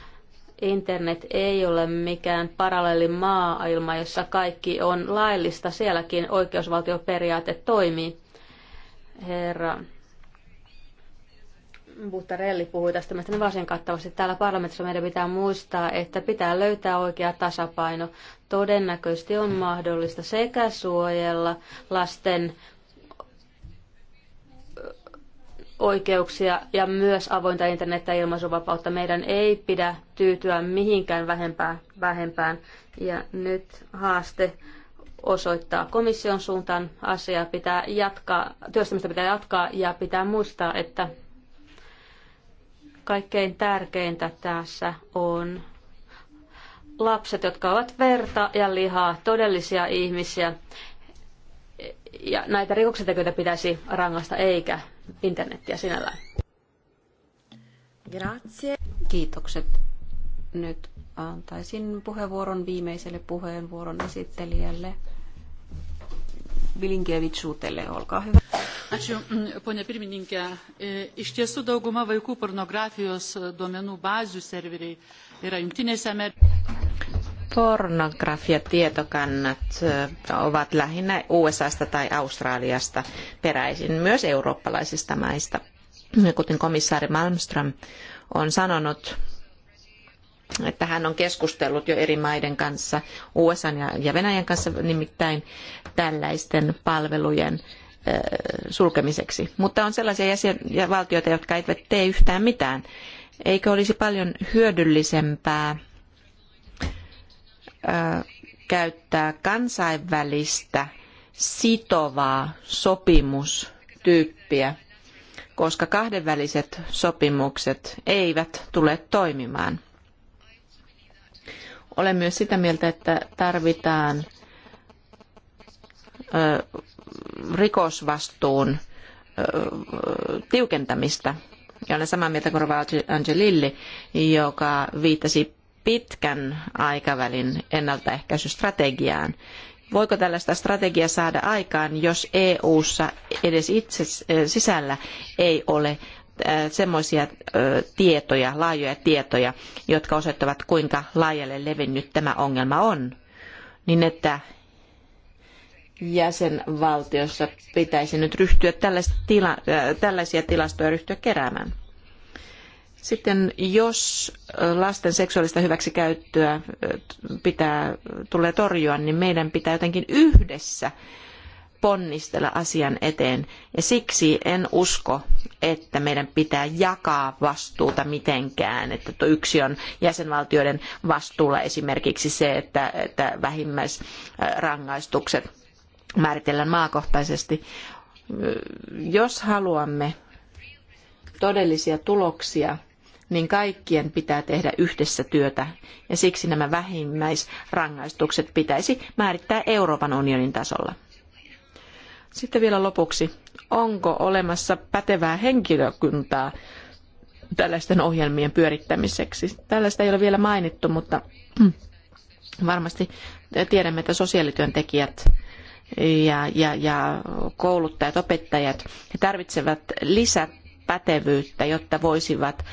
Internet ei ole mikään paralleeli maailma, jossa kaikki on laillista. Sielläkin oikeusvaltioperiaate toimii. Herra Buttarelli puhui tästä mielestäni varsin kattavasti. Täällä parlamentissa meidän pitää muistaa, että pitää löytää oikea tasapaino. Todennäköisesti on mahdollista sekä suojella lasten oikeuksia ja myös avointa internettä ja ilmaisuvapautta. Meidän ei pidä tyytyä mihinkään vähempään. vähempään. Ja nyt haaste osoittaa komission suuntaan asiaa pitää jatkaa, työstämistä pitää jatkaa ja pitää muistaa, että Kaikkein tärkeintä tässä on lapset, jotka ovat verta ja lihaa, todellisia ihmisiä. Ja näitä rikoksentekijöitä pitäisi rangaista eikä
internettiä sinällään.
Grazie. Kiitokset.
Nyt antaisin puheenvuoron viimeiselle puheenvuoron esittelijälle Vilinkievitsuutelle. Olkaa hyvä.
Ačiū, mm, ponė pirmininkė. E, iš tiesų dauguma vaikų pornografijos e, duomenų bazių serveriai yra jungtinėse
Pornografiatietokannat e, ovat lähinnä USAsta tai Australiasta peräisin myös eurooppalaisista maista. Kuten komissaari Malmström on sanonut, että hän on keskustellut jo eri maiden kanssa, USA ja Venäjän kanssa nimittäin tällaisten palvelujen äh, sulkemiseksi. Mutta on sellaisia jäsenvaltioita, jotka eivät tee yhtään mitään. Eikö olisi paljon hyödyllisempää käyttää kansainvälistä sitovaa sopimustyyppiä, koska kahdenväliset sopimukset eivät tule toimimaan. Olen myös sitä mieltä, että tarvitaan rikosvastuun tiukentamista. Ja olen samaa mieltä kuin Angelilli, joka viittasi pitkän aikavälin ennaltaehkäisystrategiaan. Voiko tällaista strategiaa saada aikaan, jos EU-ssa edes itse sisällä ei ole semmoisia tietoja, laajoja tietoja, jotka osoittavat, kuinka laajalle levinnyt tämä ongelma on, niin että jäsenvaltiossa pitäisi nyt ryhtyä tila, äh, tällaisia tilastoja ryhtyä keräämään. Sitten jos äh, lasten seksuaalista hyväksikäyttöä äh, pitää, tulee torjua, niin meidän pitää jotenkin yhdessä ponnistella asian eteen. Ja siksi en usko, että meidän pitää jakaa vastuuta mitenkään. Että yksi on jäsenvaltioiden vastuulla esimerkiksi se, että, että vähimmäisrangaistukset määritellään maakohtaisesti. Jos haluamme todellisia tuloksia, niin kaikkien pitää tehdä yhdessä työtä ja siksi nämä vähimmäisrangaistukset pitäisi määrittää Euroopan unionin tasolla. Sitten vielä lopuksi, onko olemassa pätevää henkilökuntaa tällaisten ohjelmien pyörittämiseksi? Tällaista ei ole vielä mainittu, mutta varmasti tiedämme, että sosiaalityöntekijät ja, ja, ja kouluttajat, opettajat, he tarvitsevat lisäpätevyyttä, jotta voisivat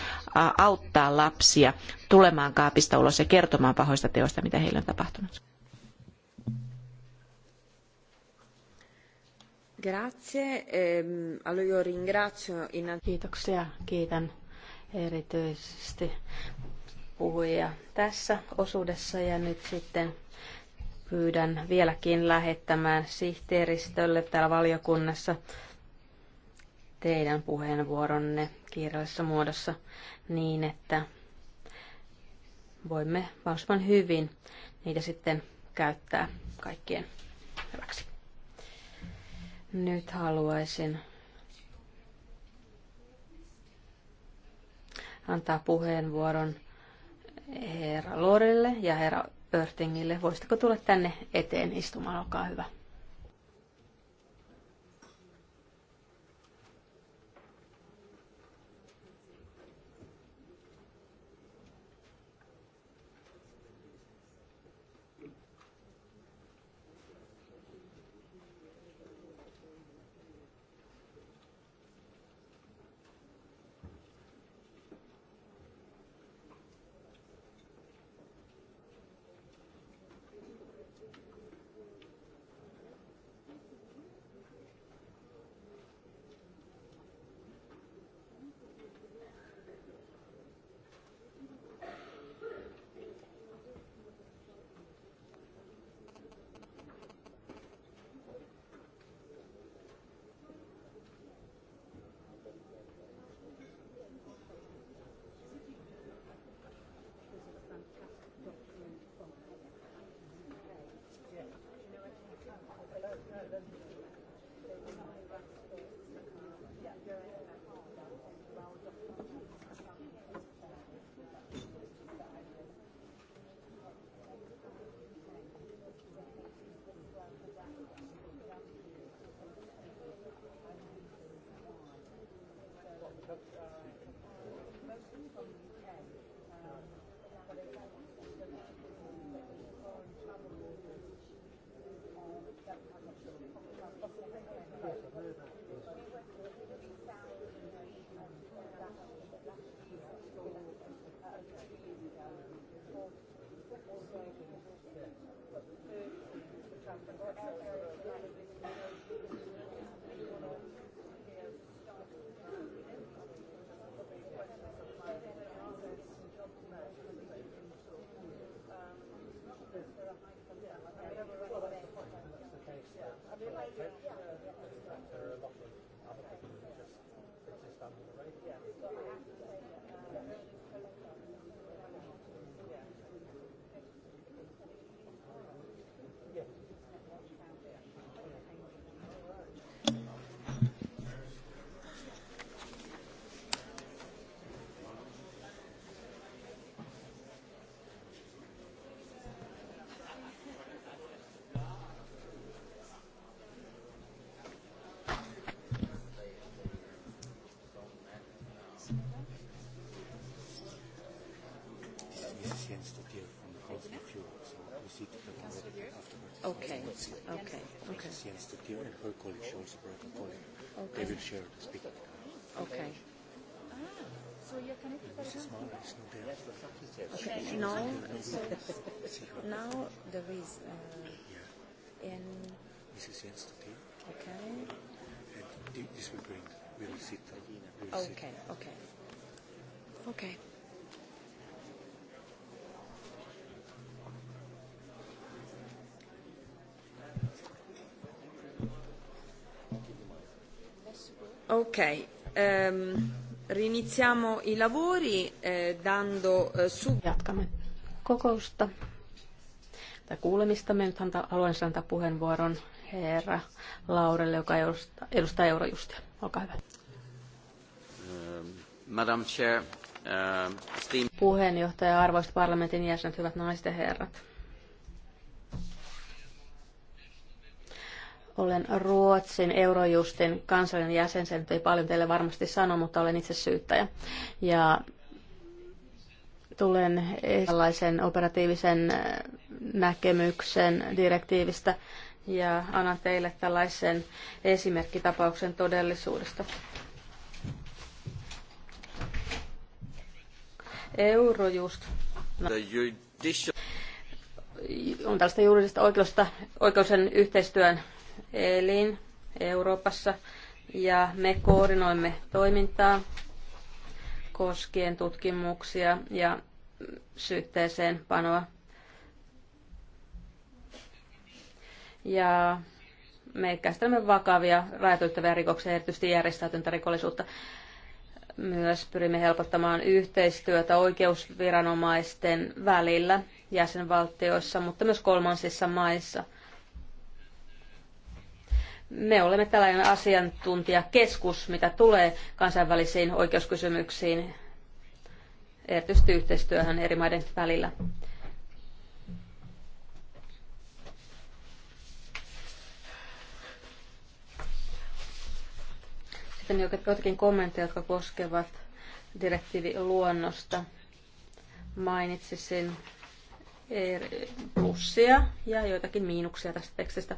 auttaa lapsia tulemaan kaapista ulos ja kertomaan pahoista teoista, mitä heille on tapahtunut.
Grazie. Ehm, ringrazio Kiitoksia. Kiitän erityisesti
puhujia tässä osuudessa ja nyt sitten pyydän vieläkin lähettämään sihteeristölle täällä valiokunnassa teidän puheenvuoronne kirjallisessa muodossa niin, että voimme mahdollisimman hyvin niitä sitten käyttää kaikkien hyväksi. Nyt haluaisin antaa puheenvuoron herra Lorille ja herra Pörtingille. Voisitteko tulla tänne eteen
istumaan? Olkaa hyvä.
Okay. Okay. Okay. Yesterday, and her colleague, she also brought a colleague. Okay. They will share the speaking time. Okay. so you can
Now, there is. Uh, yeah. In.
Mrs. Yesterday. Okay. And this will bring. We will sit. We'll okay. Sit. Okay.
Okay. Ok, um, riniziamo i lavori eh, dando eh, su... Jatkamme
kokousta tai kuulemista. Me nyt anta, haluan siis antaa puheenvuoron herra Laurelle, joka edustaa, edustaa Eurojustia. Olkaa hyvä.
Uh, Madam Chair, uh, ehm, Steam...
Puheenjohtaja, arvoisat parlamentin jäsenet, hyvät naiset ja herrat. Olen Ruotsin Eurojustin kansallinen jäsen, se ei paljon teille varmasti sano, mutta olen itse syyttäjä. Ja tulen tällaisen operatiivisen äh, näkemyksen direktiivistä ja annan teille tällaisen esimerkkitapauksen todellisuudesta. Eurojust. No on tällaista juridista oikeusta, oikeusen yhteistyön elin Euroopassa ja me koordinoimme toimintaa koskien tutkimuksia ja syytteeseen panoa. Ja me käsittelemme vakavia rajoittavia rikoksia, erityisesti järjestäytyntä rikollisuutta. Myös pyrimme helpottamaan yhteistyötä oikeusviranomaisten välillä jäsenvaltioissa, mutta myös kolmansissa maissa – me olemme tällainen asiantuntijakeskus, mitä tulee kansainvälisiin oikeuskysymyksiin, erityisesti yhteistyöhön eri maiden välillä. sitten jotakin kommentteja, jotka koskevat direktiiviluonnosta. Mainitsisin plussia ja joitakin miinuksia tästä tekstistä.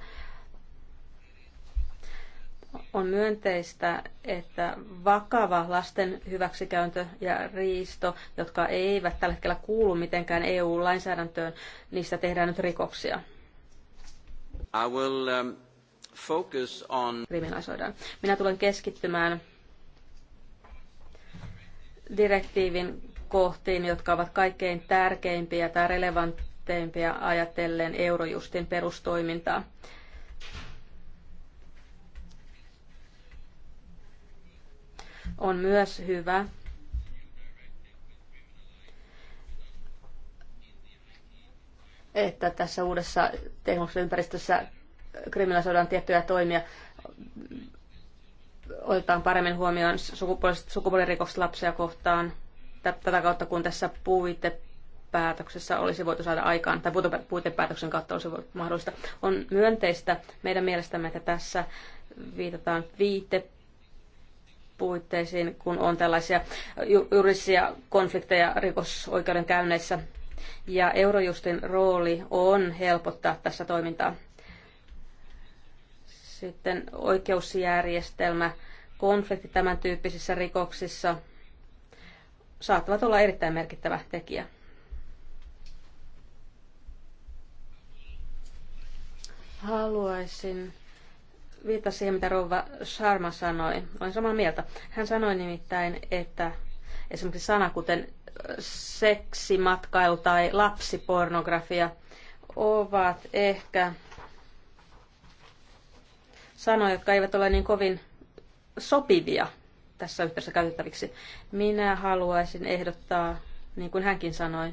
On myönteistä, että vakava lasten hyväksikäyntö ja riisto, jotka eivät tällä hetkellä kuulu mitenkään EU-lainsäädäntöön, niistä tehdään nyt rikoksia.
I will, um, focus on...
Kriminalisoidaan. Minä tulen keskittymään direktiivin kohtiin, jotka ovat kaikkein tärkeimpiä tai relevantteimpia ajatellen Eurojustin perustoimintaa. on myös hyvä. että tässä uudessa tehokkaassa ympäristössä kriminalisoidaan tiettyjä toimia, otetaan paremmin huomioon sukupuolirikokset lapsia kohtaan, tätä kautta kun tässä puitepäätöksessä olisi voitu saada aikaan, tai puitepäätöksen kautta olisi mahdollista. On myönteistä meidän mielestämme, että tässä viitataan viite puitteisiin, kun on tällaisia juridisia konflikteja rikosoikeuden käynneissä. Ja Eurojustin rooli on helpottaa tässä toimintaa. Sitten oikeusjärjestelmä, konfliktit tämän tyyppisissä rikoksissa saattavat olla erittäin merkittävä tekijä. Haluaisin viittasi siihen, mitä Rouva Sharma sanoi. Olen samaa mieltä. Hän sanoi nimittäin, että esimerkiksi sana kuten seksimatkailu tai lapsipornografia ovat ehkä sanoja, jotka eivät ole niin kovin sopivia tässä yhteydessä käytettäviksi. Minä haluaisin ehdottaa, niin kuin hänkin sanoi,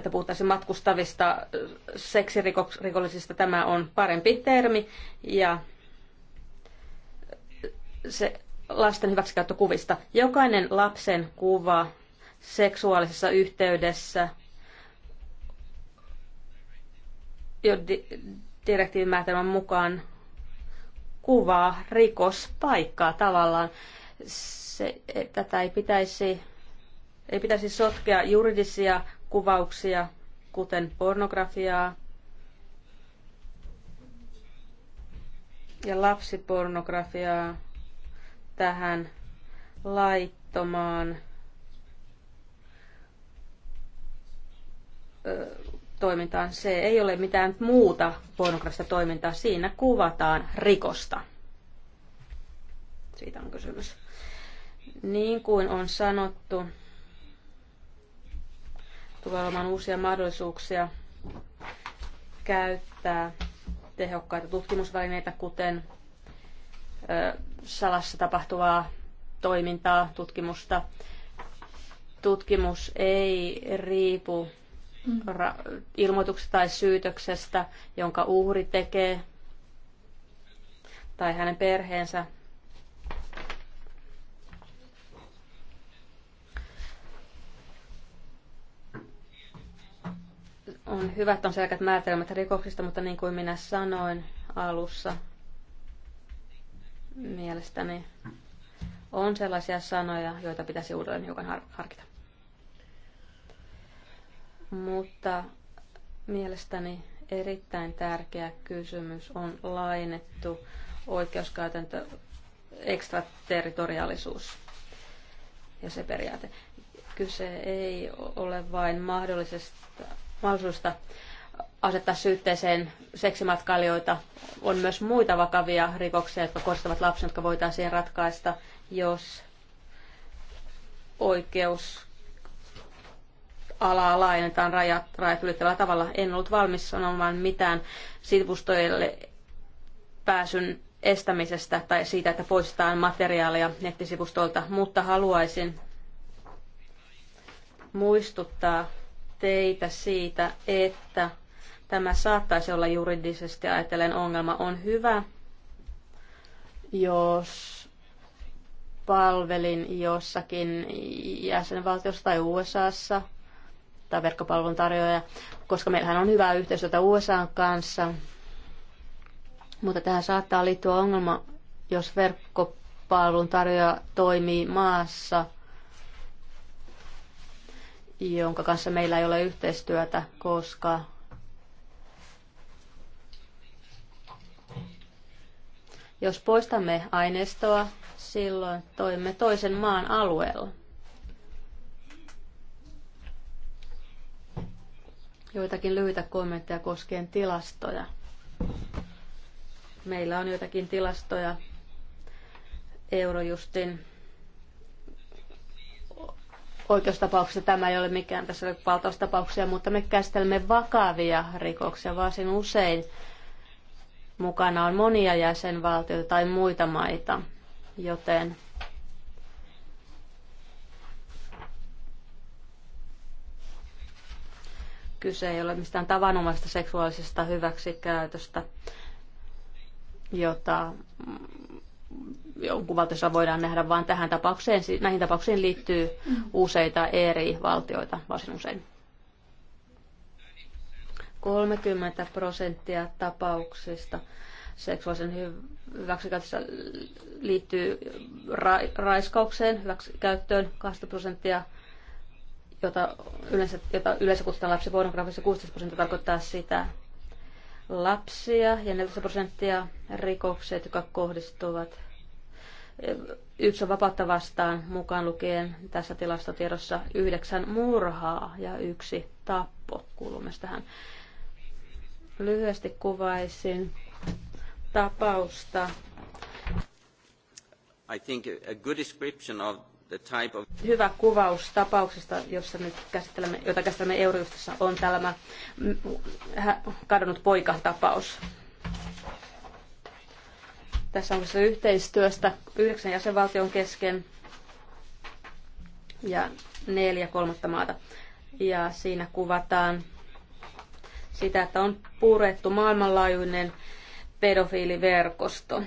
että puhuttaisiin matkustavista äh, seksirikollisista. Tämä on parempi termi ja se lasten hyväksikäyttökuvista. Jokainen lapsen kuva seksuaalisessa yhteydessä jo di- direktiivin määritelmän mukaan kuvaa rikospaikkaa tavallaan. Se, tätä ei pitäisi, ei pitäisi sotkea juridisia kuvauksia, kuten pornografiaa ja lapsipornografiaa tähän laittomaan toimintaan. Se ei ole mitään muuta pornografista toimintaa. Siinä kuvataan rikosta. Siitä on kysymys. Niin kuin on sanottu, tulee olemaan uusia mahdollisuuksia käyttää tehokkaita tutkimusvälineitä, kuten salassa tapahtuvaa toimintaa, tutkimusta. Tutkimus ei riipu mm. ilmoituksesta tai syytöksestä, jonka uhri tekee tai hänen perheensä On hyvät että on selkät määritelmät rikoksista, mutta niin kuin minä sanoin alussa, mielestäni on sellaisia sanoja, joita pitäisi uudelleen hiukan harkita. Mutta mielestäni erittäin tärkeä kysymys on lainettu oikeuskäytäntö ekstraterritoriaalisuus ja se periaate. Kyse ei ole vain mahdollisesta mahdollisuudesta asettaa syytteeseen seksimatkailijoita. On myös muita vakavia rikoksia, jotka koskevat lapsia, jotka voitaisiin ratkaista, jos oikeus alaa laajennetaan rajat, rajat ylittävällä tavalla. En ollut valmis sanomaan mitään sivustoille pääsyn estämisestä tai siitä, että poistetaan materiaalia nettisivustolta, mutta haluaisin muistuttaa teitä siitä, että tämä saattaisi olla juridisesti ajatellen ongelma. On hyvä, jos palvelin jossakin jäsenvaltiossa tai USAssa tai verkkopalvelun tarjoaja, koska meillähän on hyvää yhteistyötä USAn kanssa. Mutta tähän saattaa liittyä ongelma, jos verkkopalvelun tarjoaja toimii maassa – jonka kanssa meillä ei ole yhteistyötä, koska jos poistamme aineistoa, silloin toimme toisen maan alueella. Joitakin lyhyitä kommentteja koskien tilastoja. Meillä on joitakin tilastoja Eurojustin oikeustapauksessa tämä ei ole mikään tässä valtaustapauksia, mutta me käsittelemme vakavia rikoksia, varsin usein mukana on monia jäsenvaltioita tai muita maita, joten kyse ei ole mistään tavanomaista seksuaalisesta hyväksikäytöstä, jota jonkun valtiossa voidaan nähdä, vaan tähän tapaukseen, näihin tapauksiin liittyy useita eri valtioita varsin usein. 30 prosenttia tapauksista seksuaalisen hyväksikäytössä liittyy ra- raiskaukseen, hyväksikäyttöön 20 prosenttia, jota yleensä, jota yleensä kutsutaan lapsipornografiassa, 16 prosenttia tarkoittaa sitä lapsia ja 14 prosenttia rikokset, jotka kohdistuvat yksi on vapautta vastaan, mukaan lukien tässä tilastotiedossa yhdeksän murhaa ja yksi tappo kuulumme tähän. Lyhyesti kuvaisin tapausta.
I think a good description of the type of...
Hyvä kuvaus tapauksesta, jossa nyt käsittelemme, jota käsittelemme Eurojustossa, on tämä mm, kadonnut poika-tapaus. Tässä on kyse yhteistyöstä yhdeksän jäsenvaltion kesken ja neljä kolmatta maata. Ja siinä kuvataan sitä, että on purettu maailmanlaajuinen pedofiiliverkosto.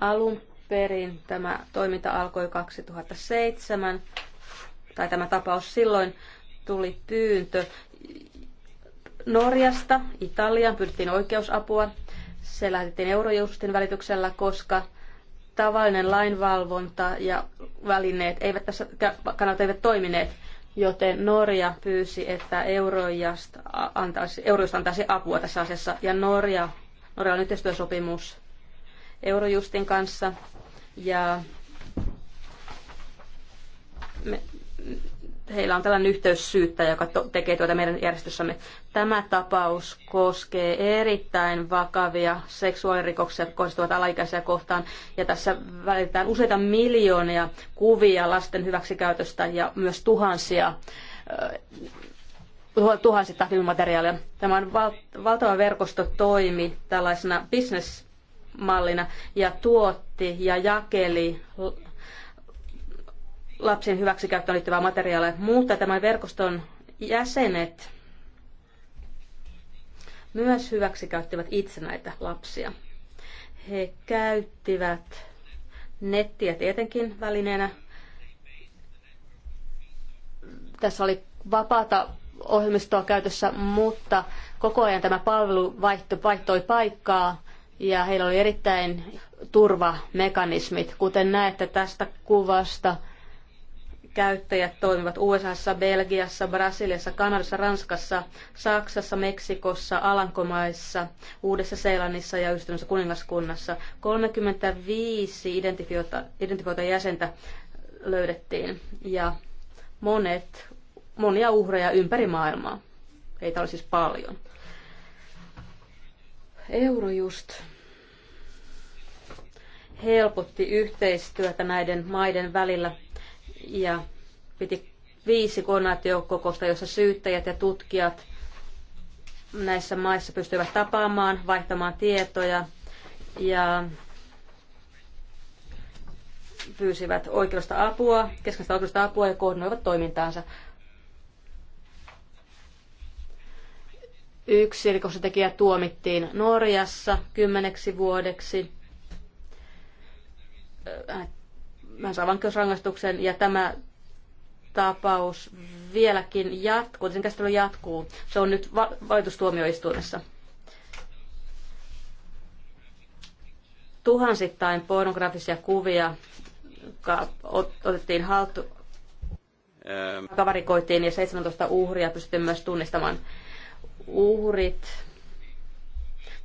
Alun perin tämä toiminta alkoi 2007, tai tämä tapaus silloin tuli pyyntö Norjasta, Italiaan, pyydettiin oikeusapua. Se lähetettiin eurojustin välityksellä, koska tavallinen lainvalvonta ja välineet eivät tässä kannalta eivät toimineet, joten Norja pyysi, että Eurojust antaisi, Eurojust antaisi apua tässä asiassa. Ja Norja, Norja on yhteistyösopimus Eurojustin kanssa. Ja me, heillä on tällainen yhteyssyyttäjä, joka tekee tuota meidän järjestössämme. Tämä tapaus koskee erittäin vakavia seksuaalirikoksia, jotka kohdistuvat alaikäisiä kohtaan. Ja tässä välitetään useita miljoonia kuvia lasten hyväksikäytöstä ja myös tuhansia tuhansia filmimateriaalia. Tämä on val- valtava verkostotoimi tällaisena business-mallina ja tuotti ja jakeli Lapsien hyväksikäyttöön liittyvää materiaalia, mutta tämän verkoston jäsenet myös hyväksikäyttivät itse näitä lapsia. He käyttivät nettiä tietenkin välineenä. Tässä oli vapaata ohjelmistoa käytössä, mutta koko ajan tämä palvelu vaihto, vaihtoi paikkaa ja heillä oli erittäin turvamekanismit. Kuten näette tästä kuvasta, käyttäjät toimivat USAssa, Belgiassa, Brasiliassa, Kanadassa, Ranskassa, Saksassa, Meksikossa, Alankomaissa, Uudessa Seelannissa ja Ystävänsä kuningaskunnassa. 35 identifioita, identifioita jäsentä löydettiin ja monet, monia uhreja ympäri maailmaa. Heitä oli siis paljon. Eurojust helpotti yhteistyötä näiden maiden välillä ja piti viisi koordinaatiokokousta, jossa syyttäjät ja tutkijat näissä maissa pystyivät tapaamaan, vaihtamaan tietoja ja pyysivät oikeudesta apua, keskeistä oikeudesta apua ja koordinoivat toimintaansa. Yksi rikoksentekijä tuomittiin Norjassa kymmeneksi vuodeksi hän saa vankeusrangaistuksen ja tämä tapaus vieläkin jatkuu, sen käsittely jatkuu. Se on nyt va- valitustuomioistuimessa. Tuhansittain pornografisia kuvia otettiin haltu, ähm. kavarikoitiin ja 17 uhria pystyttiin myös tunnistamaan. Uhrit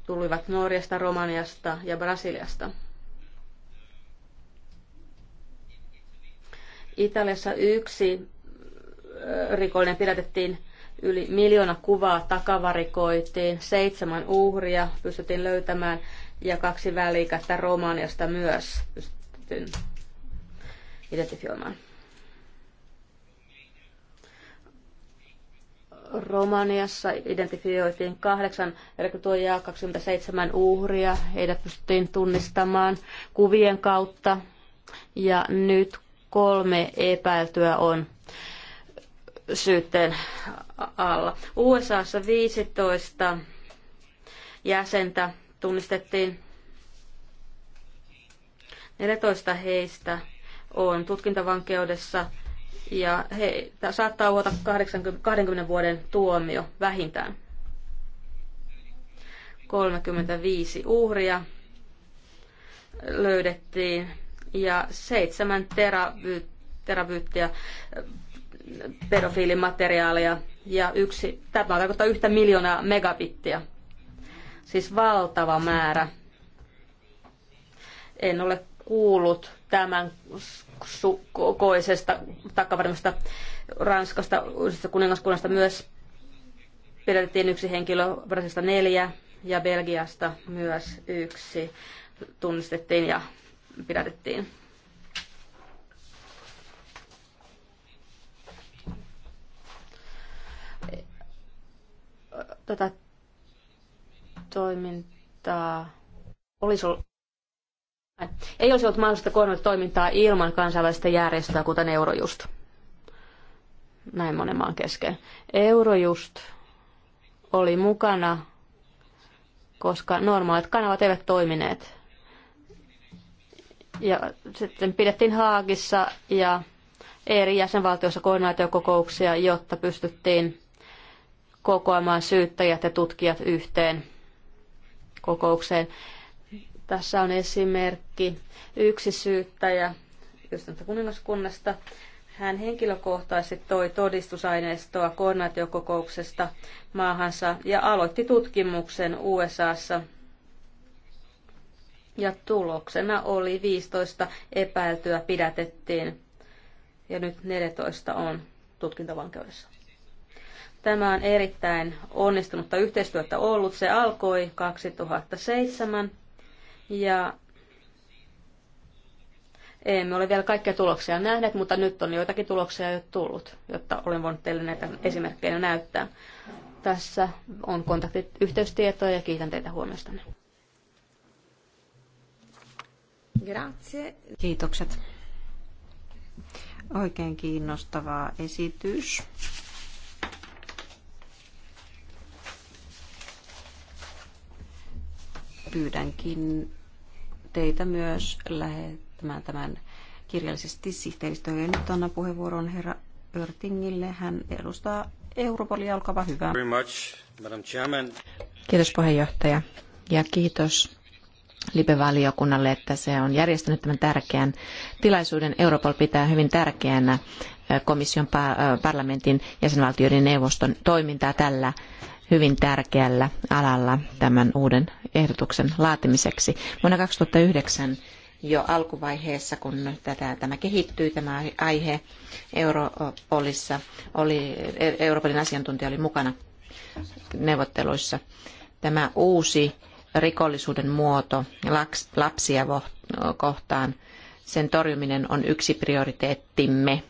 tulivat Norjasta, Romaniasta ja Brasiliasta. Italiassa yksi rikollinen pidätettiin yli miljoona kuvaa takavarikoitiin, seitsemän uhria pystyttiin löytämään ja kaksi välikästä Romaniasta myös pystyttiin identifioimaan. Romaniassa identifioitiin kahdeksan rekrytoijaa, 27 uhria. Heidät pystyttiin tunnistamaan kuvien kautta. Ja nyt Kolme epäiltyä on syytteen alla. USAssa 15 jäsentä tunnistettiin. 14 heistä on tutkintavankeudessa ja he saattaa uota 80, 20 vuoden tuomio vähintään. 35 uhria löydettiin ja seitsemän teravy- teravyyttiä pedofiilimateriaalia ja yksi, tämä tarkoittaa yhtä miljoonaa megabittiä. Siis valtava määrä. En ole kuullut tämän sukoisesta takavarmasta Ranskasta, kuningaskunnasta myös pidettiin yksi henkilö, Brasista neljä ja Belgiasta myös yksi tunnistettiin ja pidätettiin. Tätä toimintaa olisi ollut ei olisi ollut mahdollista koordinoida toimintaa ilman kansainvälistä järjestöä, kuten Eurojust. Näin monen maan kesken. Eurojust oli mukana, koska normaalit kanavat eivät toimineet ja sitten pidettiin Haagissa ja eri jäsenvaltioissa koordinaatiokokouksia, jotta pystyttiin kokoamaan syyttäjät ja tutkijat yhteen kokoukseen. Tässä on esimerkki yksi syyttäjä Yhdistyntä kuningaskunnasta. Hän henkilökohtaisesti toi todistusaineistoa koordinaatiokokouksesta maahansa ja aloitti tutkimuksen USAssa ja tuloksena oli 15 epäiltyä pidätettiin ja nyt 14 on tutkintavankeudessa. Tämä on erittäin onnistunutta yhteistyötä ollut. Se alkoi 2007 ja emme ole vielä kaikkia tuloksia nähneet, mutta nyt on joitakin tuloksia jo tullut, jotta olen voinut teille näitä esimerkkejä näyttää. Tässä on kontaktit, yhteystietoja ja kiitän teitä huomiostanne.
Grazie.
Kiitokset. Oikein kiinnostava esitys. Pyydänkin teitä myös lähettämään tämän kirjallisesti sihteeristöön. nyt annan puheenvuoron herra Örtingille. Hän edustaa Europolia. Olkaa hyvä. Very much, Madam Chairman. Kiitos puheenjohtaja ja kiitos Libe-valiokunnalle,
että se on järjestänyt tämän tärkeän tilaisuuden. Europol pitää hyvin tärkeänä komission, parlamentin, jäsenvaltioiden neuvoston toimintaa tällä hyvin tärkeällä alalla tämän uuden ehdotuksen laatimiseksi. Vuonna 2009 jo alkuvaiheessa, kun tätä, tämä kehittyy, tämä aihe Europolissa, oli, Euroopan asiantuntija oli mukana neuvotteluissa. Tämä uusi rikollisuuden muoto lapsia kohtaan, sen torjuminen on yksi prioriteettimme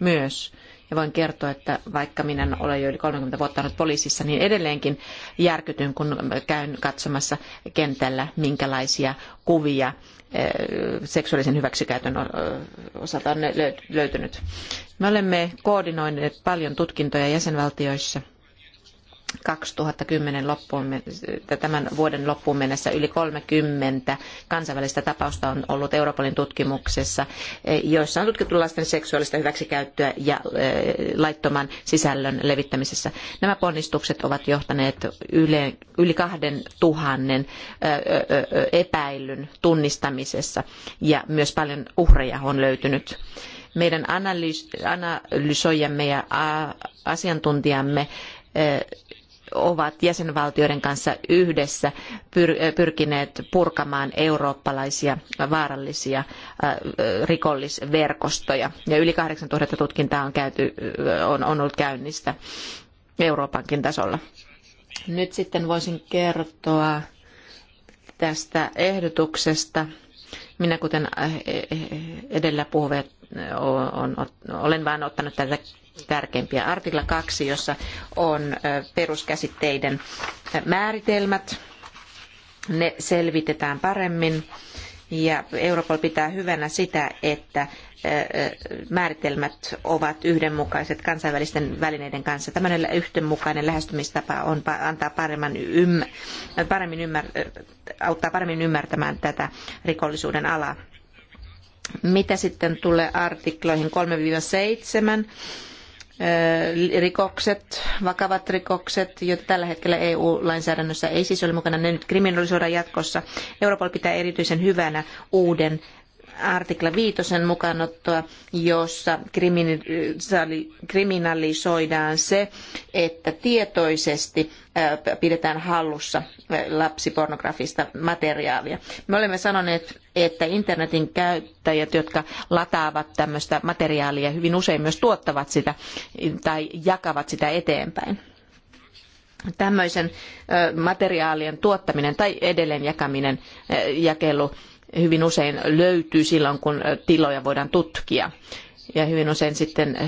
myös. Ja voin kertoa, että vaikka minä olen jo yli 30 vuotta ollut poliisissa, niin edelleenkin järkytyn, kun käyn katsomassa kentällä, minkälaisia kuvia eh, seksuaalisen hyväksikäytön osalta on löytynyt. Me olemme koordinoineet paljon tutkintoja jäsenvaltioissa 2010 loppuun, tämän vuoden loppuun mennessä yli 30 kansainvälistä tapausta on ollut Europolin tutkimuksessa, eh, joissa on tutkittu lasten seksuaalista hyväksikäyttöä ja eh, laittoman sisällön levittämisessä. Nämä ponnistukset ovat johtaneet yli, yli 2000 epäilyn tunnistamisessa ja myös paljon uhreja on löytynyt meidän analysoijamme ja asiantuntijamme eh, ovat jäsenvaltioiden kanssa yhdessä pyrkineet purkamaan eurooppalaisia vaarallisia rikollisverkostoja. Ja yli 8000 tutkintaa on, käyty, on, on ollut käynnistä Euroopankin tasolla. Nyt sitten voisin kertoa tästä ehdotuksesta. Minä kuten e, e, edellä puhuvat, olen vain ottanut tätä tärkeimpiä. Artikla 2, jossa on peruskäsitteiden määritelmät. Ne selvitetään paremmin ja Europol pitää hyvänä sitä, että määritelmät ovat yhdenmukaiset kansainvälisten välineiden kanssa. Tällainen yhdenmukainen lähestymistapa on, antaa paremmin, ymmär, paremmin ymmär, auttaa paremmin ymmärtämään tätä rikollisuuden alaa. Mitä sitten tulee artikloihin 3-7, rikokset, vakavat rikokset, joita tällä hetkellä EU-lainsäädännössä ei siis ole mukana, ne nyt kriminalisoidaan jatkossa. Europol pitää erityisen hyvänä uuden artikla viitosen mukaanottoa, jossa kriminalisoidaan se, että tietoisesti pidetään hallussa lapsipornografista materiaalia. Me olemme sanoneet, että internetin käyttäjät, jotka lataavat tämmöistä materiaalia, hyvin usein myös tuottavat sitä tai jakavat sitä eteenpäin tämmöisen materiaalien tuottaminen tai edelleen jakaminen, jakelu hyvin usein löytyy silloin, kun tiloja voidaan tutkia. Ja hyvin usein sitten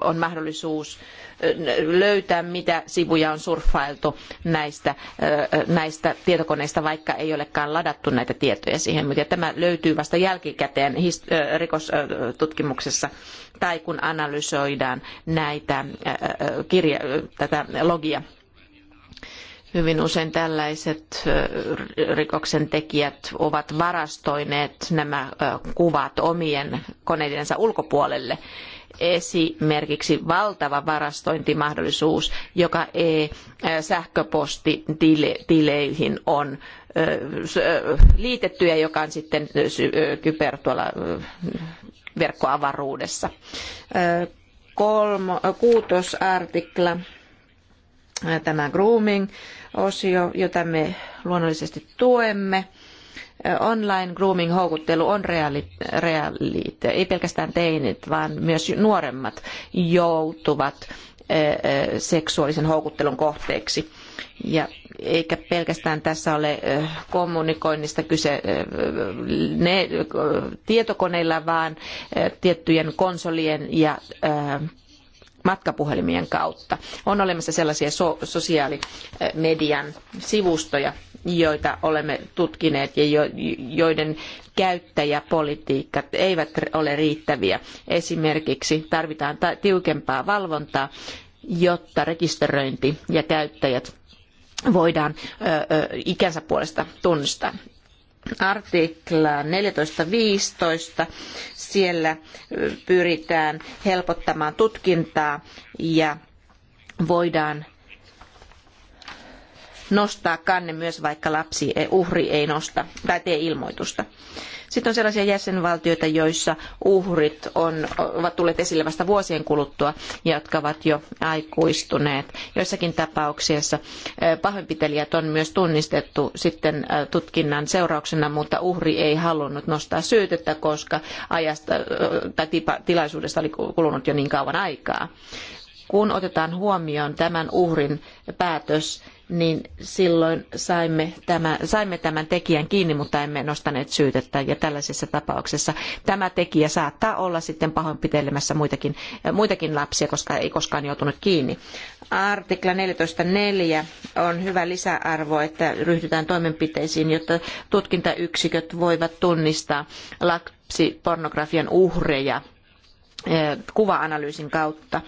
on mahdollisuus löytää, mitä sivuja on surffailtu näistä, näistä tietokoneista, vaikka ei olekaan ladattu näitä tietoja siihen. Mutta tämä löytyy vasta jälkikäteen rikostutkimuksessa tai kun analysoidaan näitä kirja, tätä logia Hyvin usein tällaiset rikoksen tekijät ovat varastoineet nämä kuvat omien koneidensa ulkopuolelle. Esimerkiksi valtava varastointimahdollisuus, joka ei sähköpostitileihin on liitetty ja joka on sitten kyber tuolla verkkoavaruudessa. Kolmo, kuutos artikla, tämä grooming osio, jota me luonnollisesti tuemme. Online grooming houkuttelu on realite. Ei pelkästään teinit, vaan myös nuoremmat joutuvat seksuaalisen houkuttelun kohteeksi. Ja eikä pelkästään tässä ole kommunikoinnista kyse ne, tietokoneilla, vaan tiettyjen konsolien ja matkapuhelimien kautta. On olemassa sellaisia so- sosiaalimedian sivustoja, joita olemme tutkineet ja joiden käyttäjäpolitiikat eivät ole riittäviä. Esimerkiksi tarvitaan tiukempaa valvontaa, jotta rekisteröinti ja käyttäjät voidaan ikänsä puolesta tunnistaa artiklaa 14.15. Siellä pyritään helpottamaan tutkintaa ja voidaan nostaa kanne myös, vaikka lapsi eh, uhri ei nosta tai tee ilmoitusta. Sitten on sellaisia jäsenvaltioita, joissa uhrit on, ovat tulleet esille vasta vuosien kuluttua, jotka ovat jo aikuistuneet. Joissakin tapauksissa eh, pahoinpitelijät on myös tunnistettu sitten eh, tutkinnan seurauksena, mutta uhri ei halunnut nostaa syytettä, koska ajasta eh, tai tilaisuudesta oli kulunut jo niin kauan aikaa kun otetaan huomioon tämän uhrin päätös niin silloin saimme, tämä, saimme tämän tekijän kiinni, mutta emme nostaneet syytettä. Ja tällaisessa tapauksessa tämä tekijä saattaa olla sitten pahoinpitelemässä muitakin, muitakin lapsia, koska ei koskaan joutunut kiinni. Artikla 14.4 on hyvä lisäarvo, että ryhdytään toimenpiteisiin, jotta tutkintayksiköt voivat tunnistaa lapsipornografian uhreja eh, kuva-analyysin kautta.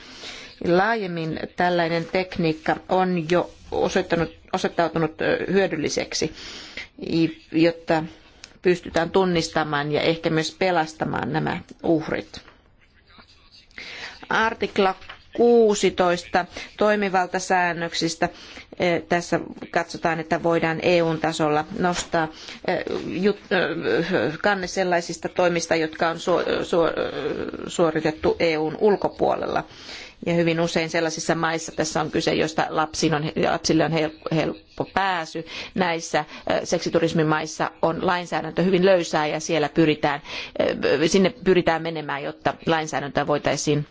Laajemmin tällainen tekniikka on jo osoittautunut hyödylliseksi, jotta pystytään tunnistamaan ja ehkä myös pelastamaan nämä uhrit. Artikla 16 toimivaltasäännöksistä. Tässä katsotaan, että voidaan EU-tasolla nostaa kanne sellaisista toimista, jotka on suoritettu EUn ulkopuolella. Ja hyvin usein sellaisissa maissa tässä on kyse, joista lapsille on helppo pääsy. Näissä seksiturismimaissa on lainsäädäntö hyvin löysää ja siellä pyritään, sinne pyritään menemään, jotta lainsäädäntöä voitaisiin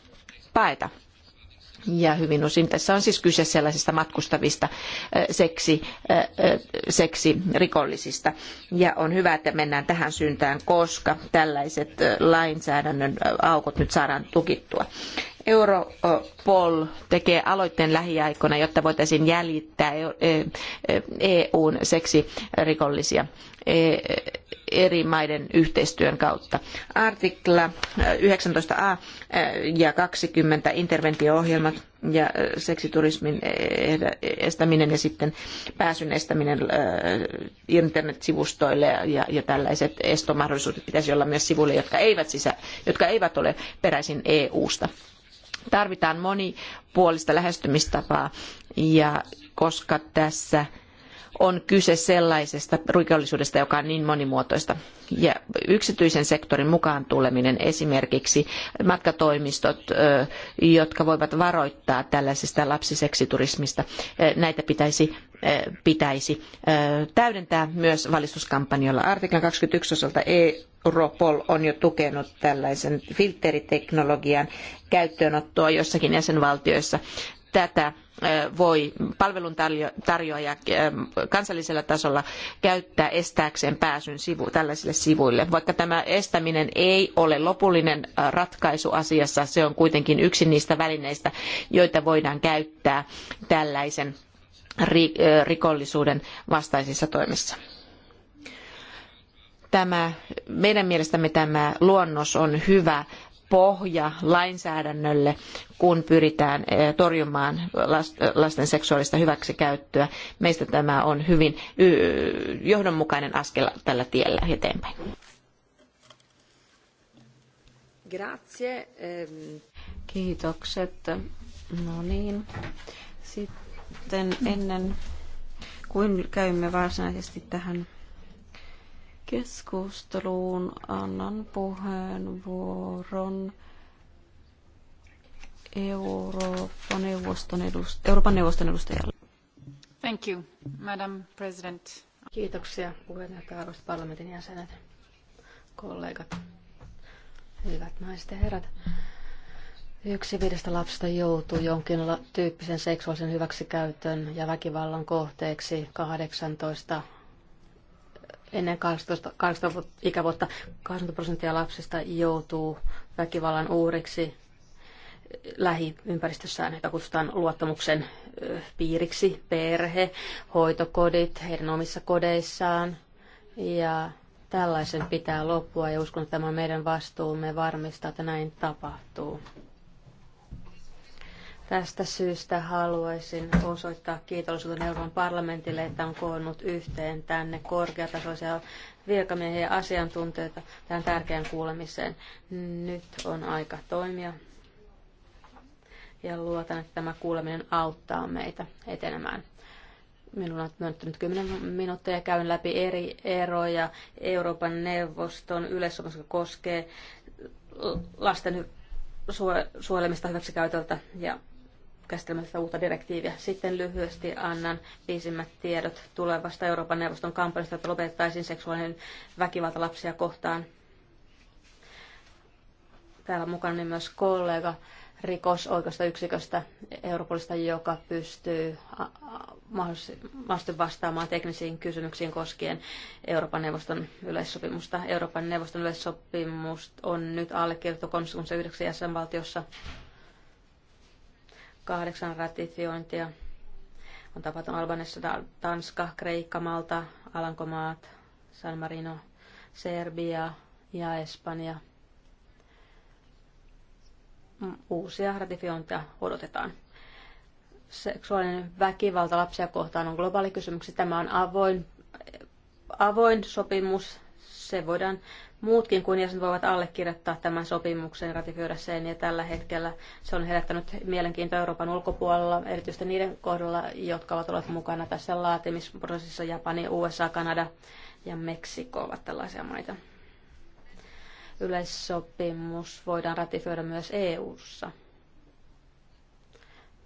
paeta. Ja hyvin usein tässä on siis kyse sellaisista matkustavista seksi, seksirikollisista. Ja on hyvä, että mennään tähän syntään, koska tällaiset lainsäädännön aukot nyt saadaan tukittua. Europol tekee aloitteen lähiaikoina, jotta voitaisiin jäljittää EUn e, e, e seksirikollisia eri maiden yhteistyön kautta. Artikla 19a ja 20 interventio-ohjelmat ja seksiturismin estäminen ja sitten pääsyn estäminen internetsivustoille ja, ja tällaiset estomahdollisuudet pitäisi olla myös sivuille, jotka eivät, sisä, jotka eivät ole peräisin EU-sta. Tarvitaan monipuolista lähestymistapaa ja koska tässä on kyse sellaisesta rikollisuudesta, joka on niin monimuotoista. Ja yksityisen sektorin mukaan tuleminen esimerkiksi matkatoimistot, jotka voivat varoittaa tällaisesta lapsiseksiturismista, näitä pitäisi pitäisi täydentää myös valistuskampanjoilla. Artiklan 21 osalta Europol on jo tukenut tällaisen filteriteknologian käyttöönottoa joissakin jäsenvaltioissa. Tätä voi palveluntarjoaja kansallisella tasolla käyttää estääkseen pääsyn sivu, tällaisille sivuille. Vaikka tämä estäminen ei ole lopullinen ratkaisu asiassa, se on kuitenkin yksi niistä välineistä, joita voidaan käyttää tällaisen rikollisuuden vastaisissa toimissa tämä, meidän mielestämme tämä luonnos on hyvä pohja lainsäädännölle, kun pyritään eh, torjumaan lasten seksuaalista hyväksikäyttöä. Meistä tämä on hyvin johdonmukainen askel tällä tiellä eteenpäin.
Grazie. Ehm.
Kiitokset. No niin. Sitten ennen kuin käymme varsinaisesti tähän keskusteluun. Annan puheenvuoron Euroopan neuvoston, edust- Euroopan neuvoston edustajalle.
Thank you, Madam President. Kiitoksia
puheenjohtaja arvoisat parlamentin jäsenet, kollegat, hyvät naiset ja herrat. Yksi viidestä lapsesta joutuu jonkin tyyppisen seksuaalisen hyväksikäytön ja väkivallan kohteeksi 18 ennen 18, 18 ikävuotta 80 prosenttia lapsista joutuu väkivallan uhriksi lähiympäristössään, jota kutsutaan luottamuksen piiriksi, perhe, hoitokodit, heidän omissa kodeissaan. Ja tällaisen pitää loppua ja uskon, että tämä on meidän vastuumme varmistaa, että näin tapahtuu. Tästä syystä haluaisin osoittaa kiitollisuuden Euroopan parlamentille, että on koonnut yhteen tänne korkeatasoisia virkamiehiä ja asiantuntijoita tähän tärkeään kuulemiseen. Nyt on aika toimia ja luotan, että tämä kuuleminen auttaa meitä etenemään. Minulla on myönnetty 10 minuuttia ja käyn läpi eri eroja Euroopan neuvoston yleissopimus, joka koskee lasten suojelemista hyväksikäytöltä ja käsittelemättä uutta direktiiviä. Sitten lyhyesti annan viisimmät tiedot tulevasta Euroopan neuvoston kampanjasta, että lopettaisiin seksuaalinen väkivalta lapsia kohtaan. Täällä mukana niin myös kollega rikosoikeusta yksiköstä Europolista, joka pystyy mahdollisesti vastaamaan teknisiin kysymyksiin koskien Euroopan neuvoston yleissopimusta. Euroopan neuvoston yleissopimus on nyt allekirjoitettu 39 jäsenvaltiossa Kahdeksan ratifiointia on tapahtunut Albanessa, Tanska, Kreikka, Malta, Alankomaat, San Marino, Serbia ja Espanja. Mm, uusia ratifiointeja odotetaan seksuaalinen väkivalta lapsia kohtaan on globaali kysymys. Tämä on avoin, avoin sopimus. Se voidaan muutkin kuin jäsenet voivat allekirjoittaa tämän sopimuksen, ratifioida sen, ja tällä hetkellä se on herättänyt mielenkiintoa Euroopan ulkopuolella, erityisesti niiden kohdalla, jotka ovat olleet mukana tässä laatimisprosessissa. Japani, USA, Kanada ja Meksiko ovat tällaisia maita. Yleissopimus voidaan ratifioida myös EU:ssa,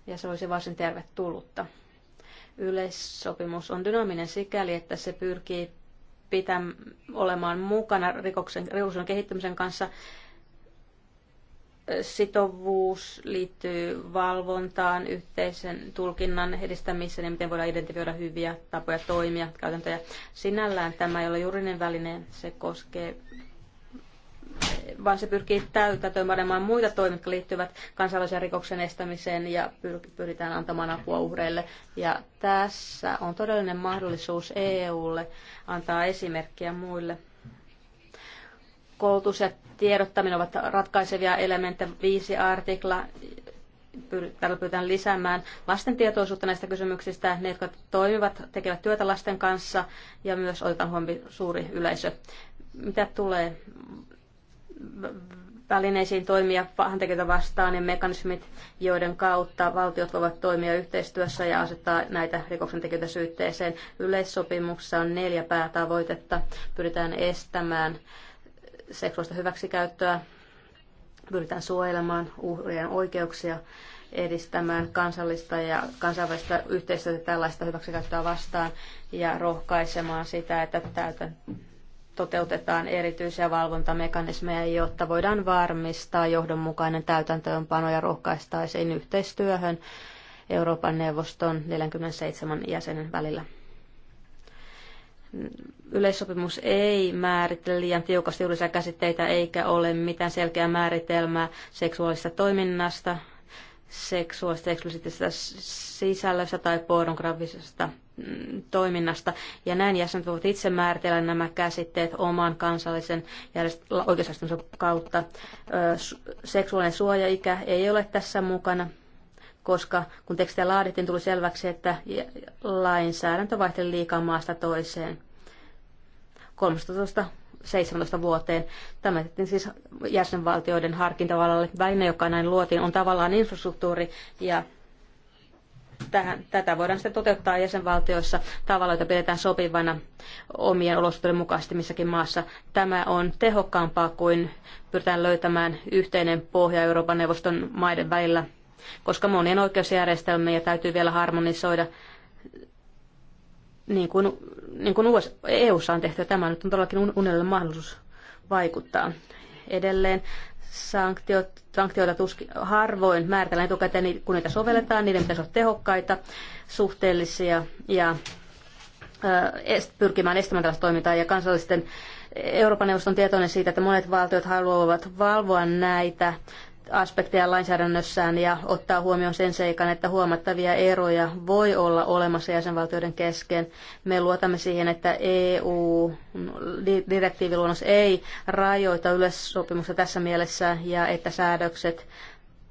ja se olisi varsin tervetullutta. Yleissopimus on dynaaminen sikäli, että se pyrkii pitä, olemaan mukana rikoksen, rikoksen kehittymisen kanssa. Sitovuus liittyy valvontaan, yhteisen tulkinnan edistämiseen ja niin miten voidaan identifioida hyviä tapoja toimia, käytäntöjä. Sinällään tämä ei ole juridinen väline, se koskee vaan se pyrkii täytäntöönpanemaan muita toimia, jotka liittyvät kansainvälisen rikoksen estämiseen ja pyritään antamaan apua uhreille. Ja tässä on todellinen mahdollisuus EUlle antaa esimerkkiä muille. Koulutus ja tiedottaminen ovat ratkaisevia elementtejä. Viisi artikla, täällä pyritään lisäämään lasten tietoisuutta näistä kysymyksistä. Ne, jotka toimivat, tekevät työtä lasten kanssa ja myös otetaan huomioon suuri yleisö. Mitä tulee välineisiin toimia pahantekijöitä vastaan ja mekanismit, joiden kautta valtiot voivat toimia yhteistyössä ja asettaa näitä rikoksentekijöitä syytteeseen. Yleissopimuksessa on neljä päätavoitetta. Pyritään estämään seksuaalista hyväksikäyttöä, pyritään suojelemaan uhrien oikeuksia, edistämään kansallista ja kansainvälistä yhteistyötä tällaista hyväksikäyttöä vastaan ja rohkaisemaan sitä, että täytän toteutetaan erityisiä valvontamekanismeja, jotta voidaan varmistaa johdonmukainen täytäntöönpano ja rohkaistaisiin yhteistyöhön Euroopan neuvoston 47 jäsenen välillä. Yleissopimus ei määrittele liian tiukasti juurisia käsitteitä eikä ole mitään selkeää määritelmää seksuaalista toiminnasta, seksuaalista eksplisiittisestä sisällöstä tai pornografisesta toiminnasta. Ja näin jäsenet voivat itse määritellä nämä käsitteet oman kansallisen oikeusastonsa kautta. Seksuaalinen suojaikä ei ole tässä mukana, koska kun tekstiä laadittiin, tuli selväksi, että lainsäädäntö vaihteli liikaa maasta toiseen. 13 17 vuoteen. Tämä jätettiin siis jäsenvaltioiden harkintavallalle. Väline, joka näin luotiin, on tavallaan infrastruktuuri ja tähän, tätä voidaan sitten toteuttaa jäsenvaltioissa tavalla, jota pidetään sopivana omien olosuhteiden mukaisesti missäkin maassa. Tämä on tehokkaampaa kuin pyritään löytämään yhteinen pohja Euroopan neuvoston maiden välillä, koska monien oikeusjärjestelmien täytyy vielä harmonisoida niin kuin, niin kuin EU EUssa e on tehty. Ja tämä nyt on todellakin unelle mahdollisuus vaikuttaa edelleen. Sanktiot, sanktioita tuskin, harvoin määritellään etukäteen, kun niitä sovelletaan, niiden pitäisi olla tehokkaita, suhteellisia ja pyrkimään estämään tällaista toimintaa ja kansallisten Euroopan neuvoston tietoinen siitä, että monet valtiot haluavat valvoa näitä aspekteja lainsäädännössään ja ottaa huomioon sen seikan, että huomattavia eroja voi olla olemassa jäsenvaltioiden kesken. Me luotamme siihen, että EU-direktiiviluonnos ei rajoita yleissopimusta tässä mielessä ja että säädökset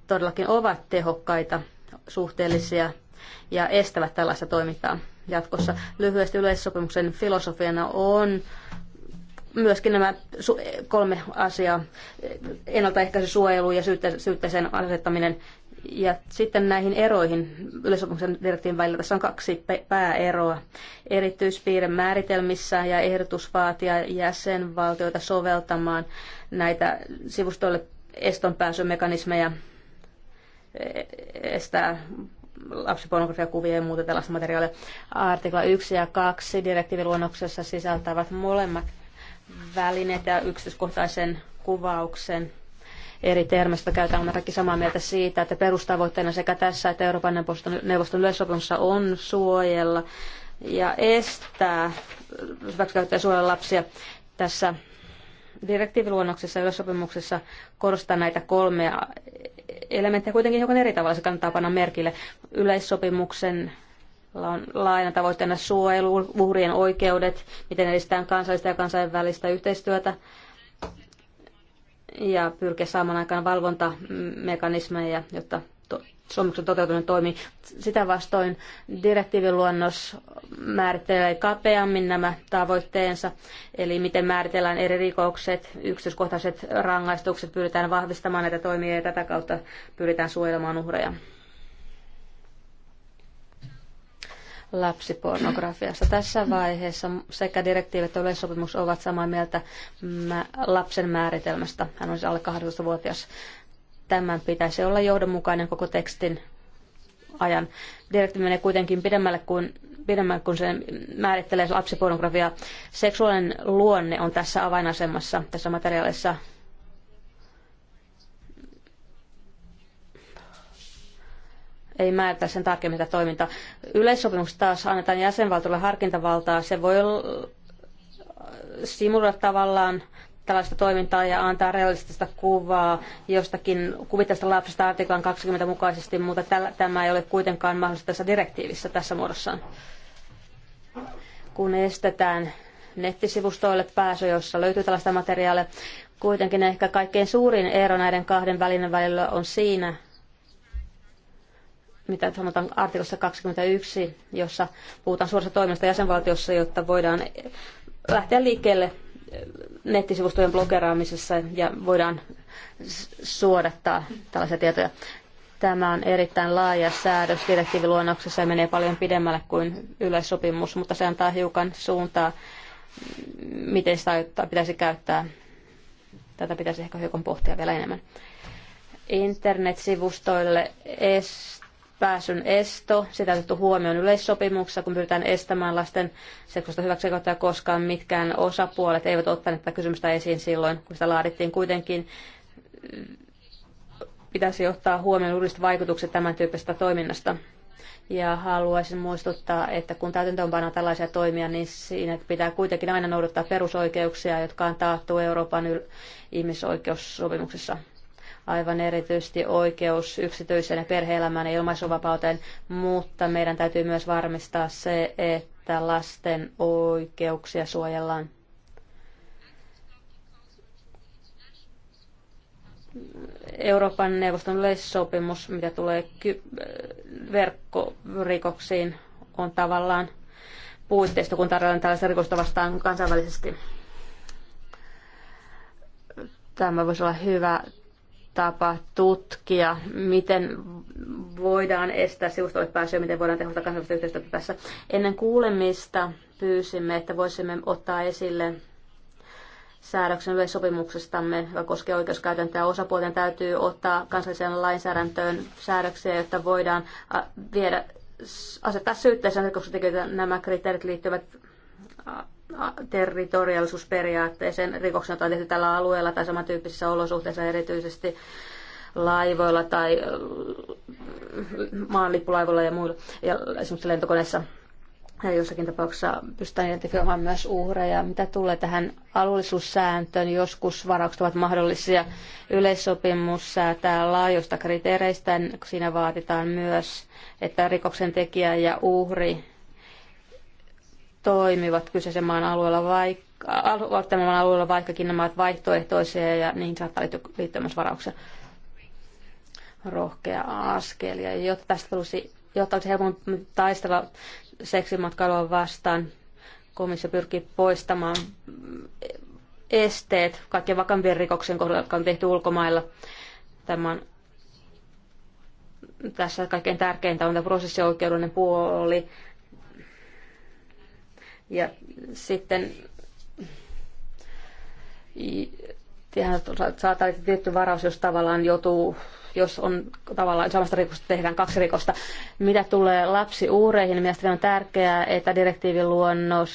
todellakin ovat tehokkaita, suhteellisia ja estävät tällaista toimintaa jatkossa. Lyhyesti yleissopimuksen filosofiana on myöskin nämä kolme asiaa, ennaltaehkäisy, suojelu ja syytteeseen asettaminen. Ja sitten näihin eroihin yleisopimuksen direktiivin välillä tässä on kaksi pääeroa. Erityispiirre määritelmissä ja ehdotus vaatia jäsenvaltioita soveltamaan näitä sivustoille pääsymekanismeja e-, estää lapsipornografiakuvia ja muuta tällaista materiaalia. Artikla 1 ja 2 direktiiviluonnoksessa sisältävät molemmat välineet ja yksityiskohtaisen kuvauksen eri termistä käytän ainakin samaa mieltä siitä, että perustavoitteena sekä tässä että Euroopan neuvoston, yleissopimuksessa on suojella ja estää hyväksikäyttöä suojella lapsia. Tässä direktiiviluonnoksessa ja yleissopimuksessa korostaa näitä kolmea elementtejä kuitenkin hiukan eri tavalla, se kannattaa panna merkille. Yleissopimuksen on laajana tavoitteena suojelu, uhrien oikeudet, miten edistetään kansallista ja kansainvälistä yhteistyötä ja pyrkiä saamaan aikaan valvontamekanismeja, jotta sopimuksen toteutuminen toimii. Sitä vastoin direktiiviluonnos määrittelee kapeammin nämä tavoitteensa, eli miten määritellään eri rikokset, yksityiskohtaiset rangaistukset, pyritään vahvistamaan näitä toimia ja tätä kautta pyritään suojelemaan uhreja. lapsipornografiassa. Tässä vaiheessa sekä direktiivi että yleissopimus ovat samaa mieltä lapsen määritelmästä. Hän on siis alle 12 vuotias Tämän pitäisi olla johdonmukainen koko tekstin ajan. Direktiivi menee kuitenkin pidemmälle kuin, pidemmälle kuin se määrittelee lapsipornografiaa. Seksuaalinen luonne on tässä avainasemassa tässä materiaalissa ei määritä sen tarkemmin tätä toimintaa. Yleissopimuksessa taas annetaan jäsenvaltiolle harkintavaltaa. Se voi äh, simuloida tavallaan tällaista toimintaa ja antaa realistista kuvaa jostakin kuvitteesta lapsesta artiklan 20 mukaisesti, mutta täl, tämä ei ole kuitenkaan mahdollista tässä direktiivissä tässä muodossaan. Kun estetään nettisivustoille pääsy, jossa löytyy tällaista materiaalia, kuitenkin ehkä kaikkein suurin ero näiden kahden välinen välillä on siinä, mitä sanotaan artiklassa 21, jossa puhutaan suorasta toiminnasta jäsenvaltiossa, jotta voidaan lähteä liikkeelle nettisivustojen blokeraamisessa ja voidaan suodattaa tällaisia tietoja. Tämä on erittäin laaja säädös direktiiviluonnoksessa ja menee paljon pidemmälle kuin yleissopimus, mutta se antaa hiukan suuntaa, miten sitä pitäisi käyttää. Tätä pitäisi ehkä hiukan pohtia vielä enemmän. Internetsivustoille est pääsyn esto, sitä otettu huomioon yleissopimuksessa, kun pyritään estämään lasten seksuaalista hyväksikäyttöä koskaan mitkään osapuolet eivät ottaneet tätä kysymystä esiin silloin, kun sitä laadittiin kuitenkin mm, pitäisi ottaa huomioon uudelliset vaikutukset tämän tyyppisestä toiminnasta. Ja haluaisin muistuttaa, että kun täytäntöönpana tällaisia toimia, niin siinä pitää kuitenkin aina noudattaa perusoikeuksia, jotka on taattu Euroopan ihmisoikeussopimuksessa aivan erityisesti oikeus yksityiseen ja perhe-elämään ja ilmaisuvapauteen, mutta meidän täytyy myös varmistaa se, että lasten oikeuksia suojellaan. Euroopan neuvoston yleissopimus, mitä tulee verkkorikoksiin, on tavallaan puitteista, kun tarjotaan tällaista rikosta vastaan kansainvälisesti. Tämä voisi olla hyvä tapa tutkia, miten voidaan estää sivustolle pääsyä, miten voidaan tehostaa kansainvälistä yhteistyötä tässä. Ennen kuulemista pyysimme, että voisimme ottaa esille säädöksen yleissopimuksestamme, joka koskee oikeuskäytäntöä. Osapuolten täytyy ottaa kansalliseen lainsäädäntöön säädöksiä, jotta voidaan viedä, asettaa syytteeseen koska Nämä kriteerit liittyvät territoriaalisuusperiaatteeseen rikoksen, jota on tehty tällä alueella tai samantyyppisissä olosuhteissa erityisesti laivoilla tai äh, maanlippulaivoilla ja muilla, ja esimerkiksi lentokoneessa ja jossakin tapauksessa pystytään identifioimaan myös uhreja. Mitä tulee tähän alueellisuussääntöön, joskus varaukset ovat mahdollisia. Yleissopimus säätää laajoista kriteereistä. Siinä vaaditaan myös, että rikoksen tekijä ja uhri toimivat kyseisen maan alueella, vaikka, al- maan alueella, vaikkakin nämä ovat vaihtoehtoisia ja niihin saattaa liittyä myös varauksia. Rohkea askel. Ja jotta tästä tulisi, jotta olisi helpompi taistella seksimatkailua vastaan, komissio pyrkii poistamaan esteet kaikkien vakavien rikoksien kohdalla, jotka on tehty ulkomailla. Tämä on tässä kaikkein tärkeintä on tämä prosessioikeudellinen puoli. Ja sitten saattaa saattaa tietty varaus, jos tavallaan joutuu jos on tavallaan samasta rikosta tehdään kaksi rikosta. Mitä tulee lapsiuhreihin, niin mielestäni on tärkeää, että direktiivin luonnos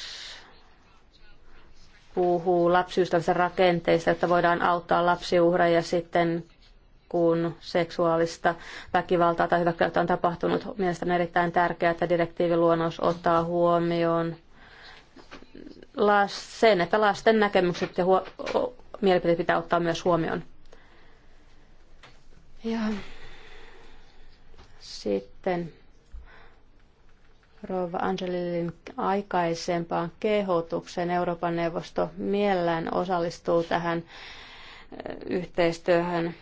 puhuu lapsiystävänsä rakenteista, että voidaan auttaa lapsiuhreja sitten, kun seksuaalista väkivaltaa tai hyväksikäyttöä on tapahtunut. Mielestäni on erittäin tärkeää, että direktiiviluonnos ottaa huomioon sen, että lasten näkemykset ja huo- mielipiteet pitää ottaa myös huomioon. Ja sitten Rova Angelilin aikaisempaan kehotukseen Euroopan neuvosto mielellään osallistuu tähän eh, yhteistyöhön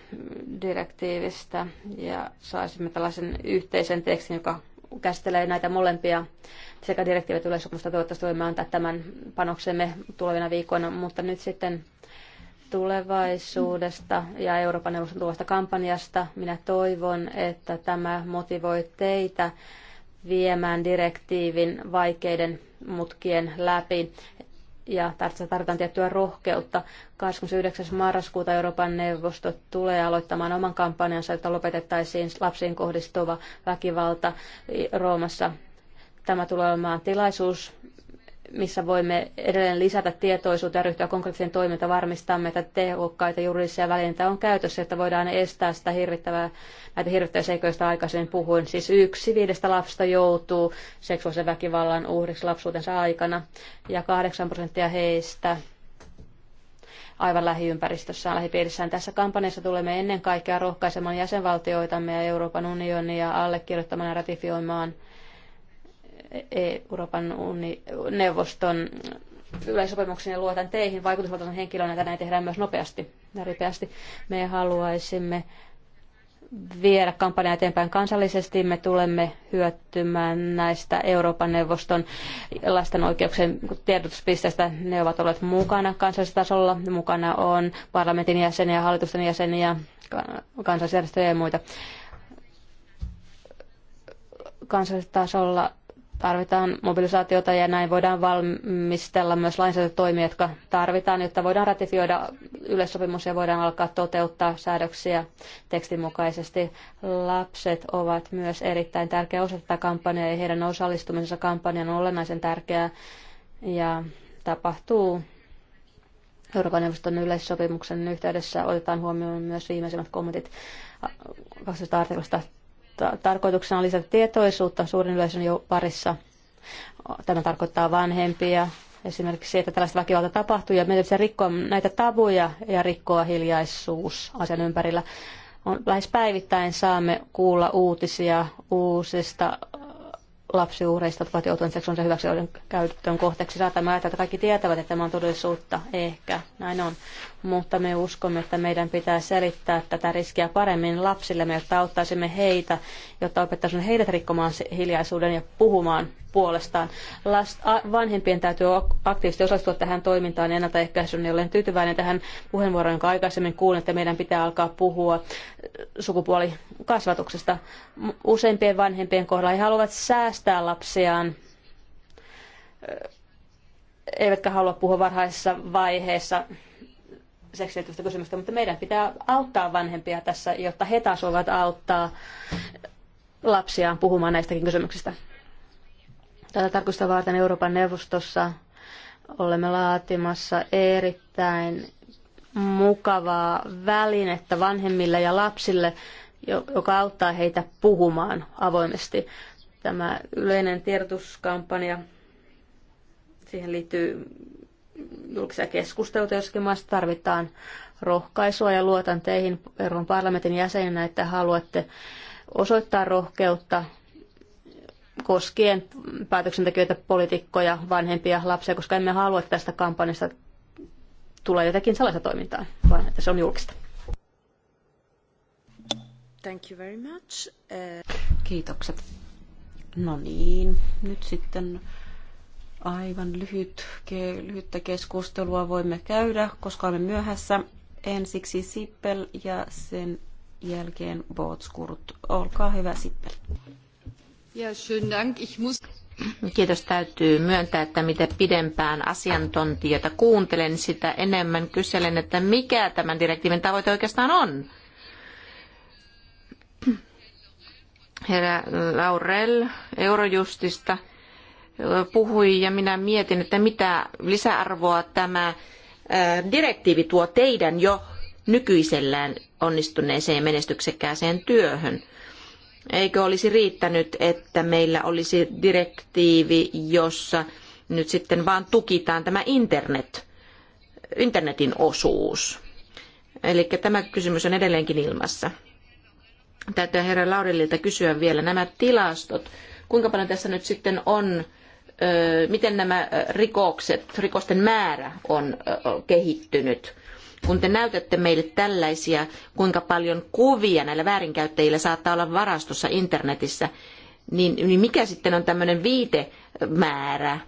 direktiivistä ja saisimme tällaisen yhteisen tekstin, joka käsittelee näitä molempia sekä direktiivit yleissopimusta. Toivottavasti voimme antaa tämän panoksemme tulevina viikkoina, mutta nyt sitten tulevaisuudesta ja Euroopan neuvoston tulevasta kampanjasta. Minä toivon, että tämä motivoi teitä viemään direktiivin vaikeiden mutkien läpi ja tässä tarvitaan tiettyä rohkeutta. 29. marraskuuta Euroopan neuvosto tulee aloittamaan oman kampanjansa, jotta lopetettaisiin lapsiin kohdistuva väkivalta Roomassa. Tämä tulee olemaan tilaisuus missä voimme edelleen lisätä tietoisuutta ja ryhtyä konkreettiseen toimintaan varmistamme, että tehokkaita juridisia välineitä on käytössä, että voidaan estää sitä hirvittävää, näitä hirvittäviä seikkoja, joista aikaisemmin puhuin. Siis yksi viidestä lapsesta joutuu seksuaalisen väkivallan uhriksi lapsuutensa aikana ja kahdeksan prosenttia heistä aivan lähiympäristössään, lähipiirissään. Tässä kampanjassa tulemme ennen kaikkea rohkaisemaan jäsenvaltioitamme ja Euroopan unionia allekirjoittamaan ja ratifioimaan – Euroopan uni, neuvoston yleisopimuksen ja luotan teihin vaikutusvaltaisen henkilön että näin tehdään myös nopeasti ja ripeästi. Me haluaisimme viedä kampanjaa eteenpäin kansallisesti. Me tulemme hyötymään näistä Euroopan neuvoston lasten oikeuksien tiedotuspisteistä. Ne ovat olleet mukana kansallisella tasolla. Mukana on parlamentin jäseniä, hallitusten jäseniä, kansalaisjärjestöjä ja muita. Kansallisella tasolla tarvitaan mobilisaatiota ja näin voidaan valmistella myös lainsäädäntötoimia, jotka tarvitaan, jotta voidaan ratifioida yleissopimus ja voidaan alkaa toteuttaa säädöksiä tekstin mukaisesti. Lapset ovat myös erittäin tärkeä osa tätä kampanjaa ja heidän osallistumisensa kampanjan on olennaisen tärkeää ja tapahtuu Euroopan neuvoston yleissopimuksen yhteydessä otetaan huomioon myös viimeisimmät kommentit 12 artiklasta tarkoituksena on lisätä tietoisuutta suurin yleisön jo parissa. Tämä tarkoittaa vanhempia, esimerkiksi, että tällaista väkivalta tapahtuu, ja meidän pitää rikkoa näitä tabuja ja rikkoa hiljaisuus asian ympärillä. On, lähes päivittäin saamme kuulla uutisia uusista äh, lapsiuhreista, jotka ovat joutuneet seksuaalisen hyväksikäytön kohteeksi. Saatamme ajatella, että kaikki tietävät, että tämä on todellisuutta. Ehkä näin on mutta me uskomme, että meidän pitää selittää tätä riskiä paremmin lapsille, jotta auttaisimme heitä, jotta opettaisimme heidät rikkomaan hiljaisuuden ja puhumaan puolestaan. Last, vanhempien täytyy aktiivisesti osallistua tähän toimintaan ja ennaltaehkäisyyn, niin olen tyytyväinen tähän puheenvuoroon, jonka aikaisemmin kuulin, että meidän pitää alkaa puhua sukupuolikasvatuksesta. Useimpien vanhempien kohdalla he haluavat säästää lapsiaan eivätkä halua puhua varhaisessa vaiheessa seksuaalista kysymystä, mutta meidän pitää auttaa vanhempia tässä, jotta he taas voivat auttaa lapsiaan puhumaan näistäkin kysymyksistä. Tätä tarkoista varten Euroopan neuvostossa olemme laatimassa erittäin mukavaa välinettä vanhemmille ja lapsille, joka auttaa heitä puhumaan avoimesti. Tämä yleinen tiedotuskampanja, siihen liittyy julkisia keskusteluita joskin maassa tarvitaan rohkaisua ja luotan teihin Euroopan parlamentin jäseninä, että haluatte osoittaa rohkeutta koskien päätöksentekijöitä, poliitikkoja, vanhempia, lapsia, koska emme halua, että tästä kampanjasta tulee jotakin salaista toimintaa, vaan että se on julkista.
Thank you very much. Uh...
Kiitokset. No niin, nyt sitten Aivan lyhyt, ke, lyhyttä keskustelua voimme käydä, koska olemme myöhässä. Ensiksi Sippel ja sen jälkeen Bootskurt. Olkaa hyvä, Sippel.
Ja, schön dank. Ich muss...
Kiitos täytyy myöntää, että mitä pidempään asiantuntijoita kuuntelen, sitä enemmän kyselen, että mikä tämän direktiivin tavoite oikeastaan on. Herra Laurel Eurojustista – puhui ja minä mietin, että mitä lisäarvoa tämä äh, direktiivi tuo teidän jo nykyisellään onnistuneeseen ja menestyksekkääseen työhön. Eikö olisi riittänyt, että meillä olisi direktiivi, jossa nyt sitten vaan tukitaan tämä internet, internetin osuus? Eli tämä kysymys on edelleenkin ilmassa. Täytyy herra Laurillilta kysyä vielä nämä tilastot. Kuinka paljon tässä nyt sitten on miten nämä rikokset, rikosten määrä on kehittynyt. Kun te näytätte meille tällaisia, kuinka paljon kuvia näillä väärinkäyttäjillä saattaa olla varastossa internetissä, niin, niin mikä sitten on tämmöinen viitemäärä?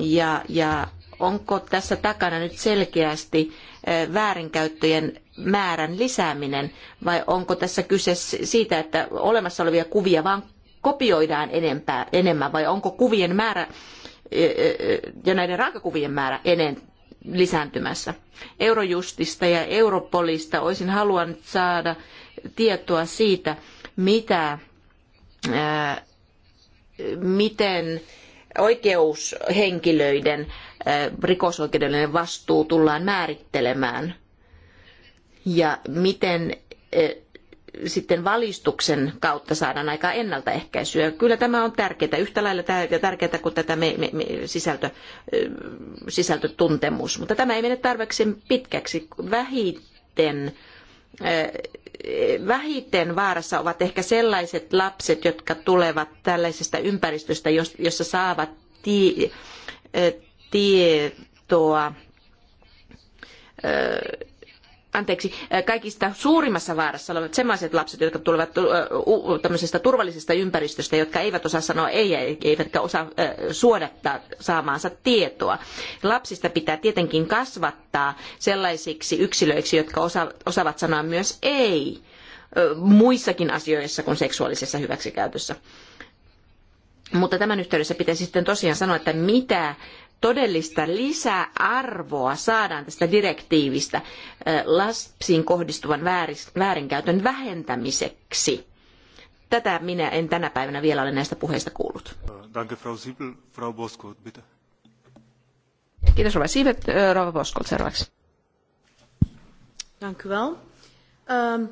Ja, ja onko tässä takana nyt selkeästi väärinkäyttöjen määrän lisääminen vai onko tässä kyse siitä, että olemassa olevia kuvia vaan kopioidaan enempää, enemmän vai onko kuvien määrä e, e, ja näiden raakakuvien määrä enen, lisääntymässä. Eurojustista ja Europolista olisin halunnut saada tietoa siitä, mitä, ää, miten oikeushenkilöiden ää, rikosoikeudellinen vastuu tullaan määrittelemään ja miten sitten valistuksen kautta saadaan aikaa ennaltaehkäisyä. Kyllä tämä on tärkeää, yhtä lailla tärkeää kuin tätä me, me, me sisältö, sisältötuntemus, mutta tämä ei mene tarpeeksi pitkäksi. Vähiten, vähiten vaarassa ovat ehkä sellaiset lapset, jotka tulevat tällaisesta ympäristöstä, jossa saavat tie, tietoa anteeksi, äh, kaikista suurimmassa vaarassa olevat sellaiset lapset, jotka tulevat äh, tämmöisestä turvallisesta ympäristöstä, jotka eivät osaa sanoa ei, eivätkä osaa äh, suodattaa saamaansa tietoa. Lapsista pitää tietenkin kasvattaa sellaisiksi yksilöiksi, jotka osaavat sanoa myös ei muissakin asioissa kuin seksuaalisessa hyväksikäytössä. Mutta tämän yhteydessä pitäisi sitten tosiaan sanoa, että mitä todellista lisäarvoa saadaan tästä direktiivistä lapsiin kohdistuvan väärinkäytön vähentämiseksi? Tätä minä en tänä päivänä vielä ole näistä puheista kuullut.
Danke, Frau Siebel. Frau Boskot, bitte.
Kiitos, Rova Siebel. Rova
Boskot, seuraavaksi.
Dank u Um,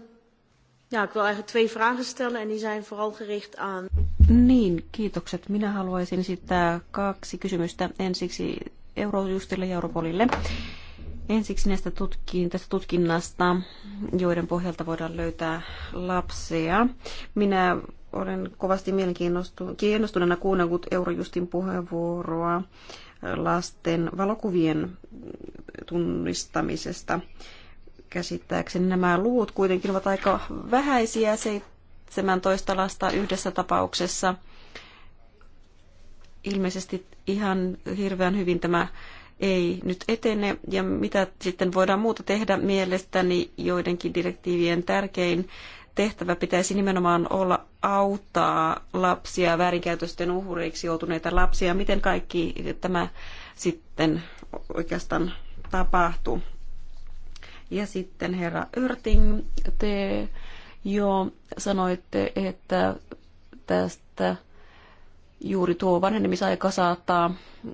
ja, ik wil eigenlijk twee vragen stellen en die zijn vooral gericht aan...
Niin, kiitokset. Minä haluaisin esittää kaksi kysymystä ensiksi Eurojustille ja Europolille. Ensiksi näistä tutkin, tästä tutkinnasta, joiden pohjalta voidaan löytää lapsia. Minä olen kovasti mielenkiinnostuneena kuunnellut Eurojustin puheenvuoroa lasten valokuvien tunnistamisesta. Käsittääkseni nämä luvut kuitenkin ovat aika vähäisiä, 17 lasta yhdessä tapauksessa. Ilmeisesti ihan hirveän hyvin tämä ei nyt etene ja mitä sitten voidaan muuta tehdä mielestäni joidenkin direktiivien tärkein tehtävä pitäisi nimenomaan olla auttaa lapsia, väärinkäytösten uhreiksi joutuneita lapsia. Miten kaikki tämä sitten oikeastaan tapahtuu? Ja sitten herra Örting, te jo sanoitte, että tästä juuri tuo vanhenemisaika saattaa ö,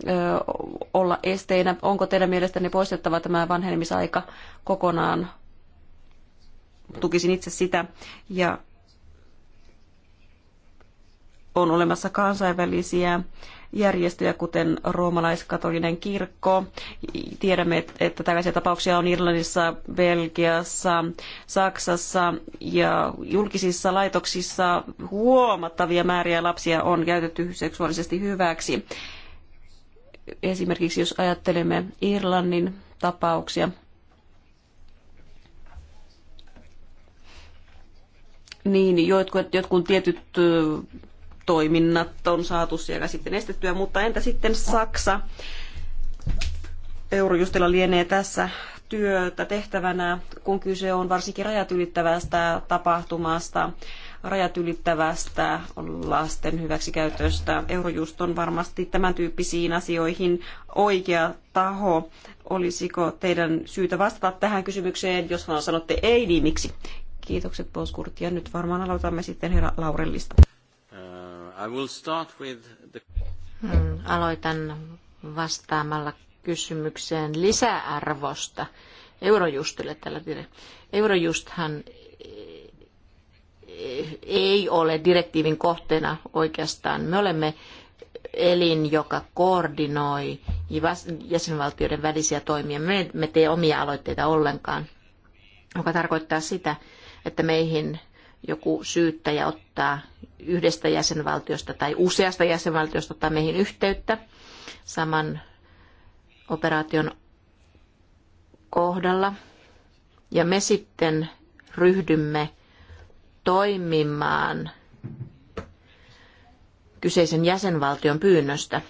olla esteinä. Onko teidän mielestänne poistettava tämä vanhenemisaika kokonaan? Tukisin itse sitä. Ja on olemassa kansainvälisiä järjestöjä, kuten roomalaiskatolinen kirkko. Tiedämme, että tällaisia tapauksia on Irlannissa, Belgiassa, Saksassa ja julkisissa laitoksissa huomattavia määriä lapsia on käytetty seksuaalisesti hyväksi. Esimerkiksi jos ajattelemme Irlannin tapauksia, niin jotkut, jotkut tietyt toiminnat on saatu siellä sitten estettyä, mutta entä sitten Saksa? Eurojustilla lienee tässä työtä tehtävänä, kun kyse on varsinkin rajat ylittävästä tapahtumasta, rajat ylittävästä lasten hyväksikäytöstä. Eurojust on varmasti tämän tyyppisiin asioihin oikea taho. Olisiko teidän syytä vastata tähän kysymykseen? Jos sanotte ei, niin miksi? Kiitokset Boskurt. Ja nyt varmaan aloitamme sitten herra Laurellista. I will start with the... Mm,
aloitan vastaamalla kysymykseen lisäarvosta Eurojustille tällä Eurojusthan ei ole direktiivin kohteena oikeastaan. Me olemme elin, joka koordinoi jäsenvaltioiden välisiä toimia. Me emme tee omia aloitteita ollenkaan, joka tarkoittaa sitä, että meihin joku syyttäjä ottaa yhdestä jäsenvaltiosta tai useasta jäsenvaltiosta ottaa meihin yhteyttä saman operaation kohdalla. Ja me sitten ryhdymme toimimaan kyseisen jäsenvaltion pyynnöstä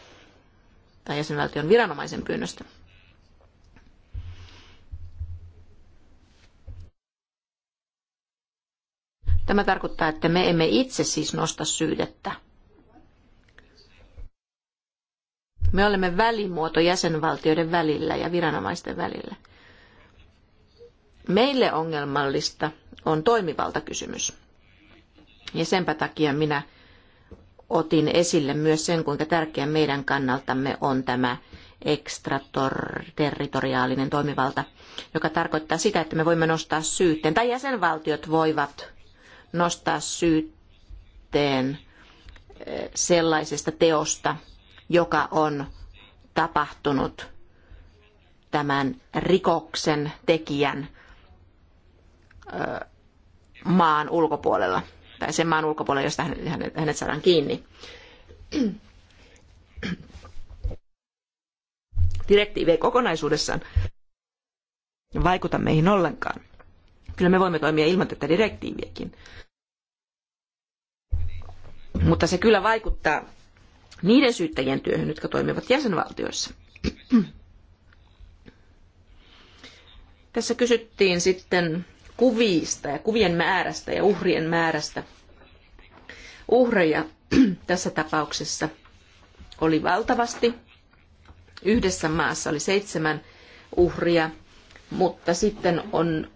tai jäsenvaltion viranomaisen pyynnöstä. Tämä tarkoittaa, että me emme itse siis nosta syydettä. Me olemme välimuoto jäsenvaltioiden välillä ja viranomaisten välillä. Meille ongelmallista on toimivaltakysymys. Ja senpä takia minä otin esille myös sen, kuinka tärkeä meidän kannaltamme on tämä ekstraterritoriaalinen toimivalta, joka tarkoittaa sitä, että me voimme nostaa syytteen, tai jäsenvaltiot voivat nostaa syytteen sellaisesta teosta, joka on tapahtunut tämän rikoksen tekijän maan ulkopuolella tai sen maan ulkopuolella, josta hänet saadaan kiinni. Direktiivi ei kokonaisuudessaan vaikuta meihin ollenkaan. Kyllä me voimme toimia ilman tätä direktiiviäkin. Mutta se kyllä vaikuttaa niiden syyttäjien työhön, jotka toimivat jäsenvaltioissa. Tässä kysyttiin sitten kuvista ja kuvien määrästä ja uhrien määrästä. Uhreja tässä tapauksessa oli valtavasti. Yhdessä maassa oli seitsemän uhria, mutta sitten on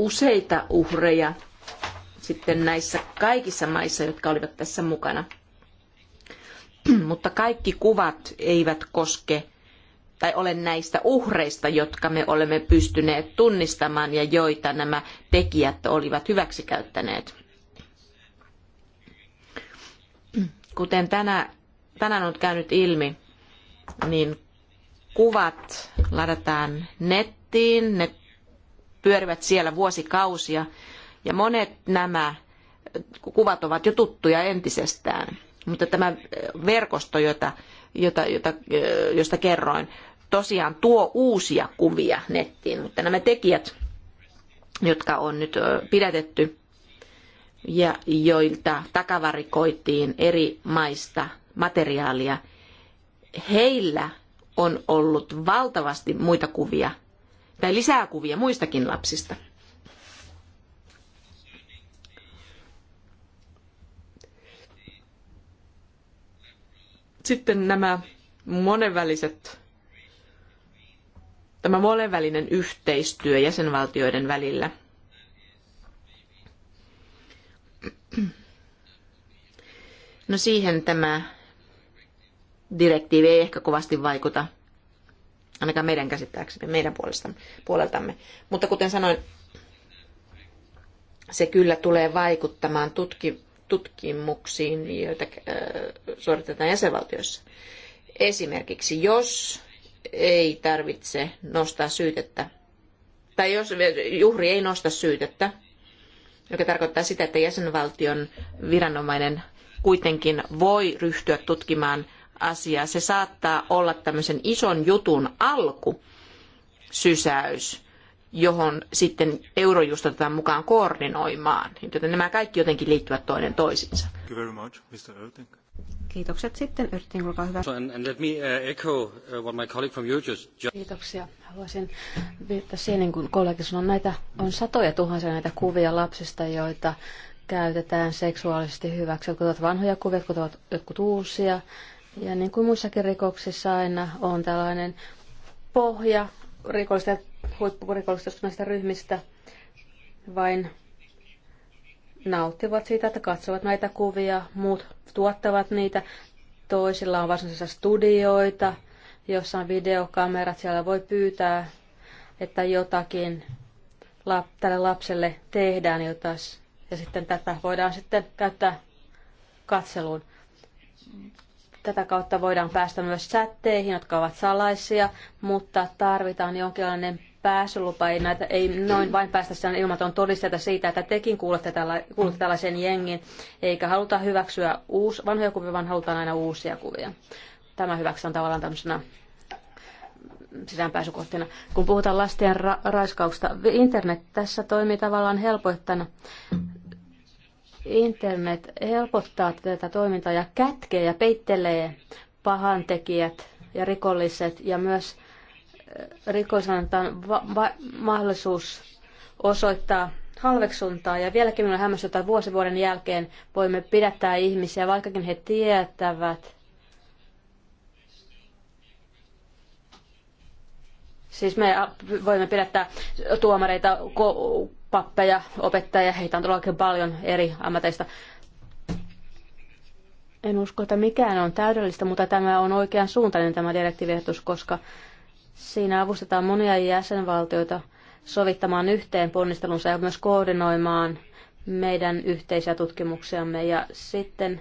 useita uhreja sitten näissä kaikissa maissa, jotka olivat tässä mukana. Mutta kaikki kuvat eivät koske tai ole näistä uhreista, jotka me olemme pystyneet tunnistamaan ja joita nämä tekijät olivat hyväksikäyttäneet. Kuten tänä, tänään on käynyt ilmi, niin kuvat ladataan nettiin, ne pyörivät siellä vuosikausia ja monet nämä kuvat ovat jo tuttuja entisestään. Mutta tämä verkosto, jota, jota, jota, josta kerroin, tosiaan tuo uusia kuvia nettiin, mutta nämä tekijät, jotka on nyt pidätetty ja joilta takavarikoitiin eri maista materiaalia, heillä on ollut valtavasti muita kuvia tai lisää kuvia muistakin lapsista. Sitten nämä monenväliset, tämä monenvälinen yhteistyö jäsenvaltioiden välillä. No siihen tämä direktiivi ei ehkä kovasti vaikuta ainakaan meidän käsittääksemme, meidän puoleltamme. Mutta kuten sanoin, se kyllä tulee vaikuttamaan tutki, tutkimuksiin, joita äh, suoritetaan jäsenvaltioissa. Esimerkiksi jos ei tarvitse nostaa syytettä, tai jos juhri ei nosta syytettä, joka tarkoittaa sitä, että jäsenvaltion viranomainen kuitenkin voi ryhtyä tutkimaan asia. Se saattaa olla tämmöisen ison jutun alku sysäys, johon sitten Eurojust otetaan mukaan koordinoimaan. Joten nämä kaikki jotenkin liittyvät toinen toisiinsa. Kiitokset sitten. Yrtin,
olkaa hyvä. Kiitoksia.
Haluaisin
viittaa siihen, niin kuin kollega sanoi, näitä on satoja tuhansia näitä kuvia lapsista, joita käytetään seksuaalisesti hyväksi. Jotkut ovat vanhoja kuvia, jotkut ovat jotkut uusia. Ja niin kuin muissakin rikoksissa aina on tällainen pohja rikollista ja huippurikollista näistä ryhmistä vain nauttivat siitä, että katsovat näitä kuvia, muut tuottavat niitä. Toisilla on varsinaisia studioita, jossa on videokamerat, siellä voi pyytää, että jotakin lap, tälle lapselle tehdään jotain, ja sitten tätä voidaan sitten käyttää katseluun. Tätä kautta voidaan päästä myös chatteihin, jotka ovat salaisia, mutta tarvitaan jonkinlainen pääsylupa. Ei, näitä, ei noin vain päästä sen ilmaton todisteita siitä, että tekin kuulette, tällä, kuulette tällaisen jengin, eikä haluta hyväksyä uus, vanhoja kuvia, vaan halutaan aina uusia kuvia. Tämä hyväksytään tavallaan tämmöisenä sisäänpääsykohtina. Kun puhutaan lasten ra- raiskauksesta, internet tässä toimii tavallaan helpoittana. Internet helpottaa tätä toimintaa ja kätkee ja peittelee pahantekijät ja rikolliset ja myös eh, rikollisena mahdollisuus osoittaa halveksuntaa. Ja vieläkin minulla hämmästyttää, että vuosi vuoden jälkeen voimme pidättää ihmisiä, vaikkakin he tietävät. Siis me voimme pidättää tuomareita, ko- pappeja, opettajia, heitä on todellakin paljon eri ammateista. En usko, että mikään on täydellistä, mutta tämä on oikean suuntainen tämä direktiivehdotus, koska siinä avustetaan monia jäsenvaltioita sovittamaan yhteen ponnistelunsa ja myös koordinoimaan meidän yhteisiä tutkimuksiamme. Ja sitten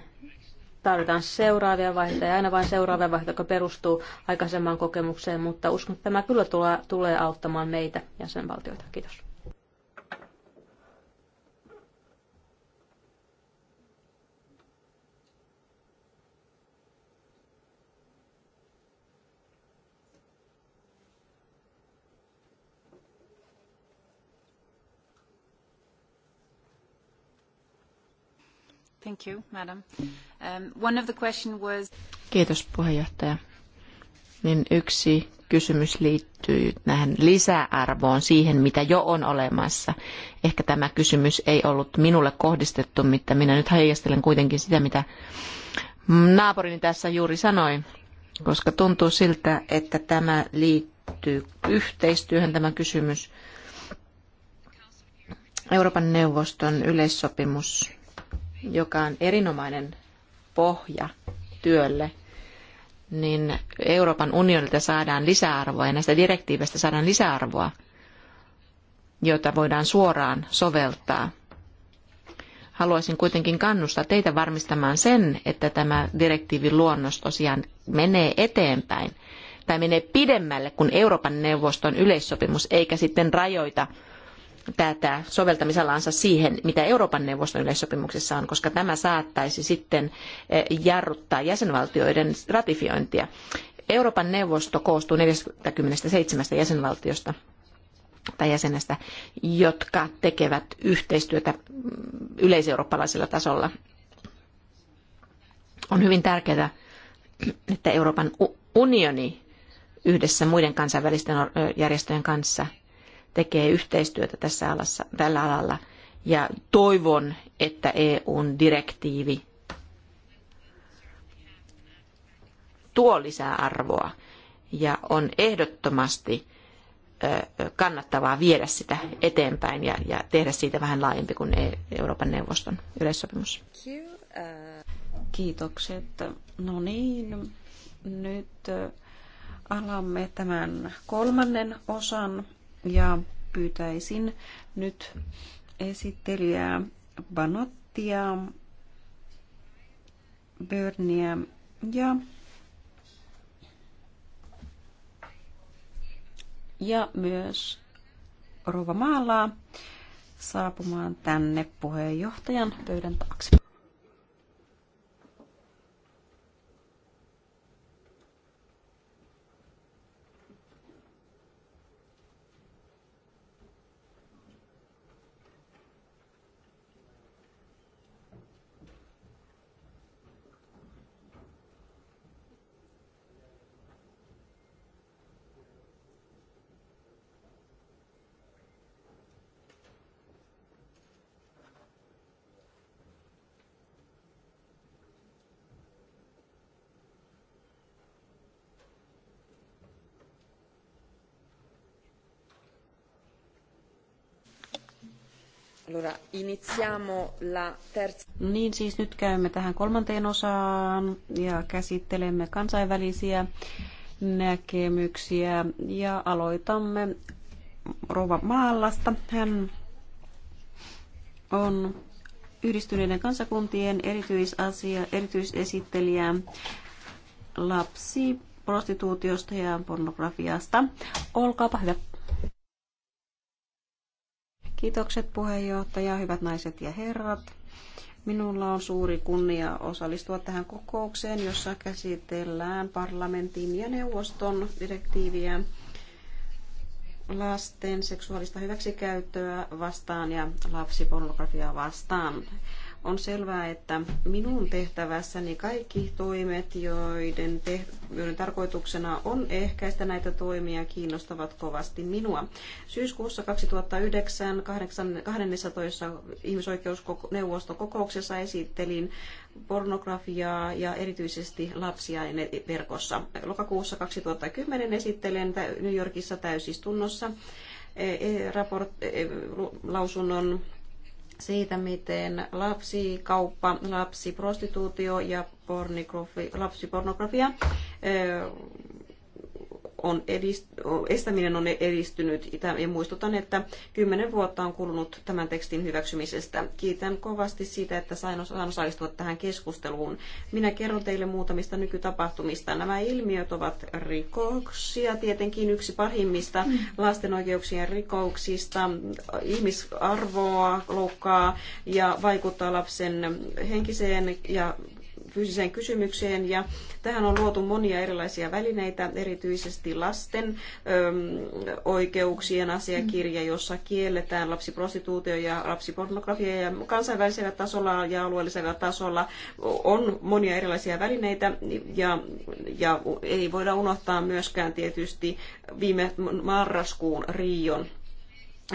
tarvitaan seuraavia vaihtoehtoja, ja aina vain seuraavia vaiheita, joka perustuu aikaisemman kokemukseen, mutta uskon, että tämä kyllä tulee, tulee auttamaan meitä jäsenvaltioita. Kiitos.
Thank you, madam. Um, one of the question was...
Kiitos puheenjohtaja. Niin yksi kysymys liittyy tähän lisäarvoon, siihen mitä jo on olemassa. Ehkä tämä kysymys ei ollut minulle kohdistettu, mutta minä nyt heijastelen kuitenkin sitä, mitä naapurini tässä juuri sanoi, koska tuntuu siltä, että tämä liittyy yhteistyöhön tämä kysymys. Euroopan neuvoston yleissopimus joka on erinomainen pohja työlle, niin Euroopan unionilta saadaan lisäarvoa ja näistä direktiiveistä saadaan lisäarvoa, jota voidaan suoraan soveltaa. Haluaisin kuitenkin kannustaa teitä varmistamaan sen, että tämä direktiivin luonnos tosiaan menee eteenpäin tai menee pidemmälle kuin Euroopan neuvoston yleissopimus, eikä sitten rajoita tätä soveltamisalaansa siihen, mitä Euroopan neuvoston yleissopimuksessa on, koska tämä saattaisi sitten eh, jarruttaa jäsenvaltioiden ratifiointia. Euroopan neuvosto koostuu 47 jäsenvaltiosta tai jäsenestä, jotka tekevät yhteistyötä mm, yleiseurooppalaisella tasolla. On hyvin tärkeää, että Euroopan unioni yhdessä muiden kansainvälisten järjestöjen kanssa – tekee yhteistyötä tässä alassa, tällä alalla. Ja toivon, että EUn direktiivi tuo lisää arvoa ja on ehdottomasti kannattavaa viedä sitä eteenpäin ja, ja tehdä siitä vähän laajempi kuin e- Euroopan neuvoston yleissopimus.
Uh, Kiitokset. No niin, nyt alamme tämän kolmannen osan ja pyytäisin nyt esittelijää Banottia, Börniä ja, ja myös Rova Maalaa saapumaan tänne puheenjohtajan pöydän taakse. Niin siis nyt käymme tähän kolmanteen osaan ja käsittelemme kansainvälisiä näkemyksiä ja aloitamme Rova Maallasta. Hän on yhdistyneiden kansakuntien erityisasia, erityisesittelijä lapsi prostituutiosta ja pornografiasta. Olkaapa hyvä. Kiitokset puheenjohtaja, hyvät naiset ja herrat. Minulla on suuri kunnia osallistua tähän kokoukseen, jossa käsitellään parlamentin ja neuvoston direktiiviä lasten seksuaalista hyväksikäyttöä vastaan ja lapsipornografiaa vastaan. On selvää, että minun tehtävässäni kaikki toimet, joiden, te- joiden tarkoituksena on ehkäistä näitä toimia, kiinnostavat kovasti minua. Syyskuussa 2009 12. ihmisoikeusneuvosto kokouksessa esittelin pornografiaa ja erityisesti lapsia verkossa. Lokakuussa 2010 esittelen New Yorkissa täysistunnossa e- e- raport, e- lausunnon siitä, miten lapsikauppa, lapsiprostituutio ja pornografia on edist, estäminen on edistynyt. Ja muistutan, että kymmenen vuotta on kulunut tämän tekstin hyväksymisestä. Kiitän kovasti siitä, että sain osallistua tähän keskusteluun. Minä kerron teille muutamista nykytapahtumista. Nämä ilmiöt ovat rikoksia, tietenkin yksi parhimmista lasten oikeuksien rikoksista, ihmisarvoa loukkaa ja vaikuttaa lapsen henkiseen ja fyysiseen kysymykseen ja tähän on luotu monia erilaisia välineitä, erityisesti lasten oikeuksien asiakirja, jossa kielletään lapsiprostituutio ja lapsipornografia ja kansainvälisellä tasolla ja alueellisella tasolla on monia erilaisia välineitä ja, ja ei voida unohtaa myöskään tietysti viime marraskuun Rion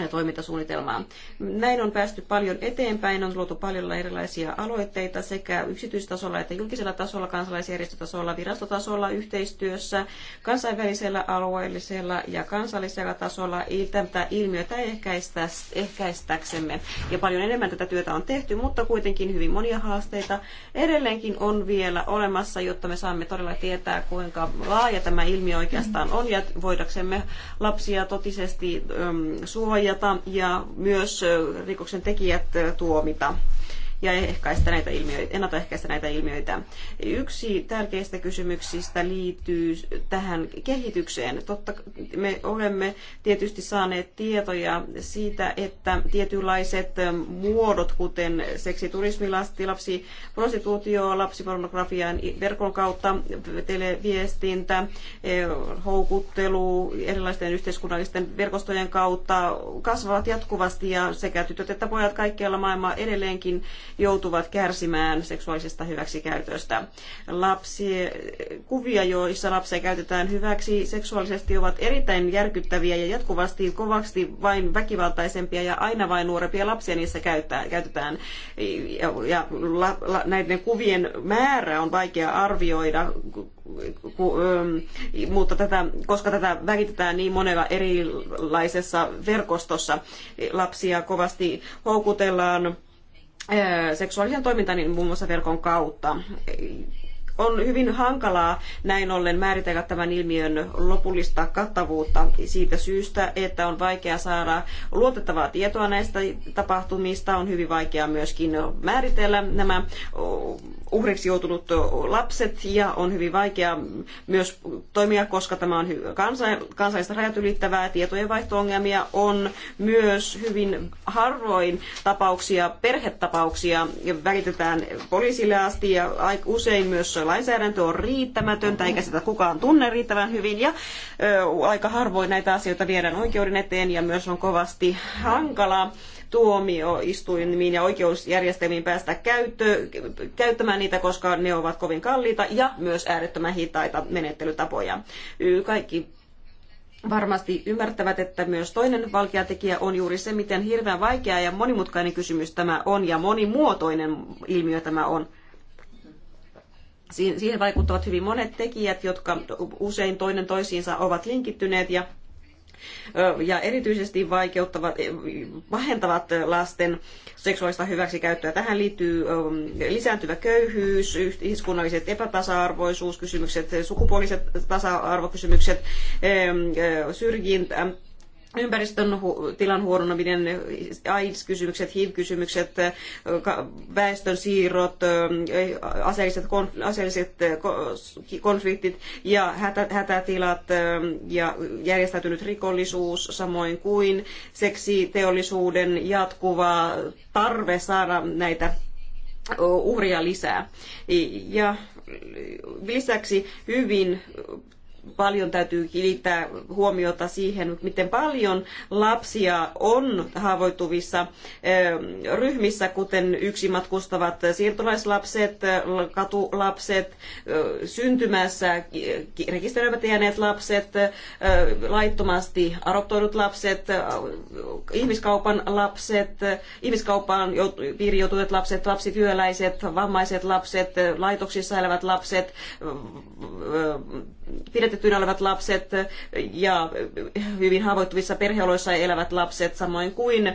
toimintasuunnitelmaa. Näin on päästy paljon eteenpäin, on luotu paljon erilaisia aloitteita sekä yksityistasolla että julkisella tasolla, kansalaisjärjestötasolla, virastotasolla, yhteistyössä, kansainvälisellä, alueellisella ja kansallisella tasolla tätä ilmiötä ehkäistä, ehkäistäksemme. Ja paljon enemmän tätä työtä on tehty, mutta kuitenkin hyvin monia haasteita edelleenkin on vielä olemassa, jotta me saamme todella tietää, kuinka laaja tämä ilmiö oikeastaan on ja voidaksemme lapsia totisesti ähm, suojata ja myös rikoksen tekijät tuomita ja ehkäistä näitä ilmiöitä, ennaltaehkäistä näitä ilmiöitä. Yksi tärkeistä kysymyksistä liittyy tähän kehitykseen. Totta, me olemme tietysti saaneet tietoja siitä, että tietynlaiset muodot, kuten seksiturismi, lapsi, prostituutio, lapsipornografian verkon kautta, televiestintä, houkuttelu erilaisten yhteiskunnallisten verkostojen kautta kasvavat jatkuvasti ja sekä tytöt että pojat kaikkialla maailmaa edelleenkin joutuvat kärsimään seksuaalisesta hyväksikäytöstä. Lapsi, kuvia, joissa lapsia käytetään hyväksi seksuaalisesti, ovat erittäin järkyttäviä ja jatkuvasti kovasti vain väkivaltaisempia ja aina vain nuorempia lapsia niissä käytetään. Ja, ja la, la, näiden kuvien määrä on vaikea arvioida, mutta tätä, koska tätä väitetään niin monella erilaisessa verkostossa, lapsia kovasti houkutellaan seksuaalisen toimintaan niin muun muassa verkon kautta on hyvin hankalaa näin ollen määritellä tämän ilmiön lopullista kattavuutta siitä syystä, että on vaikea saada luotettavaa tietoa näistä tapahtumista, on hyvin vaikea myöskin määritellä nämä uhriksi joutunut lapset ja on hyvin vaikea myös toimia, koska tämä on kansallista rajat ylittävää tietojenvaihto-ongelmia, on myös hyvin harvoin tapauksia, perhetapauksia välitetään poliisille asti ja usein myös lainsäädäntö on riittämätöntä, eikä sitä kukaan tunne riittävän hyvin, ja aika harvoin näitä asioita viedään oikeuden eteen, ja myös on kovasti hankala tuomioistuimiin ja oikeusjärjestelmiin päästä käyttö, käyttämään niitä, koska ne ovat kovin kalliita ja myös äärettömän hitaita menettelytapoja. Kaikki varmasti ymmärtävät, että myös toinen valkea tekijä on juuri se, miten hirveän vaikea ja monimutkainen kysymys tämä on ja monimuotoinen ilmiö tämä on siihen vaikuttavat hyvin monet tekijät, jotka usein toinen toisiinsa ovat linkittyneet ja ja erityisesti vaikeuttavat, pahentavat lasten seksuaalista hyväksikäyttöä. Tähän liittyy lisääntyvä köyhyys, yhteiskunnalliset epätasa-arvoisuuskysymykset, sukupuoliset tasa-arvokysymykset, syrjintä, ympäristön tilan huononominen, AIDS-kysymykset, HIV-kysymykset, väestön siirrot, aseelliset, aseelliset konfliktit ja hätä, hätätilat ja järjestäytynyt rikollisuus, samoin kuin seksiteollisuuden jatkuva tarve saada näitä uhria lisää. Ja lisäksi hyvin paljon täytyy kiinnittää huomiota siihen, miten paljon lapsia on haavoittuvissa ryhmissä, kuten yksi matkustavat siirtolaislapset, katulapset, syntymässä rekisteröimättä jääneet lapset, laittomasti adoptoidut lapset, ihmiskaupan lapset, ihmiskaupan piiriin joutuneet lapset, lapsityöläiset, vammaiset lapset, laitoksissa elävät lapset, pidätettyinä olevat lapset ja hyvin haavoittuvissa perheoloissa elävät lapset, samoin kuin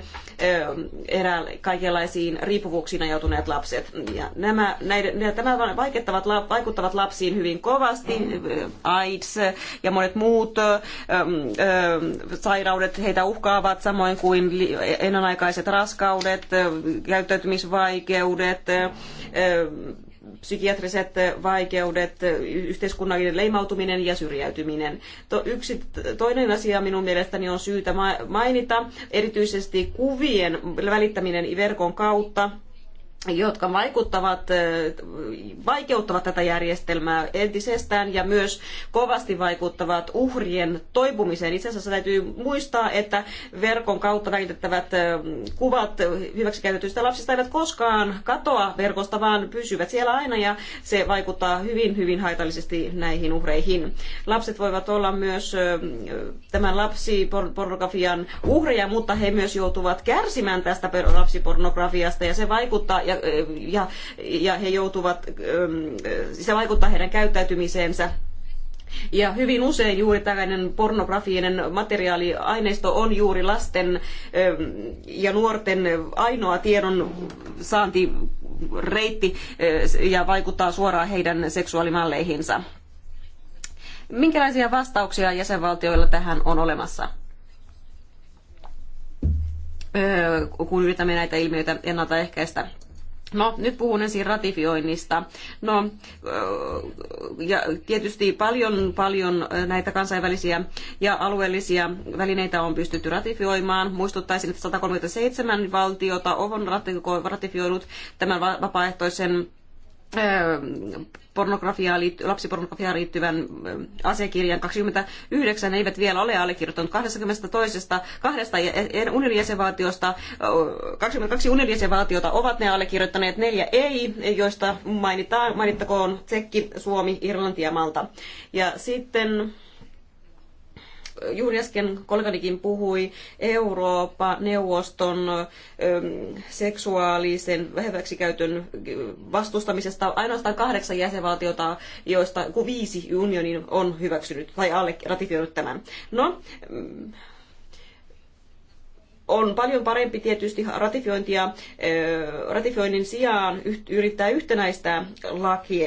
erää kaikenlaisiin riippuvuuksiin ajautuneet lapset. Ja nämä, näiden, tämä vaikuttavat, vaikuttavat lapsiin hyvin kovasti, AIDS ja monet muut sairaudet heitä uhkaavat, samoin kuin ennenaikaiset raskaudet, käyttäytymisvaikeudet, psykiatriset vaikeudet, yhteiskunnallinen leimautuminen ja syrjäytyminen. To, yksi, toinen asia minun mielestäni on syytä mainita, erityisesti kuvien välittäminen verkon kautta jotka vaikuttavat, vaikeuttavat tätä järjestelmää entisestään ja myös kovasti vaikuttavat uhrien toipumiseen. Itse asiassa täytyy muistaa, että verkon kautta välitettävät kuvat hyväksikäytetyistä lapsista eivät koskaan katoa verkosta, vaan pysyvät siellä aina ja se vaikuttaa hyvin, hyvin haitallisesti näihin uhreihin. Lapset voivat olla myös tämän lapsipornografian uhreja, mutta he myös joutuvat kärsimään tästä lapsipornografiasta ja se vaikuttaa ja, ja, ja he joutuvat, ähm, se vaikuttaa heidän käyttäytymiseensä ja hyvin usein juuri tällainen pornografinen materiaaliaineisto on juuri lasten ähm, ja nuorten ainoa tiedon saantireitti äh, ja vaikuttaa suoraan heidän seksuaalimalleihinsa. Minkälaisia vastauksia jäsenvaltioilla tähän on olemassa? Äh, kun yritämme näitä ilmiöitä ennaltaehkäistä. No, nyt puhun ensin ratifioinnista. No, ja tietysti paljon, paljon näitä kansainvälisiä ja alueellisia välineitä on pystytty ratifioimaan. Muistuttaisin, että 137 valtiota on ratifioinut tämän vapaaehtoisen pornografiaa, lapsipornografiaan liittyvän asiakirjan 29 eivät vielä ole allekirjoittanut 22 kahdesta e, e, unionijäsenvaltiosta. 22 unionjäsenvaltiota ovat ne allekirjoittaneet, neljä ei, joista mainitaan, mainittakoon Tsekki, Suomi, Irlanti ja Malta. Ja sitten juuri äsken kolleganikin puhui Eurooppa-neuvoston ähm, seksuaalisen hyväksikäytön vastustamisesta. Ainoastaan kahdeksan jäsenvaltiota, joista viisi unionin on hyväksynyt tai alle ratifioinut tämän. No, mm, on paljon parempi tietysti ratifiointia, ratifioinnin sijaan yrittää yhtenäistää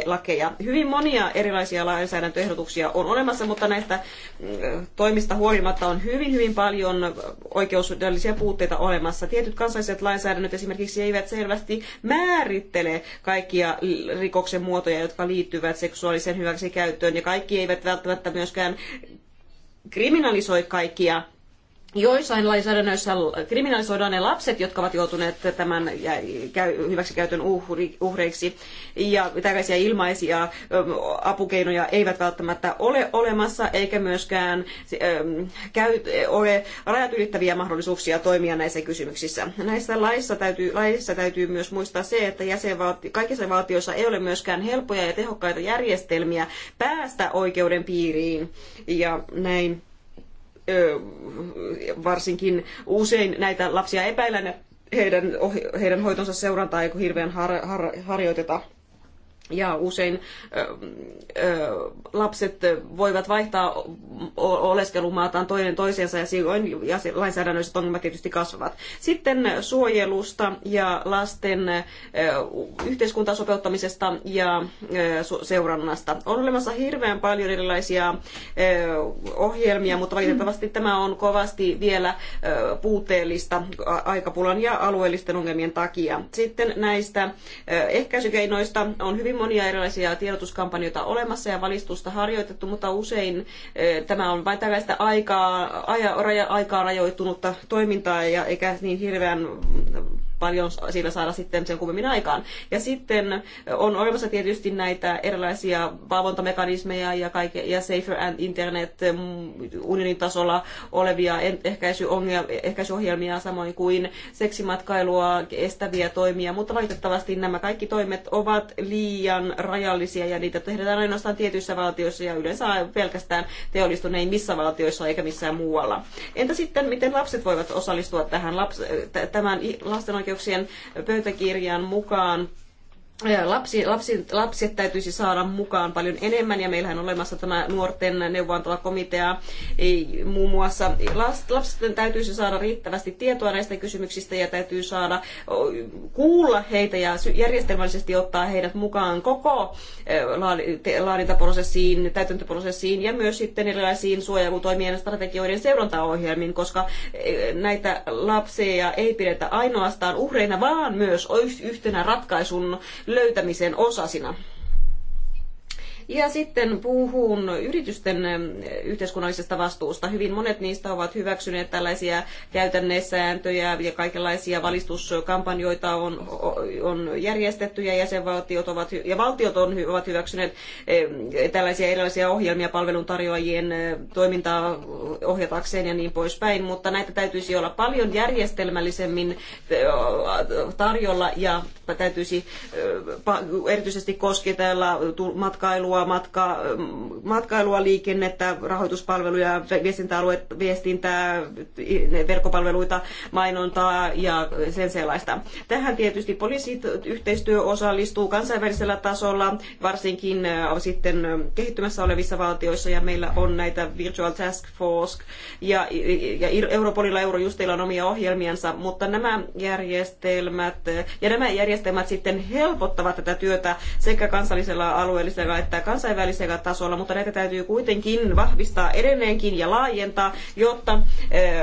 lakeja. Hyvin monia erilaisia lainsäädäntöehdotuksia on olemassa, mutta näistä toimista huolimatta on hyvin, hyvin paljon oikeudellisia puutteita olemassa. Tietyt kansalliset lainsäädännöt esimerkiksi eivät selvästi määrittele kaikkia rikoksen muotoja, jotka liittyvät seksuaaliseen hyväksikäyttöön, ja kaikki eivät välttämättä myöskään kriminalisoi kaikkia Joissain lainsäädännöissä kriminalisoidaan ne lapset, jotka ovat joutuneet tämän hyväksikäytön uhreiksi. Ja tällaisia ilmaisia apukeinoja eivät välttämättä ole olemassa, eikä myöskään ähm, ole rajat ylittäviä mahdollisuuksia toimia näissä kysymyksissä. Näissä laissa täytyy, laissa täytyy myös muistaa se, että jäsenvalti, kaikissa valtioissa ei ole myöskään helppoja ja tehokkaita järjestelmiä päästä oikeuden piiriin. Ja näin varsinkin usein näitä lapsia epäillään ja heidän, heidän hoitonsa seurantaa ei hirveän har, har, harjoiteta ja usein ö, ö, lapset voivat vaihtaa oleskelumaataan toinen toisensa ja silloin ja lainsäädännölliset ongelmat tietysti kasvavat. Sitten suojelusta ja lasten ö, yhteiskuntasopeuttamisesta ja ö, seurannasta. On olemassa hirveän paljon erilaisia ö, ohjelmia, mutta valitettavasti tämä on kovasti vielä ö, puutteellista aikapulan ja alueellisten ongelmien takia. Sitten näistä ö, ehkäisykeinoista on hyvin monia erilaisia tiedotuskampanjoita olemassa ja valistusta harjoitettu, mutta usein eh, tämä on vain tällaista aikaa, aikaa rajoittunutta toimintaa ja eikä niin hirveän paljon sillä saada sitten sen kummemmin aikaan. Ja sitten on olemassa tietysti näitä erilaisia valvontamekanismeja ja, kaike, ja Safer and Internet unionin tasolla olevia ehkäisyohjelmia, samoin kuin seksimatkailua estäviä toimia, mutta valitettavasti nämä kaikki toimet ovat liian rajallisia ja niitä tehdään ainoastaan tietyissä valtioissa ja yleensä pelkästään missä valtioissa eikä missään muualla. Entä sitten, miten lapset voivat osallistua tähän laps- tämän lasten ihmisoikeuksien pöytäkirjan mukaan Lapsi, lapsi, lapset täytyisi saada mukaan paljon enemmän ja meillähän on olemassa tämä nuorten neuvontava komitea muun muassa. Lapset täytyisi saada riittävästi tietoa näistä kysymyksistä ja täytyy saada kuulla heitä ja järjestelmällisesti ottaa heidät mukaan koko laadintaprosessiin, täytäntöprosessiin ja myös sitten erilaisiin suojelutoimien strategioiden seurantaohjelmiin, koska näitä lapsia ei pidetä ainoastaan uhreina, vaan myös yhtenä ratkaisun löytämisen osasina. Ja sitten puhun yritysten eh, yhteiskunnallisesta vastuusta. Hyvin monet niistä ovat hyväksyneet tällaisia käytännesääntöjä ja kaikenlaisia valistuskampanjoita on, on järjestetty ja jäsenvaltiot ovat, ja valtiot on, ovat hyväksyneet eh, tällaisia erilaisia ohjelmia palveluntarjoajien eh, toimintaa ohjatakseen ja niin poispäin, mutta näitä täytyisi olla paljon järjestelmällisemmin tarjolla ja täytyisi erityisesti kosketella matkailua matkailua, matka, matkailua, liikennettä, rahoituspalveluja, viestintää, verkkopalveluita, mainontaa ja sen sellaista. Tähän tietysti poliisiyhteistyö osallistuu kansainvälisellä tasolla, varsinkin äh, sitten kehittymässä olevissa valtioissa ja meillä on näitä Virtual Task Force ja, ja Europolilla Eurojustilla on omia ohjelmiansa, mutta nämä järjestelmät äh, ja nämä järjestelmät sitten helpottavat tätä työtä sekä kansallisella alueellisella että kansainvälisellä tasolla, mutta näitä täytyy kuitenkin vahvistaa edelleenkin ja laajentaa, jotta, eh,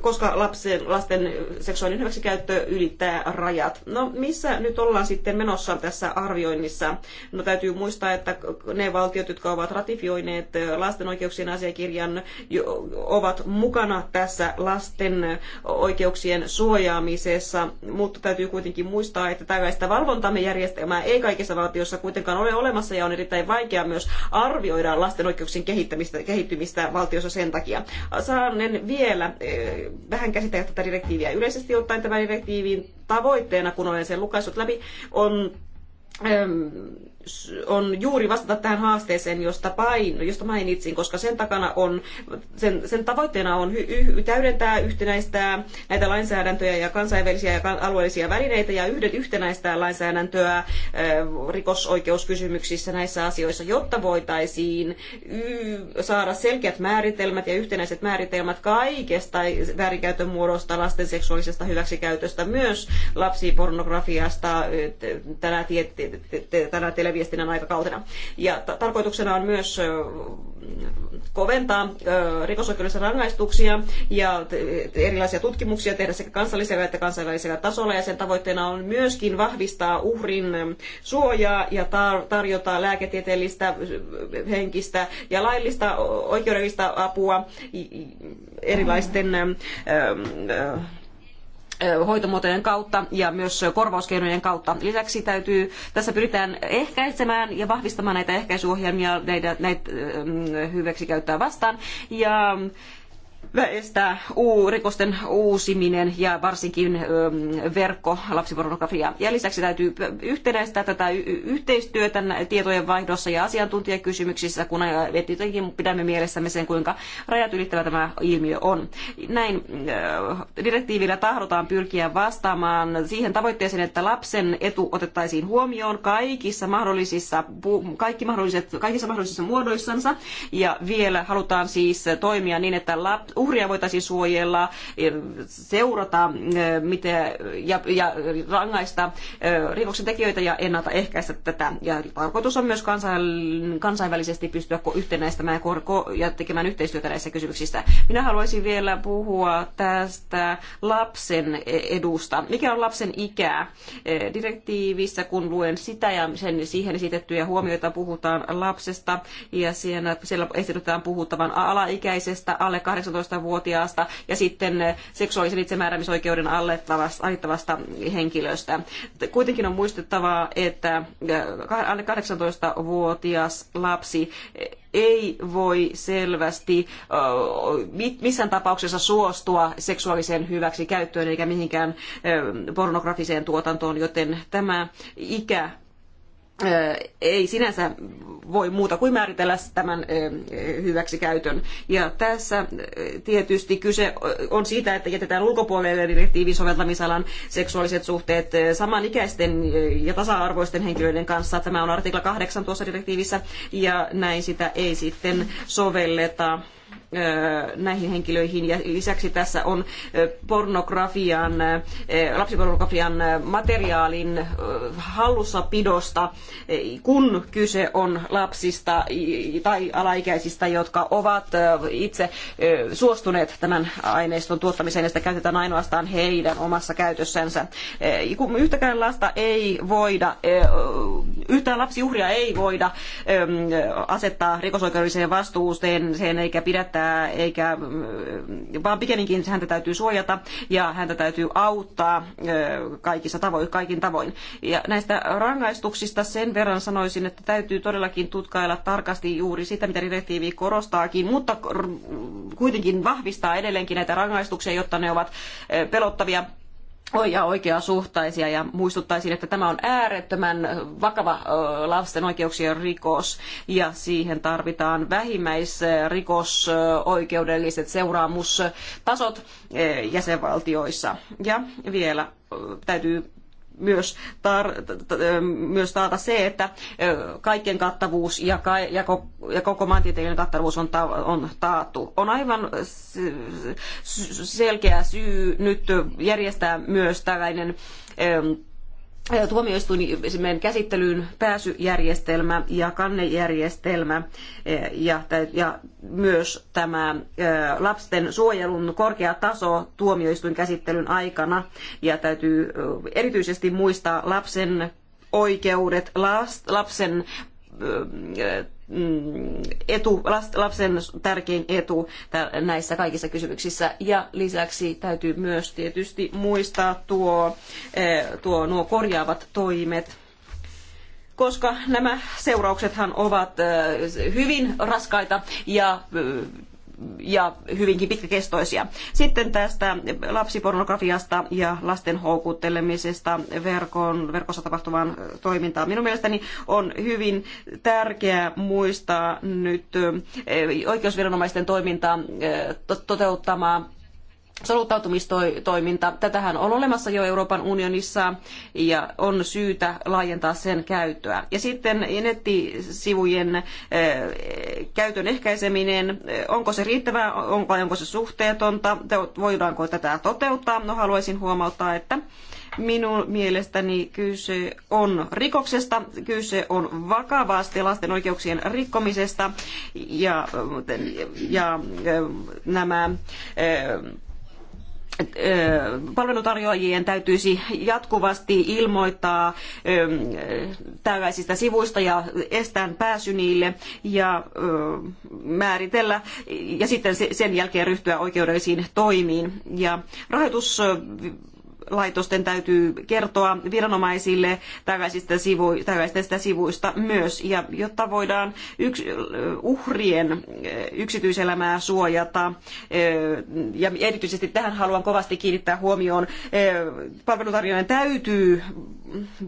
koska lapsen, lasten seksuaalinen hyväksikäyttö ylittää rajat. No missä nyt ollaan sitten menossa tässä arvioinnissa? No täytyy muistaa, että ne valtiot, jotka ovat ratifioineet lasten oikeuksien asiakirjan, ovat mukana tässä lasten oikeuksien suojaamisessa, mutta täytyy kuitenkin muistaa, että tällaista valvontamme järjestelmää ei kaikissa valtioissa kuitenkaan ole olemassa ja on erittäin erittäin vaikea myös arvioida lasten oikeuksien kehittämistä, kehittymistä valtiossa sen takia. Saanen vielä eh, vähän käsitellä tätä direktiiviä yleisesti ottaen tämän direktiivin tavoitteena, kun olen sen lukaissut läpi, on on juuri vastata tähän haasteeseen, josta, pain, josta mainitsin, koska sen takana on, sen, sen tavoitteena on hy, hy, täydentää, yhtenäistää näitä lainsäädäntöjä ja kansainvälisiä ja alueellisia välineitä ja yhden, yhtenäistää lainsäädäntöä äh, rikosoikeuskysymyksissä näissä asioissa, jotta voitaisiin y, saada selkeät määritelmät ja yhtenäiset määritelmät kaikesta väärinkäytön muodosta, lasten seksuaalisesta hyväksikäytöstä, myös lapsipornografiasta, äh, tänä, tänä televisiossa viestinnän aikakautena. Ja tarkoituksena on myös koventaa rikosoikeudellisia rangaistuksia ja erilaisia tutkimuksia tehdä sekä kansallisella että kansainvälisellä tasolla. Ja sen tavoitteena on myöskin vahvistaa uhrin suojaa ja tarjota lääketieteellistä, henkistä ja laillista oikeudellista apua erilaisten hoitomuotojen kautta ja myös korvauskeinojen kautta. Lisäksi täytyy, tässä pyritään ehkäisemään ja vahvistamaan näitä ehkäisyohjelmia, näitä, näitä hyväksi käyttää vastaan. Ja estää rikosten uusiminen ja varsinkin verkko lapsipornografia. Ja lisäksi täytyy yhtenäistää tätä yhteistyötä tietojen vaihdossa ja asiantuntijakysymyksissä, kun tietenkin pidämme mielessämme sen, kuinka rajat ylittävä tämä ilmiö on. Näin direktiivillä tahdotaan pyrkiä vastaamaan siihen tavoitteeseen, että lapsen etu otettaisiin huomioon kaikissa mahdollisissa, kaikki mahdolliset, kaikissa mahdollisissa muodoissansa ja vielä halutaan siis toimia niin, että lap, uhria voitaisiin suojella, eh, seurata eh, miten ja, ja rangaista eh, rikoksen tekijöitä ja ennaltaehkäistä tätä. Ja tarkoitus on myös kansainvälisesti pystyä yhtenäistämään ja tekemään yhteistyötä näissä kysymyksissä. Minä haluaisin vielä puhua tästä lapsen e-, edusta. Mikä on lapsen ikä? Direktiivissä, kun luen sitä ja sen siihen esitettyjä huomioita, puhutaan lapsesta ja siellä, siellä esitetään puhuttavan alaikäisestä alle 18 16-vuotiaasta ja sitten seksuaalisen itsemääräämisoikeuden alle alittavasta henkilöstä. Kuitenkin on muistettava, että alle 18-vuotias lapsi ei voi selvästi missään tapauksessa suostua seksuaaliseen hyväksikäyttöön eikä mihinkään pornografiseen tuotantoon, joten tämä ikä ei sinänsä voi muuta kuin määritellä tämän hyväksikäytön. Ja tässä tietysti kyse on siitä, että jätetään ulkopuolelle direktiivin soveltamisalan seksuaaliset suhteet samanikäisten ja tasa-arvoisten henkilöiden kanssa. Tämä on artikla 8 tuossa direktiivissä ja näin sitä ei sitten sovelleta näihin henkilöihin. Ja lisäksi tässä on pornografian, lapsipornografian materiaalin hallussapidosta, kun kyse on lapsista tai alaikäisistä, jotka ovat itse suostuneet tämän aineiston tuottamiseen ja sitä käytetään ainoastaan heidän omassa käytössänsä. Yhtäkään lasta ei voida, yhtään lapsiuhria ei voida asettaa rikosoikeudelliseen vastuuseen eikä pidättää eikä, vaan pikemminkin häntä täytyy suojata ja häntä täytyy auttaa kaikissa tavoin, kaikin tavoin. Ja näistä rangaistuksista sen verran sanoisin, että täytyy todellakin tutkailla tarkasti juuri sitä, mitä direktiivi korostaakin, mutta kuitenkin vahvistaa edelleenkin näitä rangaistuksia, jotta ne ovat pelottavia ja oikeasuhtaisia ja muistuttaisin, että tämä on äärettömän vakava lasten oikeuksien rikos ja siihen tarvitaan vähimmäisrikosoikeudelliset seuraamustasot e, jäsenvaltioissa. Ja vielä täytyy myös, tar- myös taata se, että kaiken kattavuus ja, ka- ja, ko- ja koko maantieteellinen kattavuus on, ta- on taattu. On aivan selkeä syy nyt järjestää myös tällainen tuomioistuimen käsittelyyn pääsyjärjestelmä ja kannejärjestelmä e, ja, ja myös tämä e, lapsen suojelun korkea taso tuomioistuinkäsittelyn aikana. Ja täytyy e, erityisesti muistaa lapsen oikeudet, lapsen Mm, etu, lapsen tärkein etu näissä kaikissa kysymyksissä. Ja lisäksi täytyy myös tietysti muistaa tuo, eh, tuo nuo korjaavat toimet, koska nämä seurauksethan ovat eh, hyvin raskaita ja eh, ja hyvinkin pitkäkestoisia. Sitten tästä lapsipornografiasta ja lasten houkuttelemisesta verkon, verkossa tapahtuvaan toimintaan. Minun mielestäni on hyvin tärkeää muistaa nyt eh, oikeusviranomaisten toimintaa eh, toteuttamaan soluttautumistoiminta. Tätähän on olemassa jo Euroopan unionissa ja on syytä laajentaa sen käyttöä. Ja sitten nettisivujen eh, käytön ehkäiseminen, onko se riittävää, onko, onko se suhteetonta, voidaanko tätä toteuttaa? No haluaisin huomauttaa, että minun mielestäni kyse on rikoksesta, kyse on vakavasti lasten oikeuksien rikkomisesta ja, ja eh, nämä eh, palveluntarjoajien täytyisi jatkuvasti ilmoittaa tällaisista sivuista ja estää pääsy niille ja määritellä ja sitten sen jälkeen ryhtyä oikeudellisiin toimiin. Ja rahoitus laitosten täytyy kertoa viranomaisille tällaisista, sivu, tällaisista sivuista myös, ja jotta voidaan yks, uhrien eh, yksityiselämää suojata. Eh, ja erityisesti tähän haluan kovasti kiinnittää huomioon. Eh, Palvelutarjoajan täytyy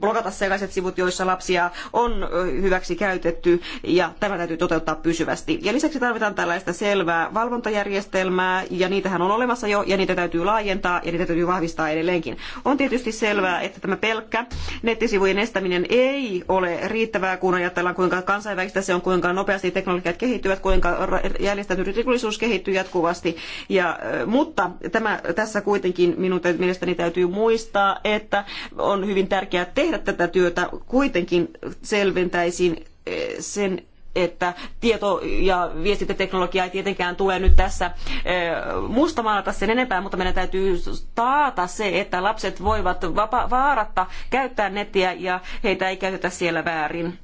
blokata sellaiset sivut, joissa lapsia on hyväksi käytetty, ja tämä täytyy toteuttaa pysyvästi. Ja lisäksi tarvitaan tällaista selvää valvontajärjestelmää, ja niitähän on olemassa jo, ja niitä täytyy laajentaa, ja niitä täytyy vahvistaa edelleenkin kuitenkin. On tietysti selvää, että tämä pelkkä nettisivujen estäminen ei ole riittävää, kun ajatellaan kuinka kansainvälistä se on, kuinka nopeasti teknologiat kehittyvät, kuinka järjestäytynyt rikollisuus kehittyy jatkuvasti. Ja, mutta tämä, tässä kuitenkin minun mielestäni täytyy muistaa, että on hyvin tärkeää tehdä tätä työtä kuitenkin selventäisin sen että tieto- ja viestintäteknologia ei tietenkään tule nyt tässä mustamaalata sen enempää, mutta meidän täytyy taata se, että lapset voivat vaaratta käyttää nettiä ja heitä ei käytetä siellä väärin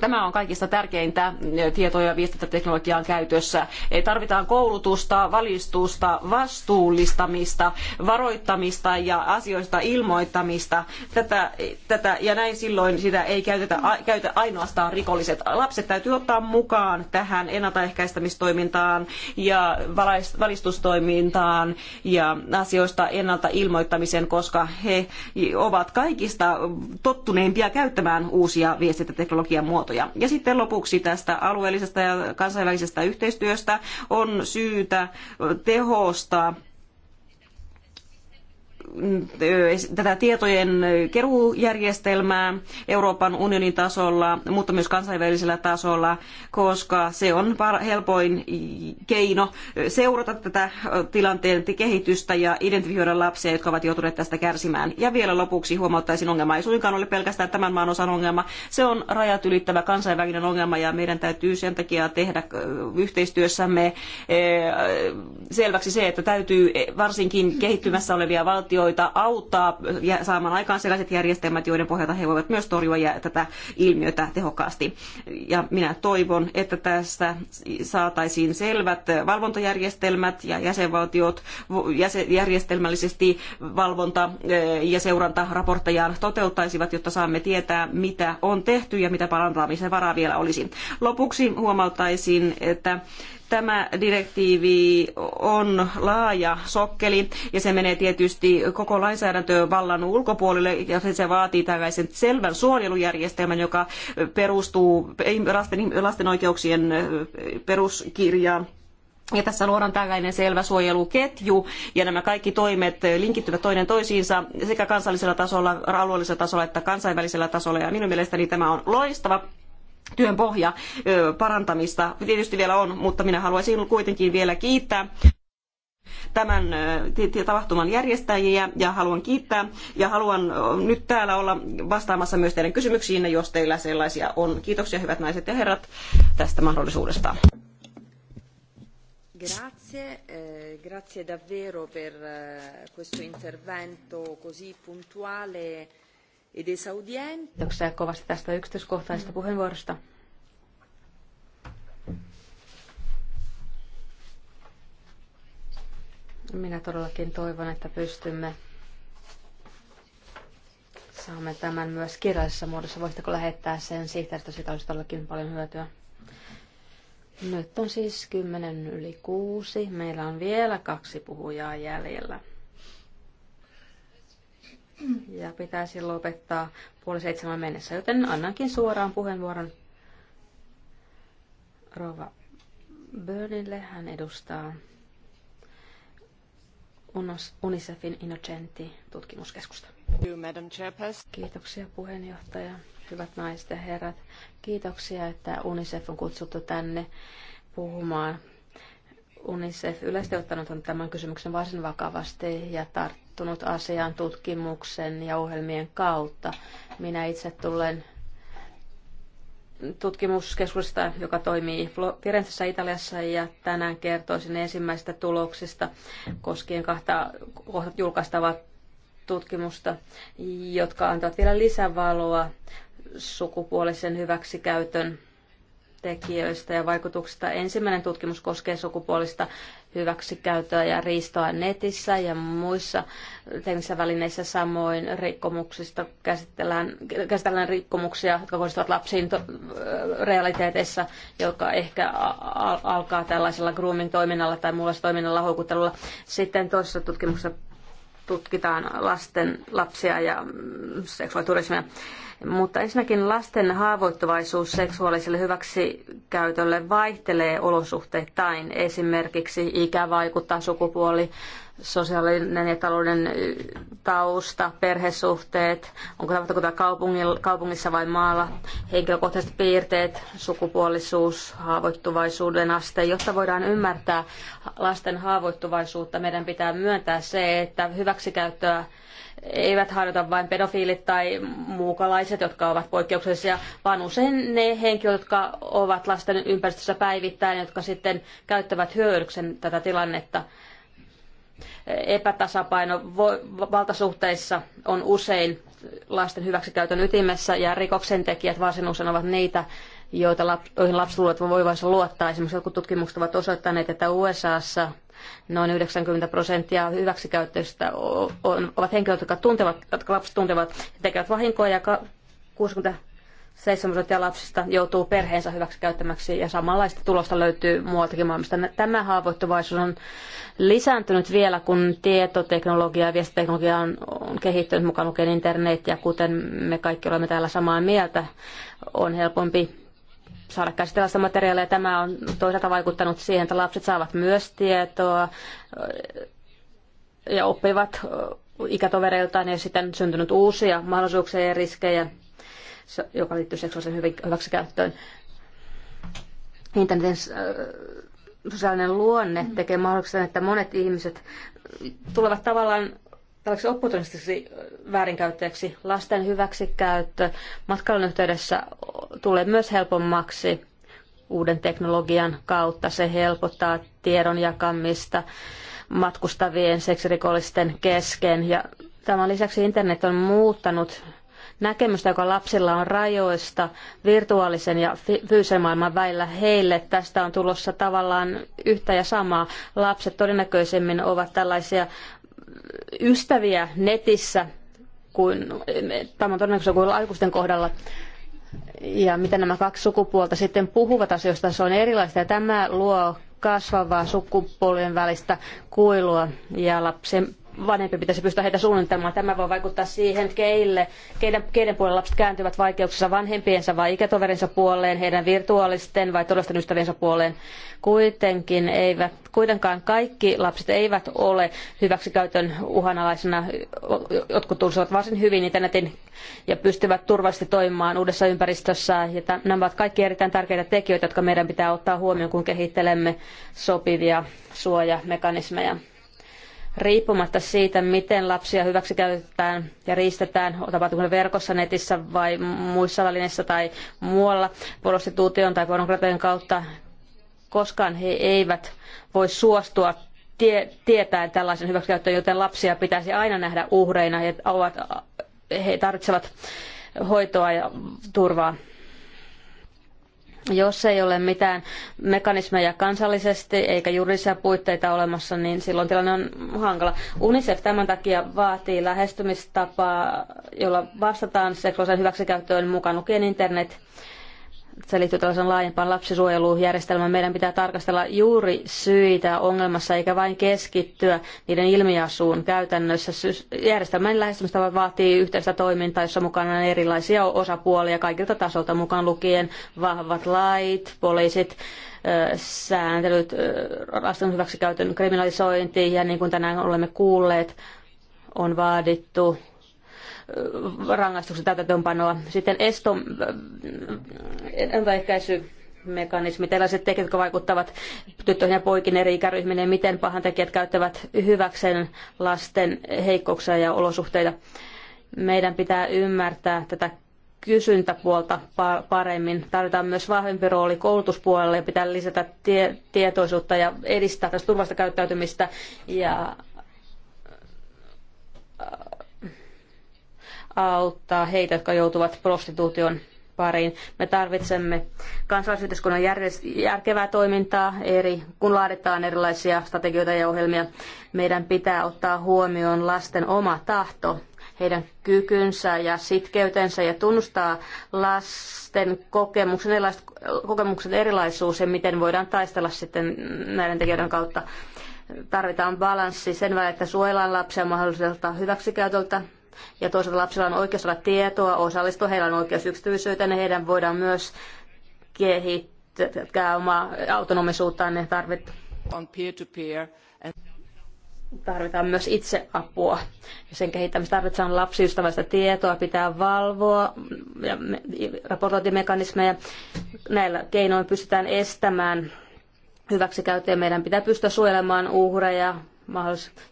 Tämä on kaikista tärkeintä eh, tieto- ja viestintäteknologian käytössä. Eh, tarvitaan koulutusta, valistusta, vastuullistamista, varoittamista ja asioista ilmoittamista. Tätä, eh, tätä, ja näin silloin sitä ei käytetä, käytä ainoastaan rikolliset. Lapset täytyy ottaa mukaan tähän ennaltaehkäistämistoimintaan ja valistustoimintaan ja asioista ennalta ilmoittamisen, koska he ovat kaikista tottuneimpia käyttämään uusia viestintäteknologian muotoja muotoja. Ja sitten lopuksi tästä alueellisesta ja kansainvälisestä yhteistyöstä on syytä tehostaa Mm, tätä tietojen keruujärjestelmää Euroopan unionin tasolla, mutta myös kansainvälisellä tasolla, koska se on helpoin keino seurata tätä tilanteen kehitystä ja identifioida lapsia, jotka ovat joutuneet tästä kärsimään. Ja vielä lopuksi huomauttaisin ongelma. Ei suinkaan ole pelkästään tämän maan osan ongelma. Se on rajat ylittävä kansainvälinen ongelma ja meidän täytyy sen takia tehdä yhteistyössämme selväksi se, että täytyy e, varsinkin kehittymässä olevia valtioita valtioita auttaa saamaan aikaan sellaiset järjestelmät, joiden pohjalta he voivat myös torjua tätä ilmiötä tehokkaasti. Ja minä toivon, että tässä saataisiin selvät valvontajärjestelmät ja jäsenvaltiot järjestelmällisesti valvonta- ja seurantaraporttejaan toteuttaisivat, jotta saamme tietää, mitä on tehty ja mitä parantamisen varaa vielä olisi. Lopuksi huomauttaisin, että Tämä direktiivi on laaja sokkeli ja se menee tietysti koko lainsäädäntövallan ulkopuolelle ja se vaatii tällaisen selvän suojelujärjestelmän, joka perustuu lasten, lasten oikeuksien peruskirjaan. Ja tässä luodaan tällainen selvä suojeluketju ja nämä kaikki toimet linkittyvät toinen toisiinsa sekä kansallisella tasolla, alueellisella tasolla että kansainvälisellä tasolla. Ja minun mielestäni tämä on loistava työn pohja parantamista tietysti vielä on, mutta minä haluaisin kuitenkin vielä kiittää tämän tapahtuman järjestäjiä ja haluan kiittää ja haluan nyt täällä olla vastaamassa myös teidän kysymyksiinne, jos teillä sellaisia on. Kiitoksia hyvät naiset ja herrat tästä mahdollisuudesta.
Grazie, eh, grazie davvero per eh, questo intervento così puntuale Kiitoksia
kovasti tästä yksityiskohtaisesta mm. puheenvuorosta. Minä todellakin toivon, että pystymme saamme tämän myös kirjallisessa muodossa. Voisitteko lähettää sen sihteeristä? Siitä olisi todellakin paljon hyötyä. Nyt on siis kymmenen yli kuusi, Meillä on vielä kaksi puhujaa jäljellä ja pitäisi lopettaa puoli seitsemän mennessä, joten annankin suoraan puheenvuoron Rova Burnille. Hän edustaa UNICEFin Innocenti-tutkimuskeskusta. Kiitoksia puheenjohtaja, hyvät naiset ja herrat. Kiitoksia, että UNICEF on kutsuttu tänne puhumaan UNICEF yleisesti ottanut on tämän kysymyksen varsin vakavasti ja tarttunut asiaan tutkimuksen ja ohjelmien kautta. Minä itse tulen tutkimuskeskuksesta, joka toimii Firenzessä Italiassa ja tänään kertoisin ensimmäisistä tuloksista koskien kahta kohta julkaistavaa tutkimusta, jotka antavat vielä lisävaloa sukupuolisen hyväksikäytön tekijöistä ja vaikutuksista. Ensimmäinen tutkimus koskee sukupuolista hyväksikäyttöä ja riistoa netissä ja muissa teknisissä välineissä samoin rikkomuksista käsitellään, käsitellään rikkomuksia, jotka kohdistuvat lapsiin to- realiteeteissa, joka ehkä alkaa tällaisella grooming-toiminnalla tai muulla toiminnalla houkuttelulla. Sitten toisessa tutkimuksessa tutkitaan lasten, lapsia ja seksuaaliturismia. Mutta ensinnäkin lasten haavoittuvaisuus seksuaaliselle hyväksikäytölle vaihtelee olosuhteittain. Esimerkiksi ikä vaikuttaa sukupuoli, sosiaalinen ja talouden tausta, perhesuhteet, onko tapahtunut kaupungissa vai maalla, henkilökohtaiset piirteet, sukupuolisuus, haavoittuvaisuuden aste. Jotta voidaan ymmärtää lasten haavoittuvaisuutta, meidän pitää myöntää se, että hyväksikäyttöä eivät harjoita vain pedofiilit tai muukalaiset, jotka ovat poikkeuksellisia, vaan usein ne henkilöt, jotka ovat lasten ympäristössä päivittäin, jotka sitten käyttävät hyödyksen tätä tilannetta. Epätasapaino valtasuhteissa on usein lasten hyväksikäytön ytimessä ja rikoksentekijät varsin usein ovat niitä, joita lap, joihin voivansa luottaa. Esimerkiksi jotkut tutkimukset ovat osoittaneet, että USAssa noin 90 prosenttia hyväksikäyttäjistä ovat henkilöt, jotka, tuntevat, jotka lapset tuntevat ja tekevät vahinkoa ja 60 prosenttia lapsista joutuu perheensä hyväksikäyttämäksi ja samanlaista tulosta löytyy muualtakin maailmasta. Tämä haavoittuvaisuus on lisääntynyt vielä, kun tietoteknologia ja viestiteknologia on, on kehittynyt mukaan lukien internet ja kuten me kaikki olemme täällä samaa mieltä, on helpompi saada käsitellä sitä materiaalia. Tämä on toisaalta vaikuttanut siihen, että lapset saavat myös tietoa ja oppivat ikätovereiltaan ja sitten syntynyt uusia mahdollisuuksia ja riskejä joka liittyy seksuaalisen hyväksikäyttöön. Internetin äh, sosiaalinen luonne mm. tekee mahdolliseksi että monet ihmiset tulevat tavallaan tällaiseksi opportunistiseksi äh, väärinkäyttäjäksi. Lasten hyväksikäyttö matkailun yhteydessä tulee myös helpommaksi uuden teknologian kautta. Se helpottaa tiedon jakamista matkustavien seksirikollisten kesken ja tämän lisäksi internet on muuttanut näkemystä, joka lapsilla on rajoista virtuaalisen ja fyysisen maailman välillä heille. Tästä on tulossa tavallaan yhtä ja samaa. Lapset todennäköisemmin ovat tällaisia ystäviä netissä kuin, tämä on todennäköisesti kuin aikuisten kohdalla ja miten nämä kaksi sukupuolta sitten puhuvat asioista, se on erilaista ja tämä luo kasvavaa sukupuolien välistä kuilua ja lapsen vanhempi pitäisi pystyä heitä suunnittelemaan. Tämä voi vaikuttaa siihen, keille, keiden, keiden puolelle lapset kääntyvät vaikeuksissa vanhempiensa vai ikätoverinsa puoleen, heidän virtuaalisten vai todellisten ystäviensä puoleen. Kuitenkin eivät, kuitenkaan kaikki lapset eivät ole hyväksikäytön uhanalaisena. Jotkut tunsivat varsin hyvin internetin ja pystyvät turvallisesti toimimaan uudessa ympäristössä. Ja tämän, nämä ovat kaikki erittäin tärkeitä tekijöitä, jotka meidän pitää ottaa huomioon, kun kehittelemme sopivia suojamekanismeja riippumatta siitä, miten lapsia hyväksikäytetään ja riistetään, tapahtuuko ne verkossa, netissä vai muissa välineissä tai muualla, prostituution tai pornografian kautta, koskaan he eivät voi suostua tie, tietäen tällaisen hyväksikäyttöön, joten lapsia pitäisi aina nähdä uhreina. He, he tarvitsevat hoitoa ja turvaa. Jos ei ole mitään mekanismeja kansallisesti eikä juridisia puitteita olemassa, niin silloin tilanne on hankala. UNICEF tämän takia vaatii lähestymistapaa, jolla vastataan seksuaalisen hyväksikäyttöön mukaan lukien internet se liittyy tällaisen laajempaan lapsisuojelujärjestelmään. Meidän pitää tarkastella juuri syitä ongelmassa, eikä vain keskittyä niiden ilmiasuun käytännössä. Järjestelmän lähestymistapa vaatii yhteistä toimintaa, jossa mukana on erilaisia osapuolia kaikilta tasolta, mukaan lukien vahvat lait, poliisit, sääntelyt, lasten hyväksikäytön kriminalisointi ja niin kuin tänään olemme kuulleet, on vaadittu rangaistuksen täytäntöönpanoa. Sitten eston äh, ennaltaehkäisy mekanismit, erilaiset tekijät, jotka vaikuttavat tyttöihin ja poikin eri ikäryhmiin, ja miten pahantekijät käyttävät hyväkseen lasten heikkouksia ja olosuhteita. Meidän pitää ymmärtää tätä kysyntäpuolta paremmin. Tarvitaan myös vahvempi rooli koulutuspuolelle ja pitää lisätä tie- tietoisuutta ja edistää tästä turvasta käyttäytymistä ja auttaa heitä, jotka joutuvat prostituution pariin. Me tarvitsemme kansalaisyhteiskunnan järkevää toimintaa, eri, kun laaditaan erilaisia strategioita ja ohjelmia. Meidän pitää ottaa huomioon lasten oma tahto, heidän kykynsä ja sitkeytensä ja tunnustaa lasten kokemuksen, erilais, kokemuksen erilaisuus ja miten voidaan taistella sitten näiden tekijöiden kautta. Tarvitaan balanssi sen välillä, että suojellaan lapsia mahdolliselta hyväksikäytöltä ja toisaalta lapsilla on oikeus saada tietoa, osallistua, heillä on oikeus yksityisyyteen ja niin heidän voidaan myös kehittää omaa autonomisuuttaan ne niin tarvit. On peer to peer tarvitaan myös itseapua. Ja sen kehittämistä tarvitaan lapsiystävällistä tietoa, pitää valvoa ja raportointimekanismeja. Näillä keinoin pystytään estämään hyväksikäyttöä. Meidän pitää pystyä suojelemaan uhreja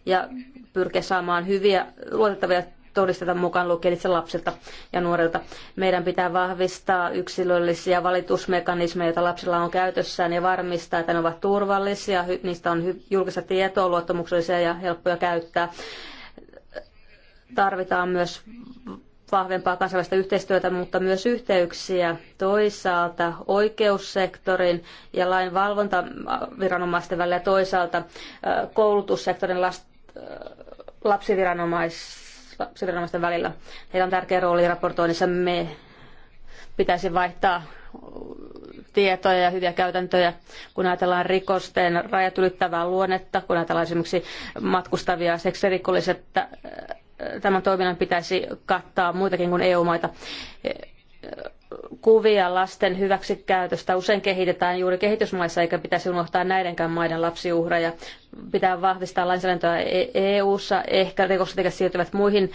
ja pyrkiä saamaan hyviä luotettavia todisteta mukaan lukien itse lapsilta ja nuorilta. Meidän pitää vahvistaa yksilöllisiä valitusmekanismeja, joita lapsilla on käytössään ja varmistaa, että ne ovat turvallisia, niistä on julkista tietoa, luottamuksellisia ja helppoja käyttää. Tarvitaan myös vahvempaa kansainvälistä yhteistyötä, mutta myös yhteyksiä toisaalta oikeussektorin ja lainvalvontaviranomaisten välillä ja toisaalta koulutussektorin last, lapsiviranomaisten viranomaisten välillä. Heillä on tärkeä rooli raportoinnissa. Me pitäisi vaihtaa tietoja ja hyviä käytäntöjä, kun ajatellaan rikosten rajat ylittävää luonnetta, kun ajatellaan esimerkiksi matkustavia seksirikolliset, äh, tämän toiminnan pitäisi kattaa muitakin kuin EU-maita kuvia lasten hyväksikäytöstä usein kehitetään juuri kehitysmaissa, eikä pitäisi unohtaa näidenkään maiden lapsiuhreja. Pitää vahvistaa lainsäädäntöä EU-ssa, e ehkä rikokset siirtyvät muihin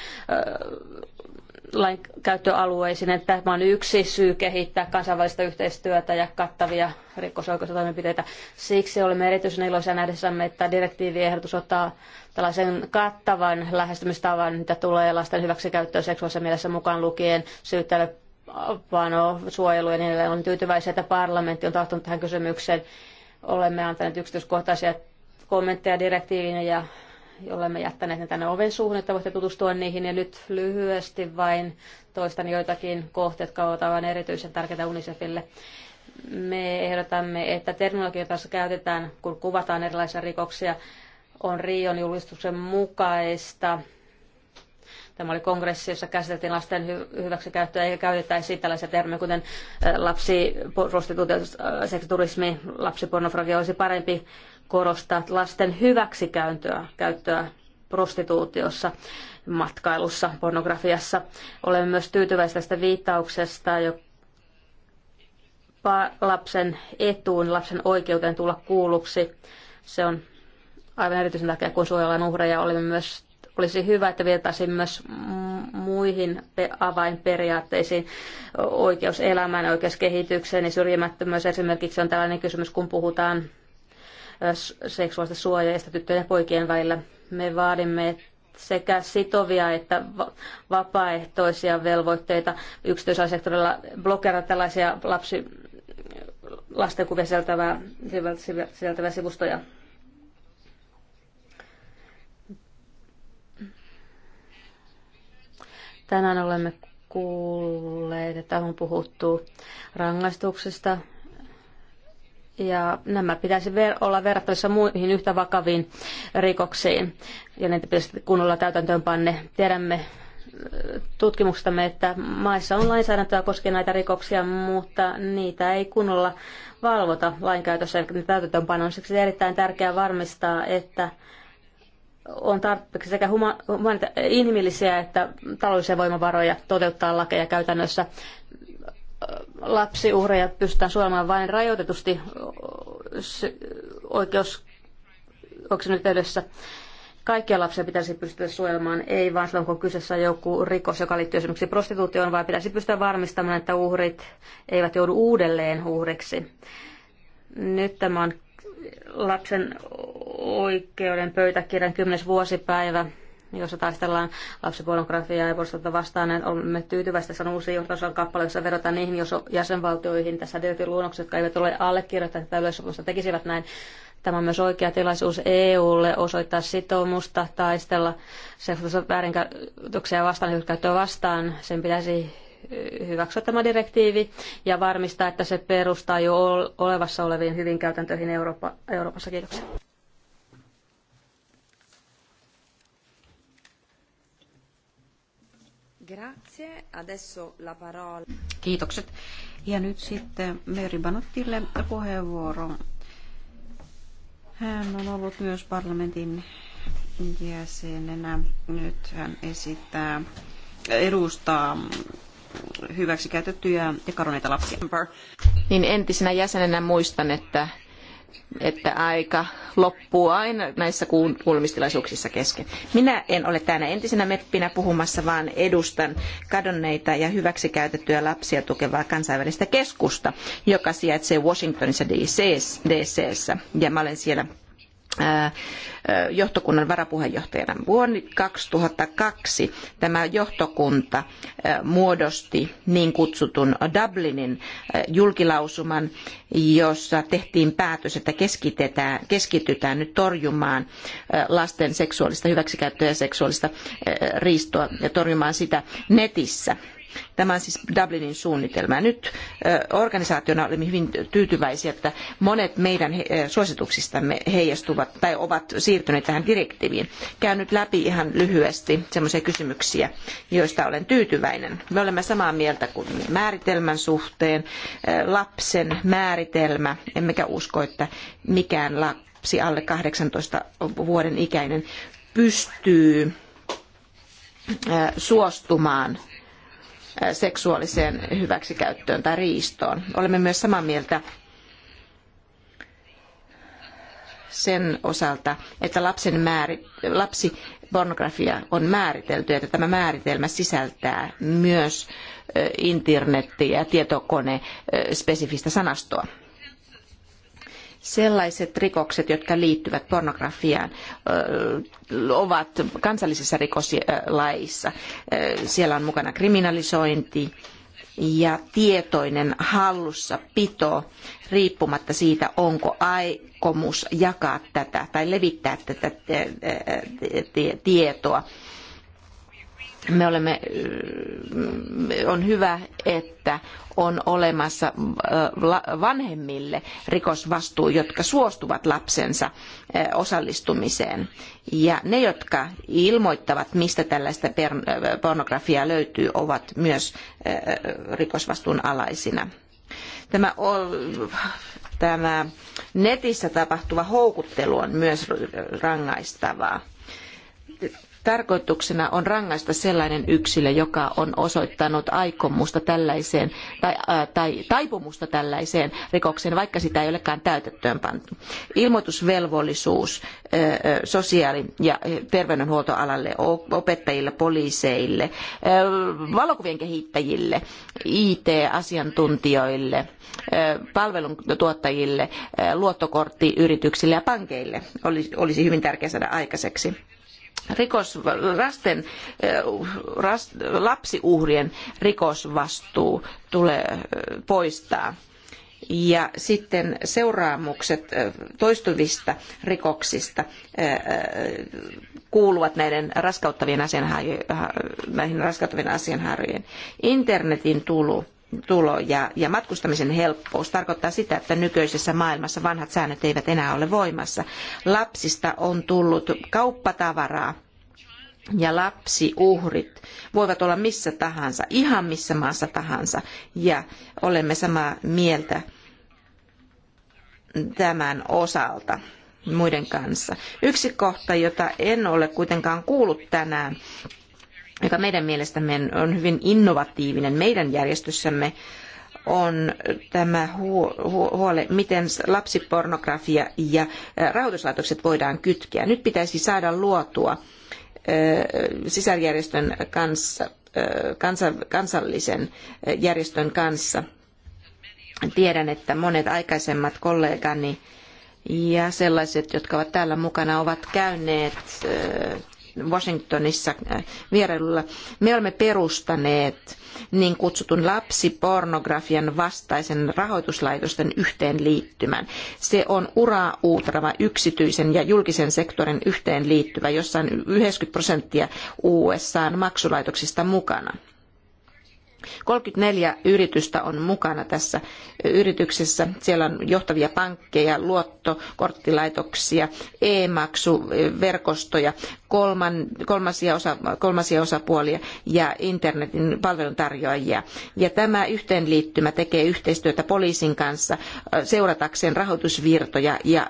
lainkäyttöalueisiin. Tämä on yksi syy kehittää kansainvälistä yhteistyötä ja kattavia rikosoikeustoimenpiteitä. Siksi olemme erityisen iloisia nähdessämme, että direktiiviehdotus ottaa tällaisen kattavan lähestymistavan, mitä tulee lasten hyväksikäyttöön seksuaalisessa mielessä mukaan lukien syyttäjälle täytäntöönpano, suojelu ja niin edelleen. Olen tyytyväisiä, että parlamentti on tahtonut tähän kysymykseen. Olemme antaneet yksityiskohtaisia kommentteja direktiiviin ja olemme jättäneet ne tänne oven suuhun, että voitte tutustua niihin. Ja nyt lyhyesti vain toistan joitakin kohteita jotka ovat aivan erityisen tärkeitä UNICEFille. Me ehdotamme, että terminologia, jota käytetään, kun kuvataan erilaisia rikoksia, on Rion julistuksen mukaista Tämä oli kongressi, jossa käsiteltiin lasten hyväksikäyttöä eikä käytettäisi tällaisia termejä, kuten äh, lapsi, äh, seksiturismi, lapsipornografia olisi parempi korostaa lasten hyväksikäyttöä käyttöä prostituutiossa, matkailussa, pornografiassa. Olemme myös tyytyväisiä tästä viittauksesta, joka lapsen etuun, lapsen oikeuteen tulla kuulluksi. Se on aivan erityisen tärkeää, kun suojellaan uhreja. Olemme myös olisi hyvä, että vietäisiin myös muihin avainperiaatteisiin, oikeus elämään, oikeus kehitykseen ja syrjimättömyys. Esimerkiksi on tällainen kysymys, kun puhutaan seksuaalista suojaista tyttöjen ja poikien välillä. Me vaadimme sekä sitovia että vapaaehtoisia velvoitteita yksityisellä sektorilla blokerata tällaisia lapsi, lastenkuvia sieltävää, sieltävää sivustoja Tänään olemme kuulleet, että on puhuttu rangaistuksesta, ja nämä pitäisi olla verrattavissa muihin yhtä vakaviin rikoksiin, ja niitä pitäisi kunnolla täytäntöönpanne. Tiedämme
äh,
tutkimuksestamme, että maissa on lainsäädäntöä koskien näitä rikoksia, mutta niitä ei kunnolla valvota lainkäytössä, eli täytäntöönpano on siksi erittäin tärkeää varmistaa, että on tarpeeksi sekä huma, huma, inhimillisiä että taloudellisia voimavaroja toteuttaa lakeja käytännössä. Lapsiuhreja pystytään suojelemaan vain rajoitetusti oikeus, onko nyt edessä? kaikkia lapsia pitäisi pystyä suojelemaan, ei vaan silloin, kun kyseessä on joku rikos, joka liittyy esimerkiksi prostituutioon, vaan pitäisi pystyä varmistamaan, että uhrit eivät joudu uudelleen uhriksi. Nyt tämä on lapsen oikeuden pöytäkirjan 10. vuosipäivä jossa taistellaan lapsipornografiaa ja vuosilta vastaan, niin olemme tyytyväisiä. että on uusi johtosan kappale, jossa verrataan niihin jos jäsenvaltioihin tässä direktiiviluonnoksessa, jotka eivät ole allekirjoittaneet tätä yleissopimusta, tekisivät näin. Tämä on myös oikea tilaisuus EUlle osoittaa sitoumusta taistella seksuaalisen väärinkäytöksiä vastaan, hyökkäyttöä vastaan. Sen pitäisi hyväksyä tämä direktiivi ja varmistaa, että se perustaa jo olevassa oleviin hyvin käytäntöihin Eurooppa, Euroopassa. Kiitoksia.
Grazie. Adesso la parola.
Kiitokset. Ja nyt sitten Meri Banottille puheenvuoro. Hän on ollut myös parlamentin jäsenenä. Nyt hän esittää, edustaa hyväksi
käytettyjä ja karoneita lapsia. Niin entisenä jäsenenä muistan, että että aika loppuu aina näissä kuulemistilaisuuksissa kesken. Minä en ole täällä entisenä meppinä puhumassa, vaan edustan kadonneita ja hyväksikäytettyjä lapsia tukevaa kansainvälistä keskusta, joka sijaitsee Washingtonissa DCssä, ja mä olen siellä Äh, äh, johtokunnan varapuheenjohtajana. Vuonna 2002 tämä johtokunta äh, muodosti niin kutsutun Dublinin julkilausuman, jossa tehtiin päätös, että keskitytään nyt torjumaan lasten seksuaalista hyväksikäyttöä ja seksuaalista riistoa ja torjumaan sitä netissä Tämä on siis Dublinin suunnitelma. Ja nyt organisaationa olemme hyvin tyytyväisiä, että monet meidän suosituksistamme heijastuvat tai ovat siirtyneet tähän direktiiviin. Käyn nyt läpi ihan lyhyesti sellaisia kysymyksiä, joista olen tyytyväinen. Me olemme samaa mieltä kuin määritelmän suhteen, lapsen määritelmä, emmekä usko, että mikään lapsi alle 18 vuoden ikäinen pystyy suostumaan Äh, seksuaaliseen hyväksikäyttöön tai riistoon. Olemme myös samaa mieltä sen osalta, että lapsen määri, lapsipornografia on määritelty, että tämä määritelmä sisältää myös äh, internetti- ja tietokone-spesifistä äh, sanastoa sellaiset rikokset, jotka liittyvät pornografiaan, ovat kansallisissa rikoslaissa. Siellä on mukana kriminalisointi ja tietoinen hallussapito riippumatta siitä, onko aikomus jakaa tätä tai levittää tätä tietoa me olemme, on hyvä, että on olemassa vanhemmille rikosvastuu, jotka suostuvat lapsensa osallistumiseen. Ja ne, jotka ilmoittavat, mistä tällaista pornografiaa löytyy, ovat myös rikosvastuun alaisina. Tämä, tämä netissä tapahtuva houkuttelu on myös rangaistavaa Tarkoituksena on rangaista sellainen yksilö, joka on osoittanut aikomusta tällaiseen tai, ää, tai taipumusta tällaiseen rikokseen, vaikka sitä ei olekaan täytettyön pantu. Ilmoitusvelvollisuus ää, sosiaali- ja terveydenhuoltoalalle, opettajille, poliiseille, ää, valokuvien kehittäjille, IT-asiantuntijoille, palveluntuottajille, luottokorttiyrityksille ja pankeille olisi, olisi hyvin tärkeää saada aikaiseksi rikos, eh, ras, lapsiuhrien rikosvastuu tulee eh, poistaa. Ja sitten seuraamukset eh, toistuvista rikoksista kuuluvat näiden raskauttavien asianhaajojen, näihin raskauttavien asianhaarojen. Internetin tulu tulo ja, ja matkustamisen helppous tarkoittaa sitä, että nykyisessä maailmassa vanhat säännöt eivät enää ole voimassa. Lapsista on tullut kauppatavaraa ja lapsiuhrit voivat olla missä tahansa, ihan missä maassa tahansa. Ja olemme samaa mieltä tämän osalta muiden kanssa. Yksi kohta, jota en ole kuitenkaan kuullut tänään, joka meidän mielestämme on hyvin innovatiivinen meidän järjestössämme, on tämä huole, miten lapsipornografia ja rahoituslaitokset voidaan kytkeä. Nyt pitäisi saada luotua sisarjärjestön kanssa, kansallisen järjestön kanssa. Tiedän, että monet aikaisemmat kollegani ja sellaiset, jotka ovat täällä mukana, ovat käyneet Washingtonissa äh, vierailulla. Me olemme perustaneet niin kutsutun lapsipornografian vastaisen rahoituslaitosten yhteenliittymän. Se on uraa uutava yksityisen ja julkisen sektorin yhteenliittyvä, jossa on 90 prosenttia USAn maksulaitoksista mukana. 34 yritystä on mukana tässä yrityksessä. Siellä on johtavia pankkeja, luottokorttilaitoksia, e-maksuverkostoja, kolman, kolmansia, osa, kolmansia osapuolia ja internetin palveluntarjoajia. Ja tämä yhteenliittymä tekee yhteistyötä poliisin kanssa seuratakseen rahoitusvirtoja ja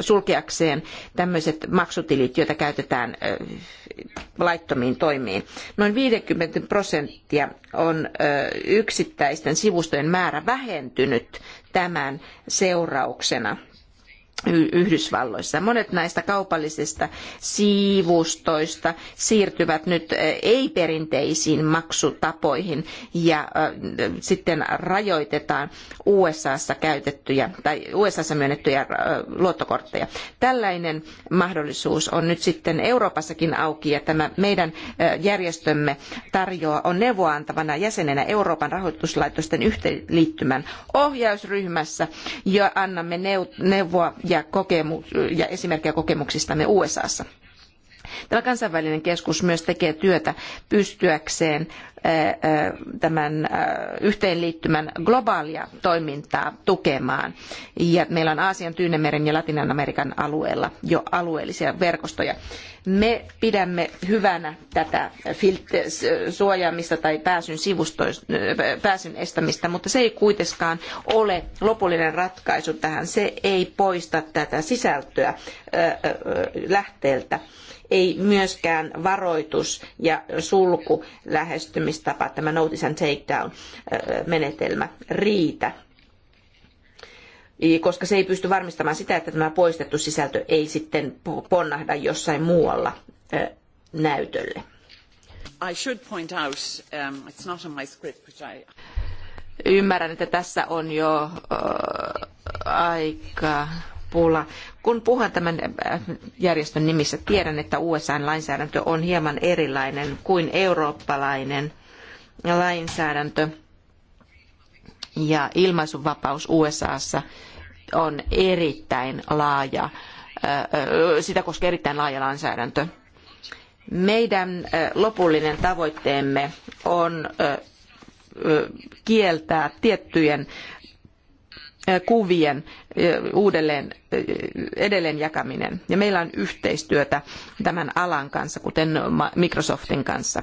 sulkeakseen tämmöiset maksutilit, joita käytetään laittomiin toimiin. Noin 50 prosenttia on yksittäisten sivustojen määrä vähentynyt tämän seurauksena Yhdysvalloissa. Monet näistä kaupallisista sivustoista siirtyvät nyt e, ei-perinteisiin maksutapoihin ja sitten rajoitetaan USAssa käytettyjä tai USAssa myönnettyjä luottokortteja. Tällainen mahdollisuus on nyt sitten Euroopassakin auki ja tämä meidän järjestömme tarjoaa on neuvoantavana jäsenenä Euroopan rahoituslaitosten yhteenliittymän ohjausryhmässä ja annamme neuvoa ja, kokemu- ja esimerkkejä kokemuksistamme USAssa. Tämä kansainvälinen keskus myös tekee työtä pystyäkseen tämän yhteenliittymän globaalia toimintaa tukemaan. Ja meillä on Aasian, Tyynemeren ja Latinan Amerikan alueella jo alueellisia verkostoja. Me pidämme hyvänä tätä suojaamista tai pääsyn, pääsyn estämistä, mutta se ei kuitenkaan ole lopullinen ratkaisu tähän. Se ei poista tätä sisältöä lähteeltä ei myöskään varoitus ja sulku lähestymistapa, tämä notice and take down menetelmä riitä koska se ei pysty varmistamaan sitä, että tämä poistettu sisältö ei sitten ponnahda jossain muualla näytölle. Ymmärrän, että tässä on jo äh, aika pula, kun puhun tämän äh, järjestön nimissä, tiedän, että USA-lainsäädäntö on hieman erilainen kuin eurooppalainen lainsäädäntö. Ja ilmaisunvapaus USAssa on erittäin laaja, äh, äh, sitä koskee erittäin laaja lainsäädäntö. Meidän lopullinen tavoitteemme on kieltää tiettyjen kuvien uudelleen jakaminen Ja meillä on yhteistyötä tämän alan kanssa, kuten Microsoftin kanssa.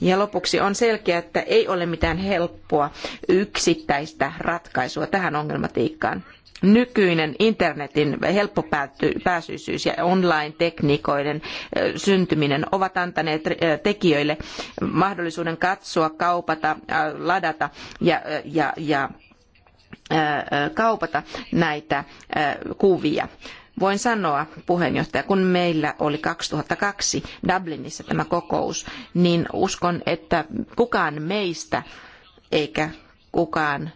Ja lopuksi on selkeää, että ei ole mitään helppoa yksittäistä ratkaisua tähän ongelmatiikkaan. Nykyinen internetin helppopääsyisyys ja online-tekniikoiden syntyminen ovat antaneet tekijöille mahdollisuuden katsoa, kaupata, ladata ja, ja, ja kaupata näitä kuvia. Voin sanoa, puheenjohtaja, kun meillä oli 2002 Dublinissa tämä kokous, niin uskon, että kukaan meistä eikä kukaan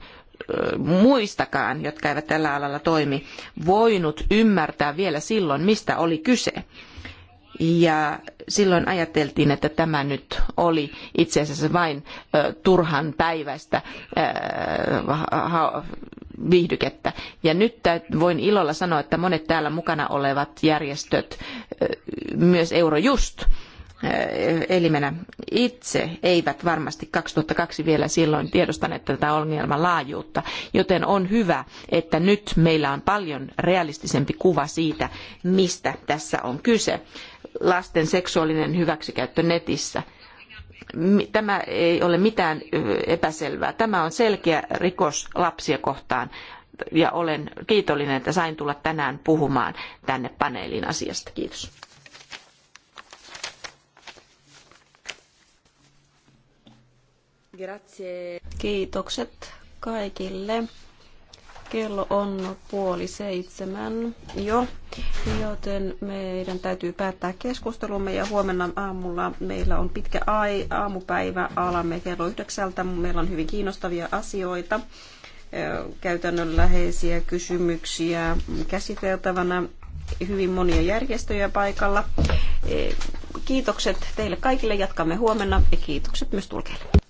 muistakaan, jotka eivät tällä alalla toimi, voinut ymmärtää vielä silloin, mistä oli kyse ja silloin ajateltiin, että tämä nyt oli itse asiassa vain turhan päiväistä viihdykettä. Ja nyt voin ilolla sanoa, että monet täällä mukana olevat järjestöt, myös Eurojust, elimenä itse eivät varmasti 2002 vielä silloin tiedostaneet tätä ongelman laajuutta, joten on hyvä, että nyt meillä on paljon realistisempi kuva siitä, mistä tässä on kyse lasten seksuaalinen hyväksikäyttö netissä. Tämä ei ole mitään epäselvää. Tämä on selkeä rikos lapsia kohtaan ja olen kiitollinen, että sain tulla tänään puhumaan tänne paneeliin asiasta. Kiitos.
Kiitokset kaikille. Kello on puoli seitsemän jo, joten meidän täytyy päättää keskustelumme ja huomenna aamulla meillä on pitkä ai, aamupäivä, alamme kello yhdeksältä. Meillä on hyvin kiinnostavia asioita, käytännönläheisiä kysymyksiä käsiteltävänä, hyvin monia järjestöjä paikalla. E, kiitokset teille kaikille, jatkamme huomenna ja kiitokset myös tulkeille.